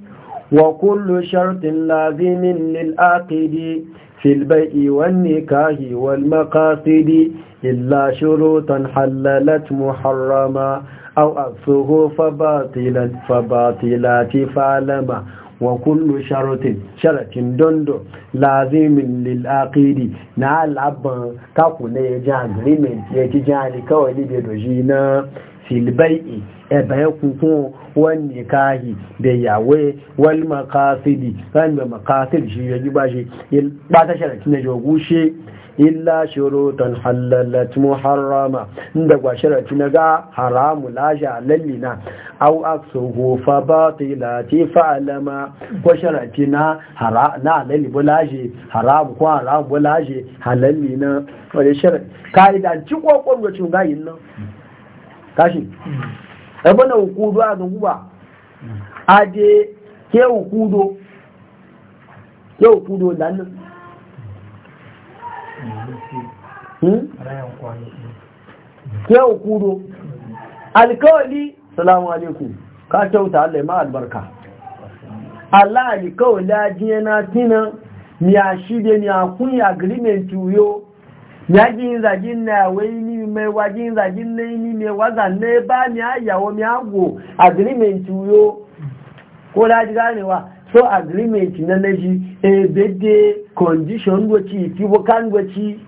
وكل شرط لازم للآقد في البيع والنكاه والمقاصد إلا شروطا حللت محرما أو أكثه فباطلا فباطلات فعلما وكل شرط شرط دندو لازم للآقد نعال عبا تقول يجعل رمين يجعل كوالي بدجينا filbai'i e baya kuku wani kahi da yawe wani makasidi kan da makasidi shi yaji ba shi ba ta sharaki na jogushe illa shurutan halalat muharrama inda gwa sharaki na ga haramu la jalallina aw aksuhu fa batilati fa alama ko sharaki na hara na lalli bulaje haramu ko haramu bulaje halallina wani sharaki ka'idan ci kokon wacin gayin nan kashi hmm. ebe na hukudu a zunguba a je ke hukudo ke hukudo lannan hmm. hmm? ke hukudo alkawali salamu alaikum ka kyauta allai ma albarka allah alkawali ajiyana tinan ni a shide ni a kuni agreement yuyo yajin zagin na wai ni mai wajin zagin na ni mai waza ne ba mi ayawo mi agwo agreement yo ko da ji wa, so agreement na na naji e bede condition gochi ti bo kan gochi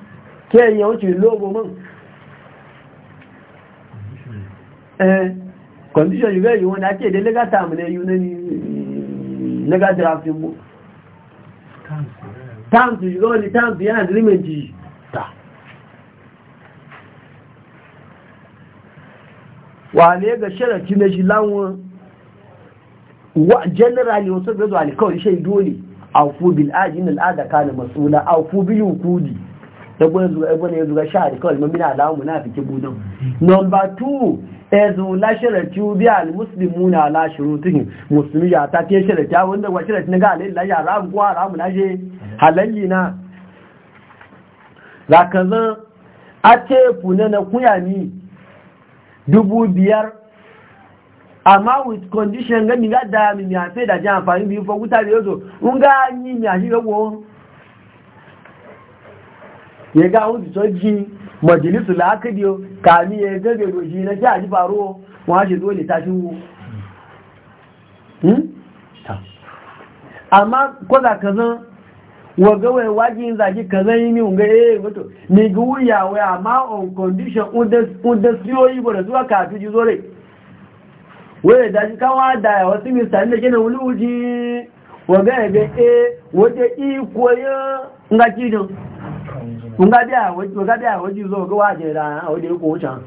ke yan o ti lobo mun eh condition you you want ake da legal term ne you ne legal draft mo terms eh. you go ni terms ya agreement yi wane ga sharafi na jilawun wa generally wasu ga zuwa alkawari shai dole aufu bil ajin al'ada ka kana masula aufu bil hukudi da gwanin zuwa ebola eh, ya zuwa shahari kawai mamina alamun munafiki budan nomba e 2 ezu na la sharati bi al muslimuna la shurutihim musulmi ya ta ke te sharati wanda wa sharati na ga e alai la ya rabu kwa rabu na je halalli na zakaza ate funana kuyani dubu biyar amma with condition gami ga da mi mi afe da jan amfani biyu fa wuta da yozo n ga yi mi a ṣiga wo ya ga hun so ji majalisu la aka biyo kami ya ga ga roji na ji a ji faro wọn ṣe dole ta ṣi wo hmm? amma ko da kazan waga wai wajin zaki ka zai ni unga eh wato ni ga wuya wai amma on condition udas udas yoyi bora zuwa ka tuji zore wai da shi kawa da wasu misali da kina wani uji waga ya ga eh wata i ya nga kijin unga da ga da waji zo ga waje da waje ko wucin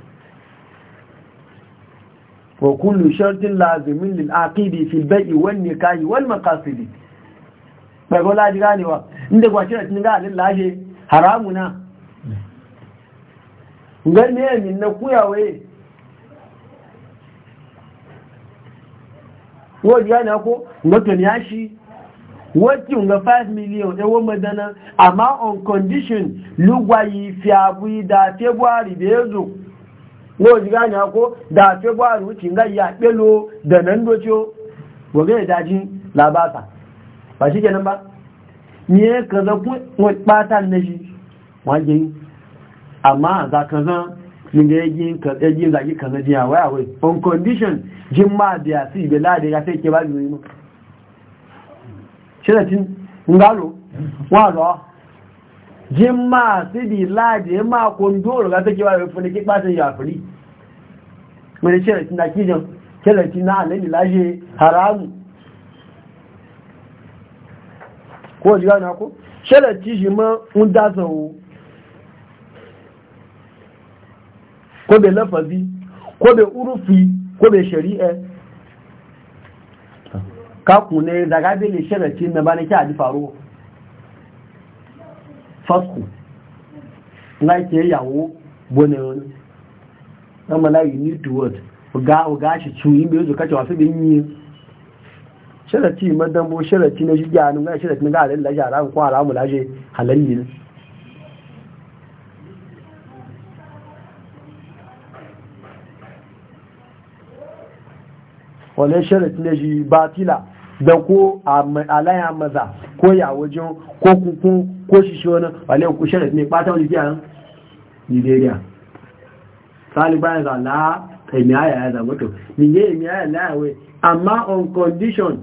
wa kullu shartin lazimin lil aqidi fil bai wal nikahi wal maqasidi daga wala ganewa inda kwace da cin ganin lashe haramu na gani ya min na kuyawe wọ́n yá ní ọkọ́ ǹgọ́tọ̀ ní a ṣí wọ́n tí ǹgọ́ 5 million ẹwọ́ e mẹ́dánná àmá on condition lúgbà yìí fi àbú ìdá february bẹ́ẹ̀zù wọ́n yá ní ọkọ́ dá february ó ti ń gá yìí àpẹ́lò dẹ̀nà ń dójó wọ́gẹ́ ba shi kenan ba Ni ne ka za kuma batan na shi wajen amma za ka zan yin da yaji zaki ka zaji a waya wai on condition jin ma da ya si bela da ya sai ke ba biyu ma shiratin ngalo wazọ jin ma si bi la ya ma kondoro ga take ba biyu fune ki batan ya furi mai shiratin da kijin shiratin na alayi lashe haramu ko ji gane ko sharati shi ma un da zawo ko be lafazi ko be urufi ko be shari'a ka ku ne daga be le sharati na bane ki adi faro fasku na ke yawo bone wani na malayi need to word ga ga shi cuyi be zo kace wasu bin sharati madambo sharati na shi gyanu ga sharati na ga halin da shara ko haramu da shi halalli ne wale sharati na shi batila da ko alaya maza ko ya wajen ko kuku ko shishi wani wale ku sharati ne bata wani giyan nigeria taliban zala kai miyaya ya zama to ni ye miyaya la we amma on condition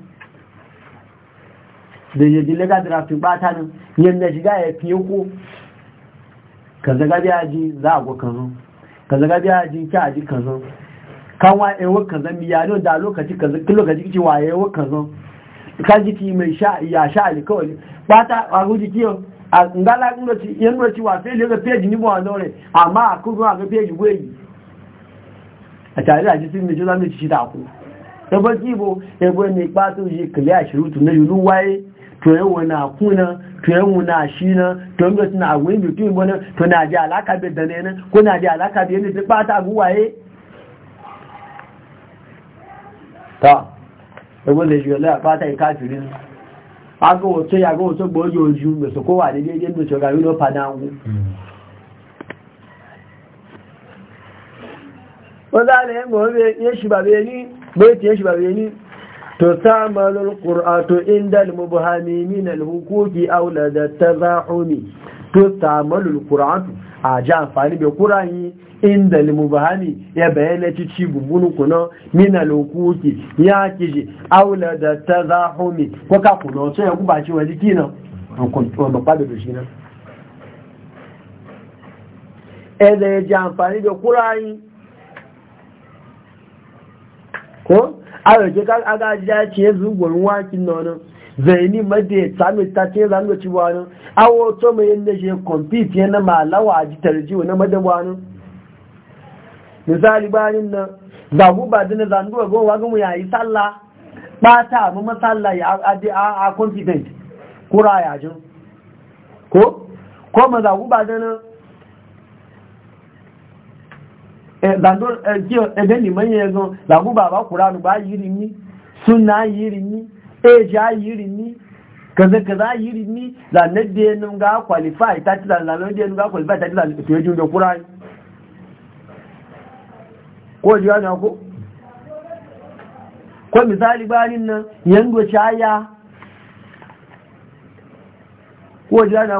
da ya ji laga drafin bata nan yadda shiga ya fiye ko ka zaga biya ji za a go kazan ka zaga biya ji ki a ji kazan kan wa ewa kazan biya ne da lokaci kazan kin lokaci kici wa ewa kazan ka ji ki mai sha ya sha alkawali bata a go ji kiyo a ngala ngo ci yan ngo ci wa fe le page ni bo anore amma ku go a page go yi a tare da ji sun ne jo da ne ci da ku ebo ki bo ebo ne pa to ji clear shirutu ne yulu waye to yawo na kuna to yawo na shi na to yawo tuna agwin bitu wani to na ji alaka bai da ne na ko na ji alaka bai ne ta bata agụ ta ya lè ṣe ọlẹ́ àpáta ìkáàkiri ní agọ́wọ̀ tó yàgọ́wọ̀ tó gbọ́ yóò ni. to tamalul qur'atu indal mubhami min al hukuki da tazahumi to tamalul qur'atu aja afani be qur'ani indal mubhami ya bayana ci cibun kuno min al hukuki ya kiji da tazahumi ko ka kuno so ya gubaci wani kina kun to ba pade do shina ede ja afani be qur'ani ko a yake kan aga jiya ce gwarin wakin nonon zaini ya sami ta ce za ga ciwa wani awo to mai shi ya kompiti yana malawa a jitar jiwa na madawa wani misali bayanin nan zagu ba dina zan duwa go wa ya yi sallah ba ta mu masalla ya adi a confident kura ya jin ko ko ma zagu ba na? ẹgbẹ́ nìmọ̀ yẹn gan làbú bàbá kùránù bá yìí ní súnà yìí ní èjì yìí ní kẹzẹkẹzẹ yìí ní lànẹ́dẹ́ ẹnu ga kwàlífà ìtàtìlà lànẹ́dẹ́ ẹnu ga kwàlífà ìtàtìlà ètò ẹjú ìjọ kúránù Ko jù ánà kó Ko misali bá na yẹn gbọ́chá yá kó jù ánà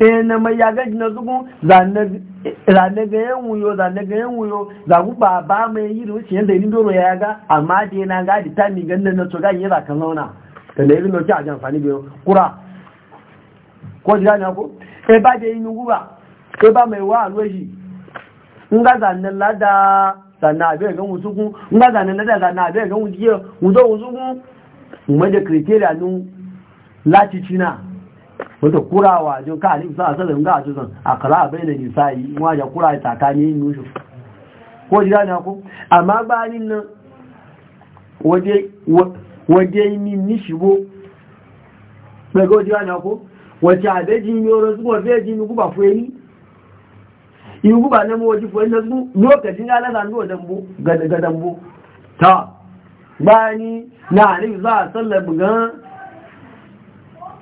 ena mai ya gaji na zugun zane ga yan wuyo zane ga yan wuyo zagu ba ba mai yi da wuce yadda ni doro ya ga amma da yana ga di ta mi ganna na to ga yi za ka zauna da da irin lokaci a jan fani biyo kura ko ji gane ko e ba da yi nuguba e ba mai wa alwaji in ga zane lada zane abin ga musugun in ga zane lada zane abin ga musugun wuzo musugun mu da kriteria nun lati wata kurawa jin ka alim sa sallam ga ajin akala bayin nisa'i wa ya kura ta kani nushu ko jira ko amma ba ni nan waje waje ni ni ko jira ko wace adeji ni oro su ko feji ni ku ba ni ku mu waje fuyi na su lokacin ga lalan do dambo ga ta bani na alim sa sallam ga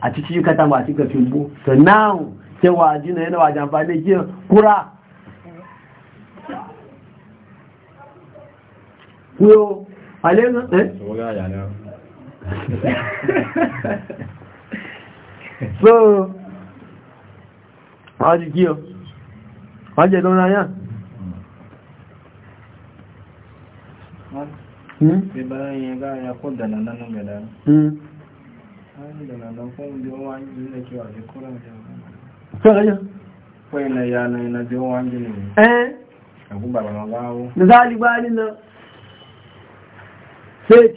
a cikin kata wà sí kẹfì gbó now tẹ wà eh? na ẹnà wà jàǹfà ní jẹ́ so waji Hmm? hmm? ya nan gada. Hmm? sọ́rọ̀yọ́ pẹ́ ilẹ̀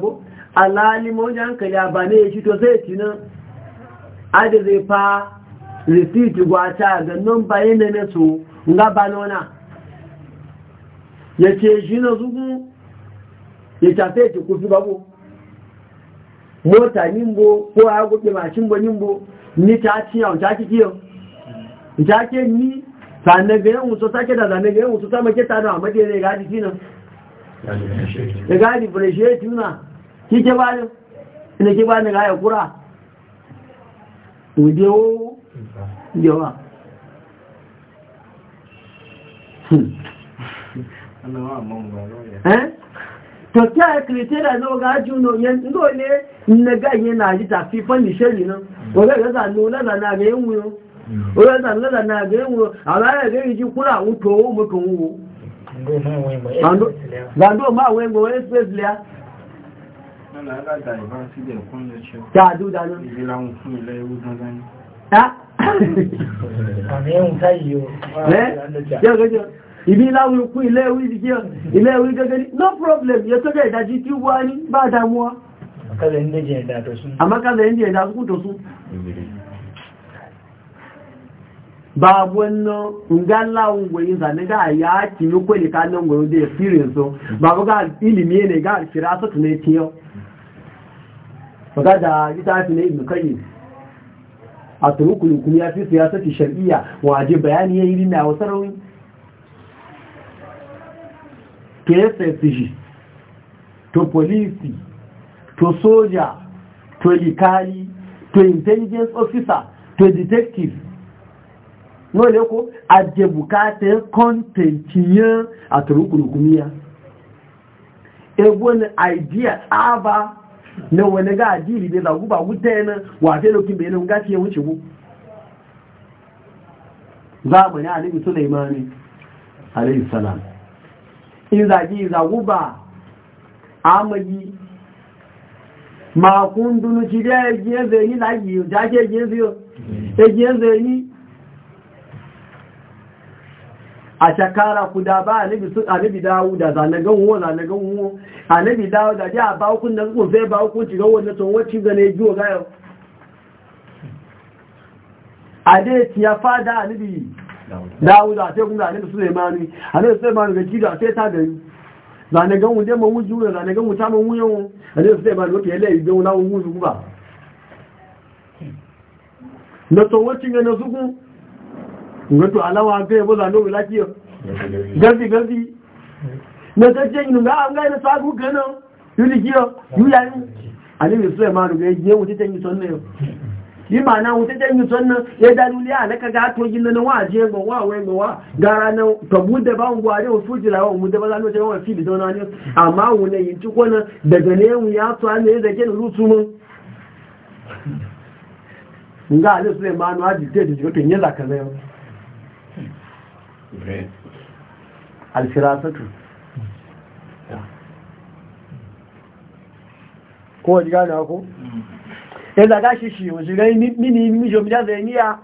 kó alalimin onye hankali a bane ya ci to sai ci adi zai fa risiti gwacha ga nan bayan da na so nga banona ya ce shi na zugu ya tafe ci kufi babu mota nimbo ko ya gudu mashin bo nimbo ni ta ci yawon ta ci kiyo ta ke ni sannan ga yan wuto sake da zanen ga yan wuto sama ke tanu a madiyar ya gadi kinan ya gadi fulashe tuna kí ké bá ní ilé ké ga ní ráyẹ̀ kriteria zo ga juno yen na ga yin na ji tafi fanni ga no la na ga ga za la na ga yin wuyo ala ga yi ji kula wuto mu to wu ma wen go Dáadú dáadú. Ìgbìlá ohun ìbí láwọn ikú ilé ìwé gẹ́gẹ́ ní no problem tó jẹ́ ìdájí tí wá ní bá dámú wá ẹ̀dà tó tó sún zane ga ya kimi kwalika nan goyin da ya firin so ba ga ne ga alfira faga da littafi na ibn kayyim a kuma ya fi siyasati shar'iyya waje bayani ya yi rina a wasu rauni? to ya SSG to polisi to soja to likali to intelligence officer to detective no le ko aje bukate content yan a turukul ya ebon idea tsaba. na wane ga ajiri bai zagu ba wuta yana wafe lokin bai nan gaci ya wuce ku zamani a nabi sulaimani alayhi salam in zagi zagu ba amagi makundunu ci da ya giye zai ni lagi ya ke giye zai yi a shakara ku da ba anabi sun anabi dawo da zanagan wo zanagan wo anabi dawo da ja ba ku nan ku sai ba ku ci ga wannan to wacce ga ne jiwo ga dai ci ya fada anabi dawo da sai kun da anabi su anabi mani ga ci sai ta gani zanagan wo dai mun wuju zanagan mu ta mun wuyo anabi mani wata yalle ibe wona wuju ba na tsohon wacce ga na zuku ngato alawa ga yabo zano lafiya gardi gardi na tace ni ga an ga na sagu gana yuli kiyo yuya ni ali bi sai ma ruga je wuce tanyi sonne yo yi ma na wuce tanyi sonne ya da luli ala ka ga to ginna na waje go wa we go wa gara na to budda ba ngwa ne wasu jira wa mu da ba zano je wa fili da wani amma wune yin ci kona daga ne mu ya to an ne da ke rutu mu nga ali sai ma no a dictate ji ko to yin zaka zai Eh. alfirasatu kowace gane ako? Mm. ya zaga shi shi wasu gani mini mijo mija zaniya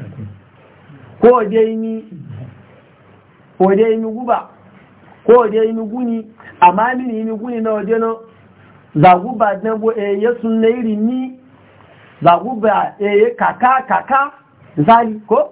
yi kowace yi guba kowace yi guni amma mini guni na waje na zaguba na eh, ya sun nairi ni zaguba eh, kaka kaka zari ko?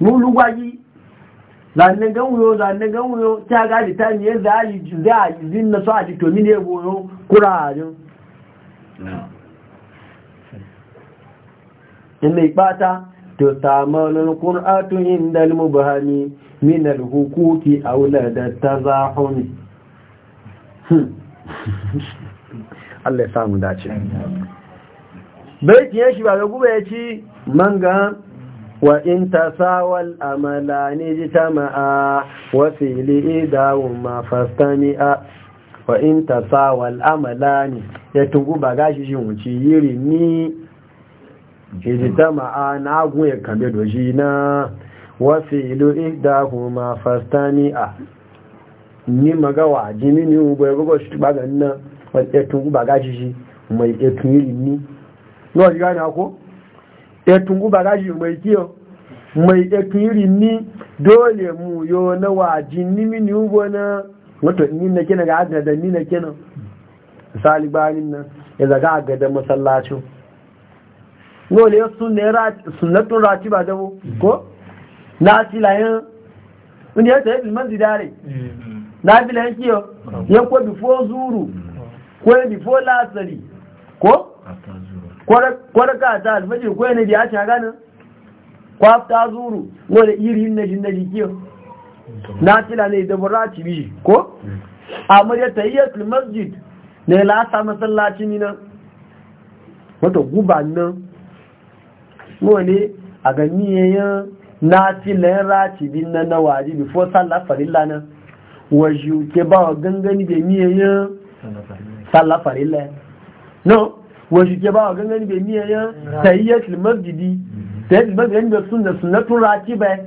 muluwayi zanne ganwuyo zanne ganwuyo ta gaji ta a yi za a yi zin na so a jito mini ya goyo kurajin in mai bata to samanin kur'atu inda mubhami min al-hukuki aula da tazahumi hmm. Allah ya samu dace bai tiye shi ba ga gube ya ci manga wa in amala ni jita ma'a wasu ili dawo ma fastani a wa in amala ni ya tungu ba gashi ni jita ma'a na agun ya kambe doji na wasu ili dawo ma fastani a ni magawa jini ni ugbo ya gogoshi tubaga nna wa ya tungu ni yau shi gane ako etungu bagaji mai kiyo mai iri ni dole mu yo na waji ni mini ubo na wato ni na kina ga agada ni na kina misali bayanin nan ya zaga agada masallacin nole ya sunnatun rati ba dabo ko na filayen inda ya tafi ilman zidare na filayen kiyo ya ko bifo zuru ko bifo lasari ko kwarka ta alfaji ko yana biya ta ganin ta zuru wani iri na najin na jiki na tila ne da mura ci ko a murya ta iya masjid ne lasa masallaci ni nan wata guba nan ne a gani yayin na tila yin raci bin nan na waji bifo sallar farilla nan wajiyu ke ba wa gangani da miyayin sallar farilla no wasu ke ba wa gangan bai miya yan tahiyyat limasjidi tahiyyat limasjidi da sunna sunnatun raki bai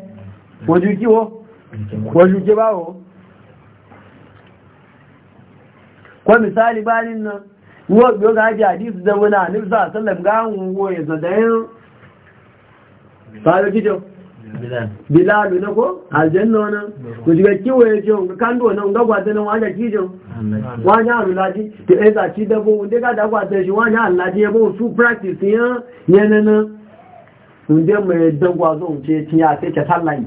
wasu kiwo wasu ke ba wa kwa misali ni nan biyo ga haji hadisu da wani a sallam ga hannu ya zadayin da kijin bilalu na ko aljanna wana mm. ku diga kiwo ya ce ga kando na ga gwata na wanda kijo mm. wani alulaji ke ɗaya za ci dabo wanda ga da gwata shi wani alulaji ya bo su practice ya yanana wanda mai dangwa zo wuce ci ya sai ta sallayi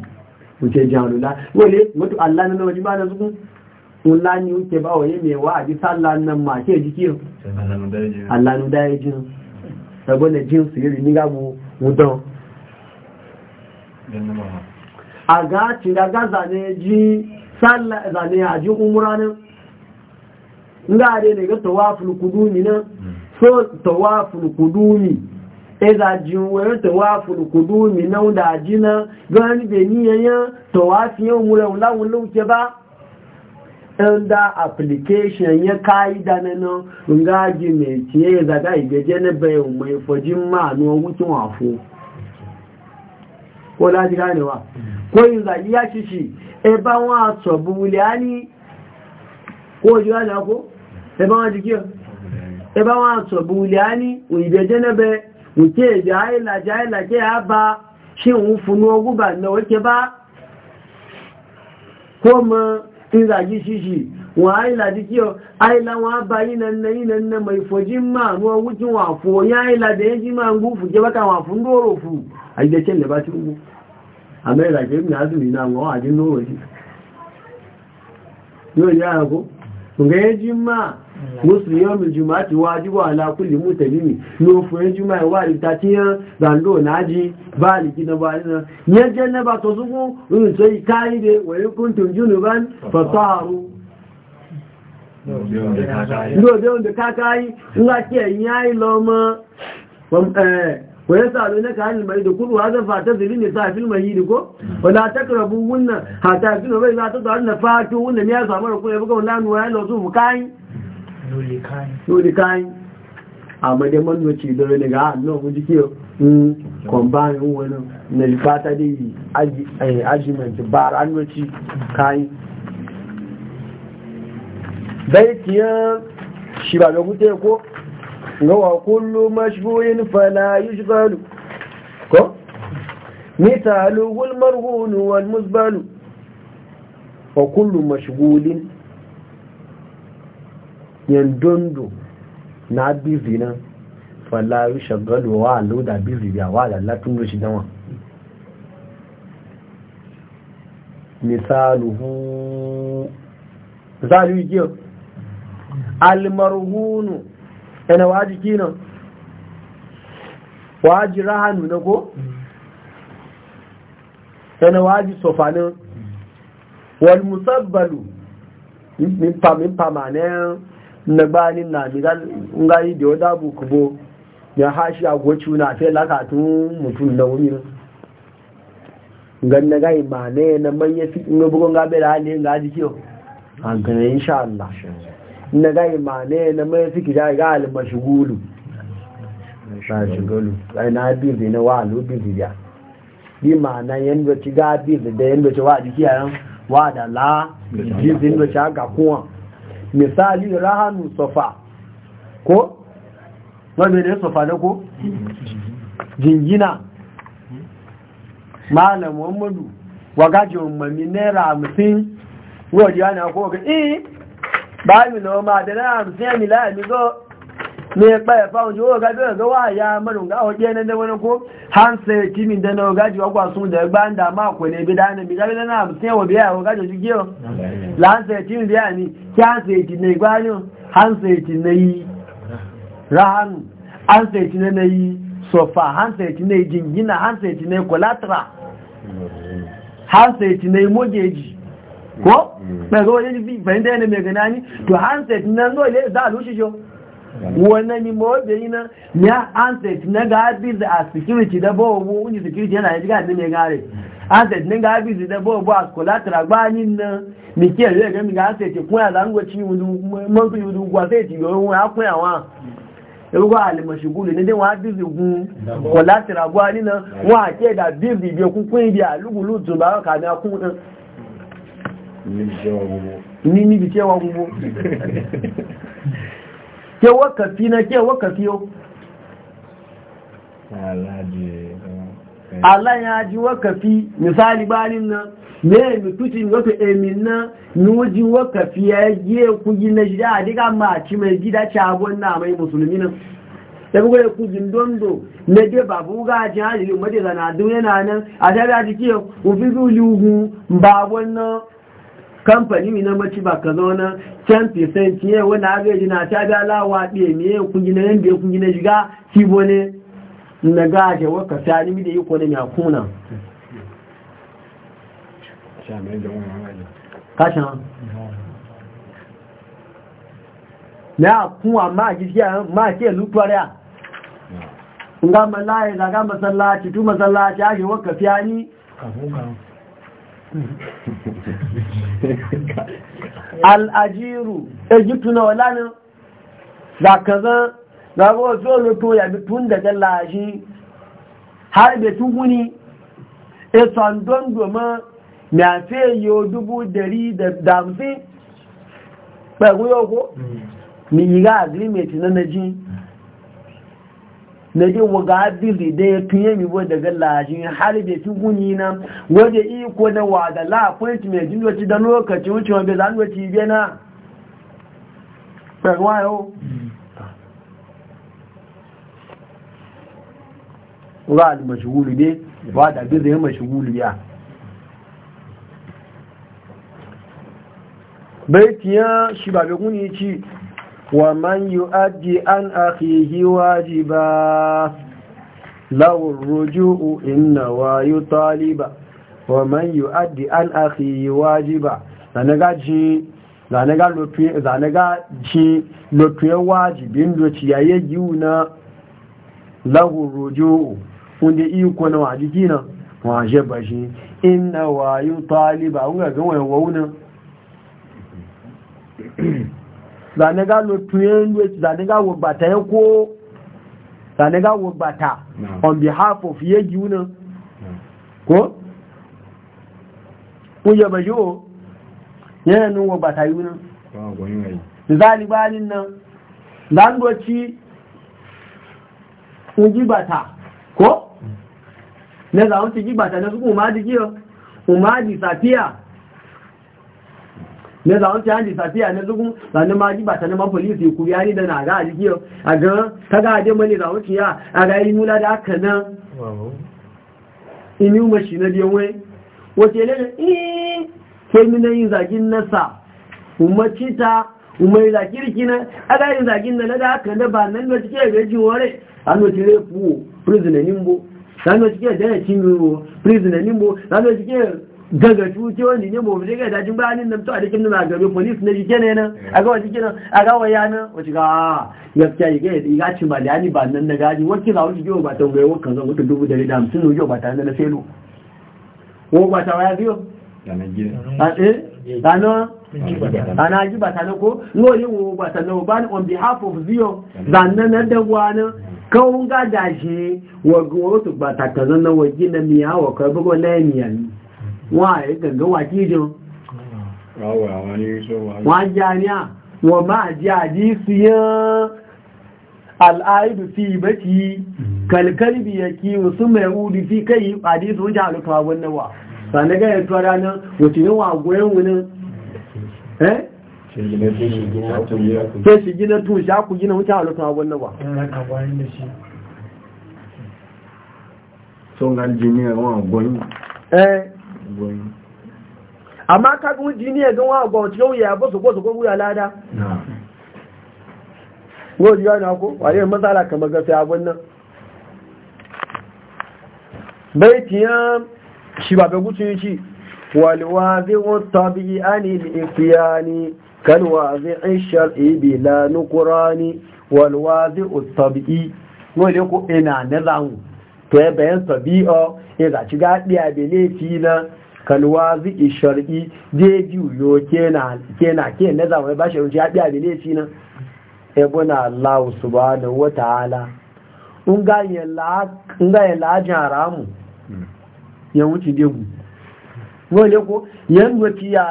wuce ji alula wale mutu allah na wajen ba na zuku wula ni wuce ba wa yi mai wa a ji sallah nan ma ke jiki allah nu da ya jin saboda jinsu yiri ni ga mu wudan a ga ci daga zane ji zane a ji umuranin nga ne ne ga tawaful kudumi nan so tawaful kudumi e za ji wani e tawaful kudumi nan da ji nan gani bai niyan yan tawafi yan umuran lawun lauke ba da application ya kayi da nan nga ji mai ciye zaga ibeje na bayan mai fajin ma a nuwa wucin wafo ko laji ganewa ko yin zagi ya ci e ba wọn aṣọ bubulẹ ni ojú ba wọn jikiyar e wọn aṣọ bubulẹ ni ya ba funu ko ní ọwú tí wọn àfọ̀ yá ayélajẹ yẹn jí máa ń gúfù jẹ́ bá káwọn àfúndóró amẹ́rẹ̀ àjẹ́ ìrìn àdùn ìrìn àwọn àdín lóòrò sí yóò ní àrẹ́kú ǹgẹ́ jí máa mùsùlùmí ọmọ ìjùmọ̀ àti wá jíwọ̀ alákùnlé mú tẹ̀lìmì ló fún ẹjùmọ̀ ìwà ìta tí yán gbàndò náàjí báàlì kí na báàlì náà yẹn nẹ́bà tó súnkún oòrùn Wani asa daina ka hali ma da kudu wa? Azan fa a ta zininisa a yi ni ko? Wani atakarar mu Wunna a na ba za ta ta na Fatu Wunna ya yi sa Amadu ku ne? Ebo kai ya yi lausu mu Kayi? Noli Kayi. Amadu ya ma anwaci daga yanzu ko a, n'o, nkombayin, n'uwana, n'alifatanin, da e, aji ma zubar, anwaci Kayi. Daitiyan shi ba ta huta ko. gawa kullu mashgulin fala yushghalu ko mithalu wal marhun wal muzbalu wa kullu mashghulin yandundu na bizina fala yushghalu wa lo da busy wa la tun lo shi dawa wa misaluhu zalu al yana waji kinan waji rahanu na ko yana waji sofanin wal musabbalu min famin famanen na ni na mi, de da bu kubo. ya hashi a goci na fe lakatu mutum na wumi gan na gai ma ne na mai yafi in bugun gabe da hali ngaji kiyo an ga insha Allah na gai mane na mai suke ja ga al mashghulu mashghulu ai na bi da na wa lu bi da bi ma'ana yanda ci ga bi da yanda ci wa jiki yaran wa da la ji din da ci ga kuwa misali rahanu safa ko wanda ne safa da ko jingina malam muhammadu wa gajin mami naira 50 wajen yana ko ga eh báyìí lọ máa dẹ̀rẹ́ àrùn sí ẹ̀mì láàrin gọ́ ní ẹ̀pẹ́ ẹ̀fáwọn jù ó gájọ́ ẹ̀gọ́ wà ya mẹ́rùn gáwọ́ jẹ́ ẹ̀nẹ́dẹ́ wọn kó hansi tí dẹ̀nà ọgájì ọgbà sún gbáǹdà máa kò ní ibi dáná na ìgbáyàn hansi ti na na ko mai zo wajen fahimta yana mai gana ni to handset na zo za a lushe jo wannan ni be yi na ya na gabi da a security da bawa bu security yana yaji mai gare handset na gabi da bawa bu a collateral ba ni na mi ke ga mi ga handset kunya za ngwa ci gwa ti yo wa wa gun collateral ni na wa ke da bizi bi kun a lugulu ba ka na ní bi tí ẹwà gbogbo kí wakafi. kàfí náà kí ẹwà kàfí ó aláyájí wákàfí misali balin nan ne mutuci wata emin nan nuji wakafi ya yi kuyi na jida a diga ci mai gida cabon na mai musulmi nan daga kwaye kujin dondo na dai babu gajin hajjiri madi zana duk yana nan a tare da jikiyar ofisuluhu babon nan kamfani mi na maci ba ka zauna can percent ne wani agaji jina ta ga lawa ɗe me kungi na yanda ya kungi na shiga kibo ne na gaje waka sani mi da yi kone mai kuna kashan na kuwa ma gijiya ma ke lukwariya nga malaye daga masallaci tu masallaci ake waka fiya ni al'ajiru egyptu na walanin zakazan zagawar tsohon to ya bi tun daga lashi har da tuguni esan don domin na feyo dubu dari da damfi ɓagun yau ko? Mm. mi yi ga agreement na najin na dai waga hadiri da ya fiye mi bai daga lajin har da fi guni na waje iko na wada la mai din wacce da lokaci wuce wanda a wace biya na barwa yo a da mashghuli ne wa da ya mashi mashghuli ya bai fiye shi ba guni ci ومن يؤدي عن أخيه واجبا له الرجوع إن ويطالب ومن يؤدي عن أخيه واجبا zanaga ji lotuye wajibin da ci yaye yiwu na lahurujo wunde iko na wajiki na waje bashi inda wayo taliba wunga gawai wawunan zane ga lotuyen lwet zane ga wagbata ya ko zane ga wagbata on behalf of yeji wuna ko? kuya ba yiwo yana nun wagbata yi wuna zani bayanin nan zangoci ujibata ko? Mm. ne zaunci gibata na suku umadi giyo umadi safiya ne zaun ta hanji safiya na zugun zanen maji ba ta na mapolisi ku ya ni da na ga alikiyar a ga ta ga ade mani zaun ki ya a ga yi mula da aka nan inu mashi na biyan wai wace da ee eh, sai mina yin zagin nasa umarci ta da kirki na a ga yin zagin da na da aka na ba nan da cike da jin a an wace refu prisoner nimbo an wace cike da cin prisoner nimbo an cike daga cuce wani ne mu je ga dajin bayanin nan to a dikin nan gabe police ne jike ne nan a ga wace kenan a ga waya nan wace ah, ga ya kai ga ya ci malani ba nan da gaji wace za wuce jiwa ba ta gaye wakan zan wuta dubu dari da hamsin ne jiwa ba ta nan na selo wo ba ta waya biyo a eh ana ana ji ba ta na ko lori wo ba ta na ba on behalf of zio zan na da gwanin kawun ga dashi wa go to ba ta kazan na wajen na miya wa kai bugo na miya ni wọ́n àyè gẹ̀gẹ́ wà kí jẹun wọ́n jẹ́ àníà wọ́n máa jẹ́ àjí sí yán al'aidu fi baki kalkalbi ya ki wasu mai hudu fi kai adi sun ji alufa wannan wa sannan ga yato ranar wacinin wa goyon wunin eh sai shi gina tun sha ku gina wuce alufa wannan wa a eh amma ka ga wuji ne ga wa ga cikin wuya ba su ko su ko wuya lada wani yana ko wani matsala kamar gasa abin nan bai tiyan shi ba bai gucin shi walwazi da anil ifyani kan wazi an shar'i bila nukurani wata tabi'i wani ko ina na zamu to ya bayan tabi'a ya e zaci gaɗi a belefi na kalwa ziki shar'i deji yo kena kena ke na za ba shi ya biya bile shi nan ebe na allahu subhanahu wa ta'ala un ga ya la un ga ya la jaramu ya wuce degu wole ko yan wuce ya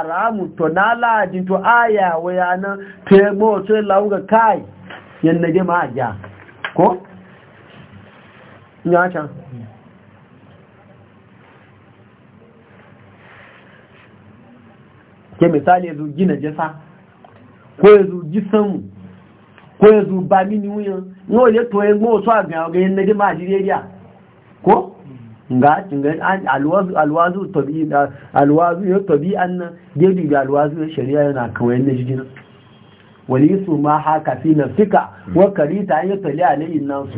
to na ladi to aya waya nan te mo to launga kai yan na je ma ja ko nya can ke misali ya zo na jasa ko ya zugi sanmu ko ya ba mini wuyan yau ya to ya gbo su a ga ga yin nage ma ko nga alwazu alwazu ya tobi an gidi da alwazu ya shari'a yana kawai na wani walisu ma haka fi fika wakari karita ya tali alayhi su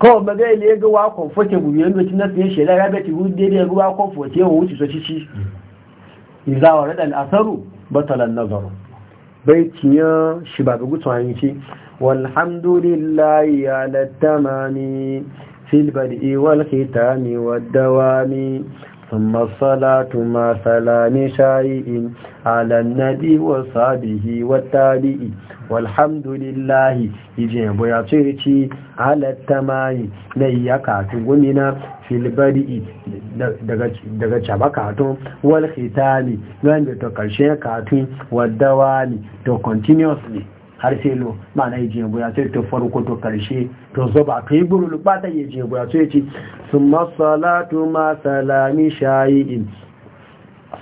kawai ba zai lega wa kwamfote guyu yadda ci na fiye shela ya gaci gudu daidai ya ruwa kwamfote wa wuce so cici mm. izawa rada al'asaru batalan nazaru bai ciye shi ba gugu tsohon ce walhamdulillahi ala tamami fil badi wal khitami wad dawami ثم الصلاة ما سلام شائئ على النبي وصابه والتابئ والحمد لله يجين بويا تشيرتي على التماي نيكا تغمنا في البريء daga caba katun wal khitami wanda to karshe katun continuously har sai lo mana yi je buya sai ta farko to karshe to zuba to yi gurulu ba ta yi je buya sai ce su salatu ma salami shayi'in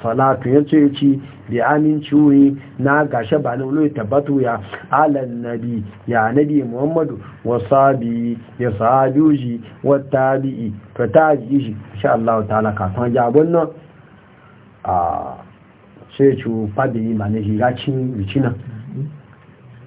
salatu ya ce ci bi aminci wuri na gashe ba na wani tabbatu ya alan nabi ya nabi muhammadu wa sabi ya uji wa tabi'i to tabi'i shi Allah ta'ala ka kan jabon nan a sai ci fadi ma na shiga cin bicina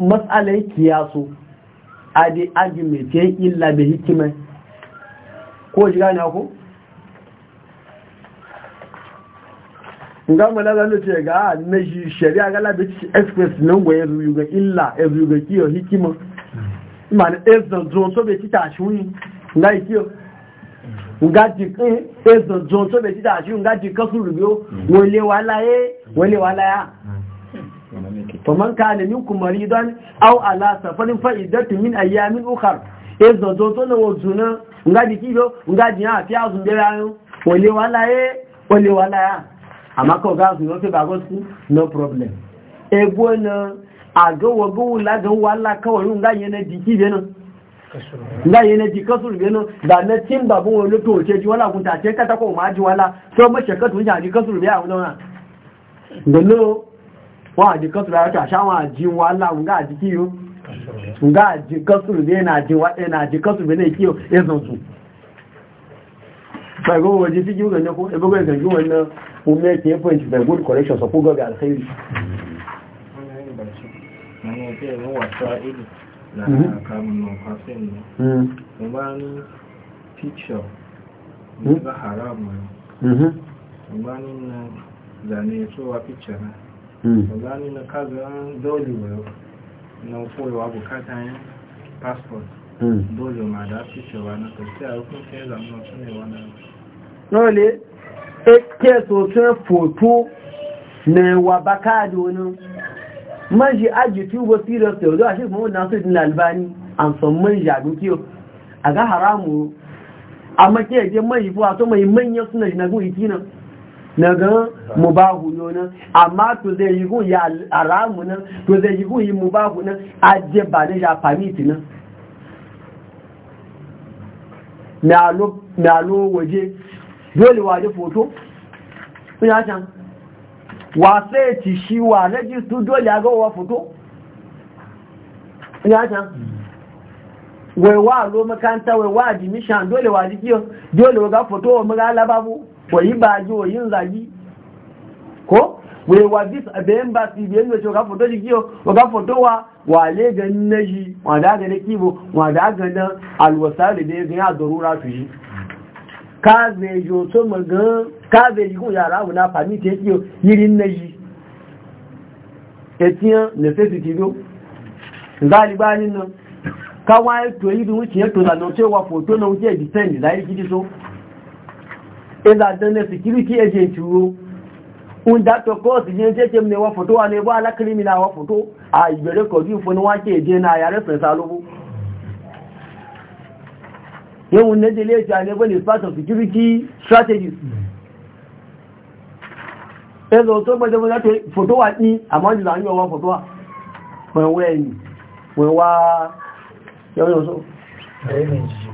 matsalai kiyasu a da argumentin illa da hikima. ko ji gane ku? gama lalata ce ga na shi shari'a ga labici express nan gwaye zuyu ga illa ya zuyu ga kiyo hikima ma na ezan zuwa to bai tita shi wuni na kiyo nga jikin ezan zuwa to bai tita shi wuni nga jikin kasu rubiyo mm. wale walaye wale walaya man faman kana minkum maridan aw ala safarin fa iddatu min ayamin ukhra ezo to to na wozuna ngadi kibo ngadi ya fi azun bera wole wala e wole wala ya amako ga azun yo fe bago su no problem e na ago wogo la go wala ka wonu ngadi na diki be no ngadi na diki kasul be no da na tin babu wolo to ce ji wala kunta ce kata ko ma ji wala so ma shekatu ja ji kasul be a wona da lo wọ́n àjí kọ́sùrù àti àṣáwọn àjí wọn aláwọ̀ ńgá àjí kí yóò ńgá àjí kọ́sùrù ní ẹ̀nà àjí kọ́sùrù ní kí yóò ẹ̀sùn tù pẹ̀lú owó ojú fíjú ìgbẹ̀nà kó ẹgbẹ́gbẹ́ ìgbẹ̀jú wọn náà wọ́n mẹ́kì ẹ̀ pẹ̀lú ìgbẹ̀ good correction sọ fúgọ́ gà sẹ́yìn Mm-hmm. mm-hmm. mm-hmm. mm-hmm. ọ̀gáni hmm. na káàzù dọ́ọ̀lù na ọ̀pọ̀lọ̀ abùkátà yẹn passport hmm. Dole ma dá fíṣẹ̀ wa náà tẹ̀sí àrùkún kẹ́ẹ̀lá mọ́ tún ẹ̀wà náà lọ́lẹ̀ ẹkẹ́ẹ̀sọ̀ tún fòtó na ẹwà bá káàdì oní mọ́jì ajì tí ó bọ́ serious ọ̀dọ́ àṣíkò mọ́ náà sóòdì albani àǹsọ̀ mọ́jì àdúkíọ̀ àgá haramu a mọ́kẹ́ ẹ̀jẹ́ mọ́jì fún àtọ́mọ̀ ìmọ́yìn suna jinagun ìkínà na gan mubahu yonan amma to zai yi hu ya aramu nan to zai yi gun yi mubahu nan ajiye ba na ya famiti nan na lo waje dole waje foto ya can wasa ya ci shi wa rajistu dole ya gawa foto ya can wai wa lo makanta wai wa admission dole wa jikiyo dole wa ga foto wa mura babu wòyí bá ajú òyí ń zàyí ko wèwà wa ẹ̀bẹ̀ ń bá ti ibi ẹ̀mẹ́ tí ọ̀gá foto jí kí o ọ̀gá fòtó wa wà lé gan ní yí wọ́n dá gan ní da ibo wọ́n dá gan ní alùwọ̀sá lè dé yi àdọ̀rú ráṣù yìí káàzẹ̀ yóò tó mọ̀ gan káàzẹ̀ yìí kò yàrá wọn náà pàmì tí kí o yìí ní yí ẹtí hàn nẹ́sẹ̀sì ti ló ìgbàlígbà nínú káwọn ètò yìí tó ń ṣe ètò ìlànà tí ó wà fòtó náà ó ila dane security agent wo un dato course yin je je mne wa photo wa ne wa la criminal wa photo a ibere ko bi fun wa ke je na ya reference alowo yawun ne de le ja ne bo is part of security strategies ẹzọ tó gbẹ́jẹ́ mọ́ láti fòtó wà ní àmọ́jìlá ní ọwọ́ fòtó wà pẹ̀wẹ́ ẹ̀yìn pẹ̀wà yọ́yọ́sọ́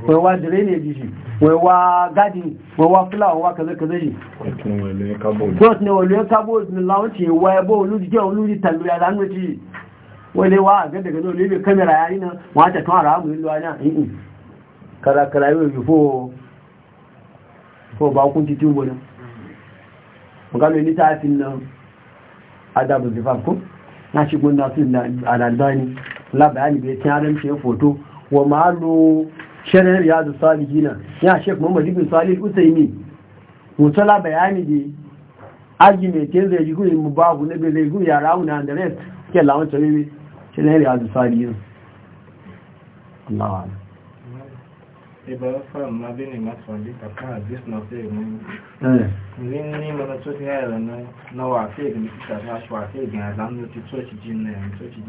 pẹ̀wà dìrẹ́lẹ̀ jìṣì wewa gadi wewa fulawa wa kaza kaza ne kot ne wale kabo ne launci wa ya bo olu jiya olu di talu ya lanu ti wale wa a ga daga no lebe kamera yi na wa ta to ara mu ilwa na eh kala kala yo bi fo fo ba kun ti tubo na ngalo ni ta tin na adabu zifaf ko na shi gunda sun da alalbani la bayani bai tiyaran shi foto wa malu shirin riyadu salihina ya shek muhammad ibn salih usaimi mutala bayani di argumentin zai yi gudun mu babu na bai zai ya yara wuna da rest ke lawan tarebe shirin riyadu salihina Allah Ìbára masu máa ta kan Màtàlí kàkà àdísì náà fẹ́ ne Ní ní mọ́ta tó ti rẹ̀ náà wà fẹ́ ìgbìn títà tó aṣọ àfẹ́ ìgbìn àdánù ti tó ti jí náà kashi.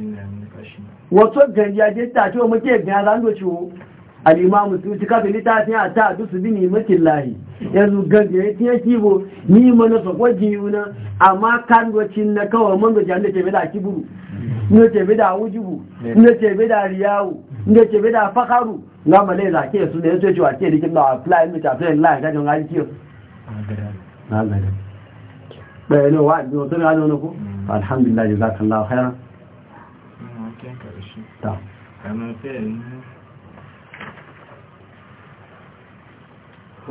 kàṣí. Wọ́n tó gẹ̀ẹ́jì ajé tàbí ọmọ jẹ́ ìgbìn àdánù ti wo. al'imamu su ci kafin littafin a ta dusu bi makin lahi yanzu ya tiye kibo ni mana sakwa jiyuna amma kan wacin na kawai man da ke bida kiburu ne ke bida wujubu ne ke bida riyawu ne ke bida fakaru na malai zake su da ya ce cewa ke rikin da apply mu ta fiye lahi gajin hali kiyo bayan wa ne wasu ne wani ko alhamdulillah jazakallahu khairan mm, ta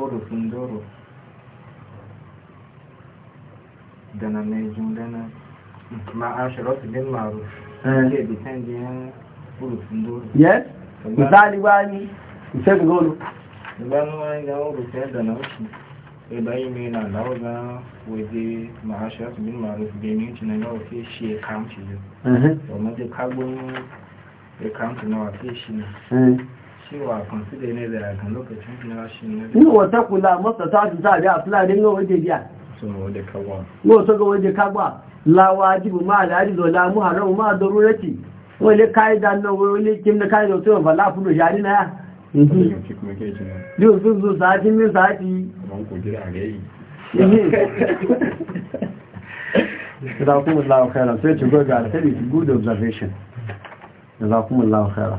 foro fundoro dana na mai jundana ma'asharatu bin maruf ke bitan biyan foro fundoro yes misali wani sai ga golo wani wani ga wani rufe da na wasu ibayi mai na lauga waje ma'asharatu bin maruf benin cinan yawon fi shi ya kamci yau domin zai kagbon ya kamci na wafe shi ne ni wata kula masa ta su sa biya fulani ga waje biya ni wata ga waje kagwa lawajibu ma al'ajizo la muharram ma ne wani ka'ida nan wani kim na ka'ida wasu yawan fala fudu jari ya yau sun zo sati min sati jazakumullahu khairan sai ci goga alkhairi good observation jazakumullahu khairan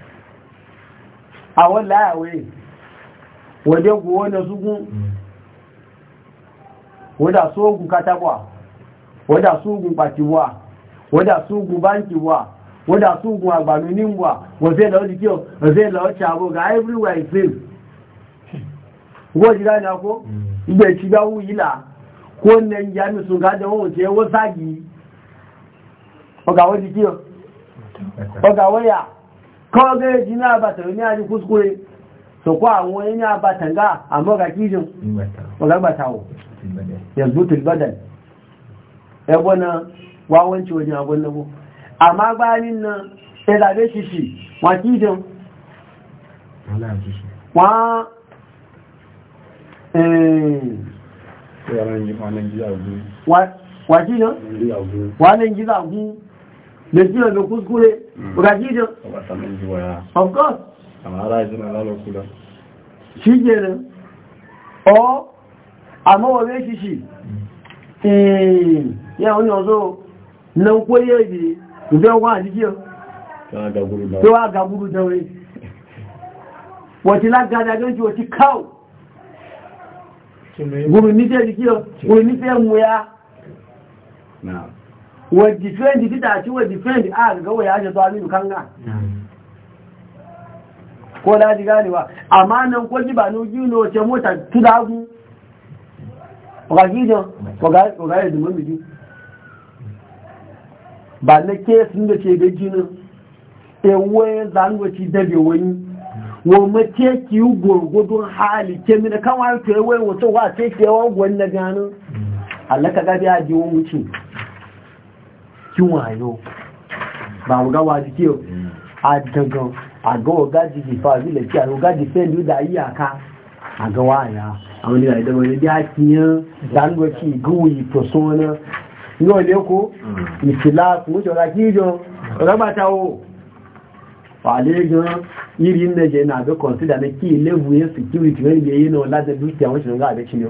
àwọn láàwẹ̀ wajen gowa na zugun wadda sogun katabwa wadda sogun patiwa wadda sogun bankiwa wadda sogun agbanunimwa wafe da wadda kiyo wafe da ga everywhere is same wọ́n na ko igbe ti gba wu yila ko nne ndi ami sun ga jẹun oúnjẹ wọ́n ságì ọgá wọ́n di kí ọ ọgá wọ́n yà kọ́gẹ́ jí ní àbàtàn ní àjí kúskúrẹ sọ̀kọ́ àwọn ní àbàtàn gá àmọ́gà kíjìn ọgbàgbàtàwò yanzu tulbadan ẹgbọ́n na wawanci wajen agbọn nabo àmá gbáyín na ẹ̀dàbẹ́ ṣiṣi wà kíjìn wọ́n wà kíjìn wà ní gíza gún da shi mai kuskure ga jijin of course shi ke o amma wane shi shi yawon yanzu nan bi zai wa jijin tí wá gàbúrú jẹun rí wọ́n ti lágbàdà jẹ́ jù wọ́n ti káò gùrù nífẹ́ ya Ah, wa defend bid'a ci wa defend a ga waya ya kanga ko da ji ganewa amma nan ko ji ba no gino ce mota tudagu ga gido ko ga ko ga da mun ba na ke sun da ke da gino e waye zango ci da be wani wo mace ki gurgudun hali ke mina kan wa to waye wato wa sai ke wa gwan na ganin mm. Allah ka ga biya ji wuce kíwàáyó bàwọ̀gáwà jíkí o àdàngàn hmm. àgọ́ ọ̀gájì ìfà ìbílẹ̀ tí àwọn ọ̀gájì fẹ́ ní yí àká àgọ́wà àyà àwọn ilẹ̀ ìdọ́gbọ̀n ní bí a ti yán dánúwẹ́kì ìgúnwò ìtọ̀sán ọ̀nà ní ọ̀lẹ́kọ́ hmm. ìfìlà fúnjọra kí ìjọ ọ̀rọ̀gbàta o fàlẹ́gbọ́n ìrìn a náà bẹ́ kọ̀nsídà ní kí ilé ìwé security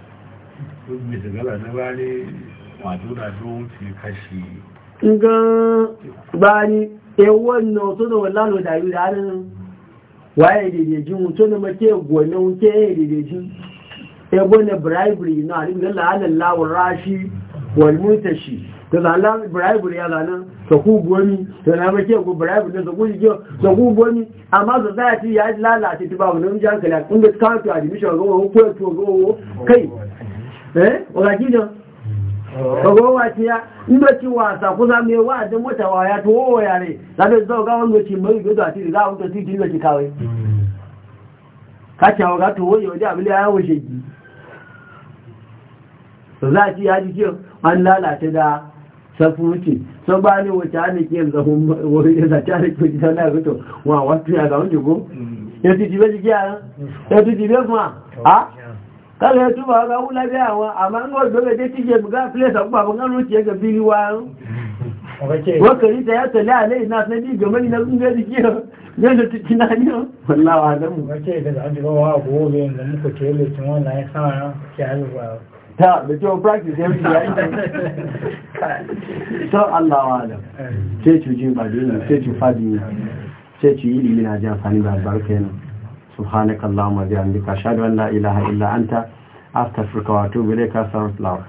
ngan bani ewon na oto e da wallalo da yi da waye daidaijin na make gwane ya daidaijin ebo na e e bribery na rashi da bribery ya zanen ta na make ku bribery na amma society ya lalace ta babu na a kunga kawo admission ga to ga kai Eh? Hmm. Kago wace ya, inda ci wasa kusa mai wa'azin mota waya to wowa yare, zaɓe zau ga ci mai gudu a tiri za a wuce titi da ci kawai. Kacewa ga to woyi wajen abin da ya wuce Za a ya ji ke an lalata da safuci, So ba ni wace ana ke zahun wani ya zace ana ke gidan na wa wata ya ga wani hmm. ko? Ya ci jibe jiki a nan? Ya A? kala ya tuba ga wula bi awon amma an gwa ga dai tije buga place abu baban an ruciye ga biri wa wakari ta ya tsali a lai na sani ga mani na sun gaji kiyo yau da tuki ne wa zan mu wace da an jiba wa gobe da muka ya ta da practice ya allah wa ba dole yi na ji amfani da subhanaka allahumma bihamdika ashhadu an la ilaha illa anta astaghfiruka wa atubu ilayka assalamu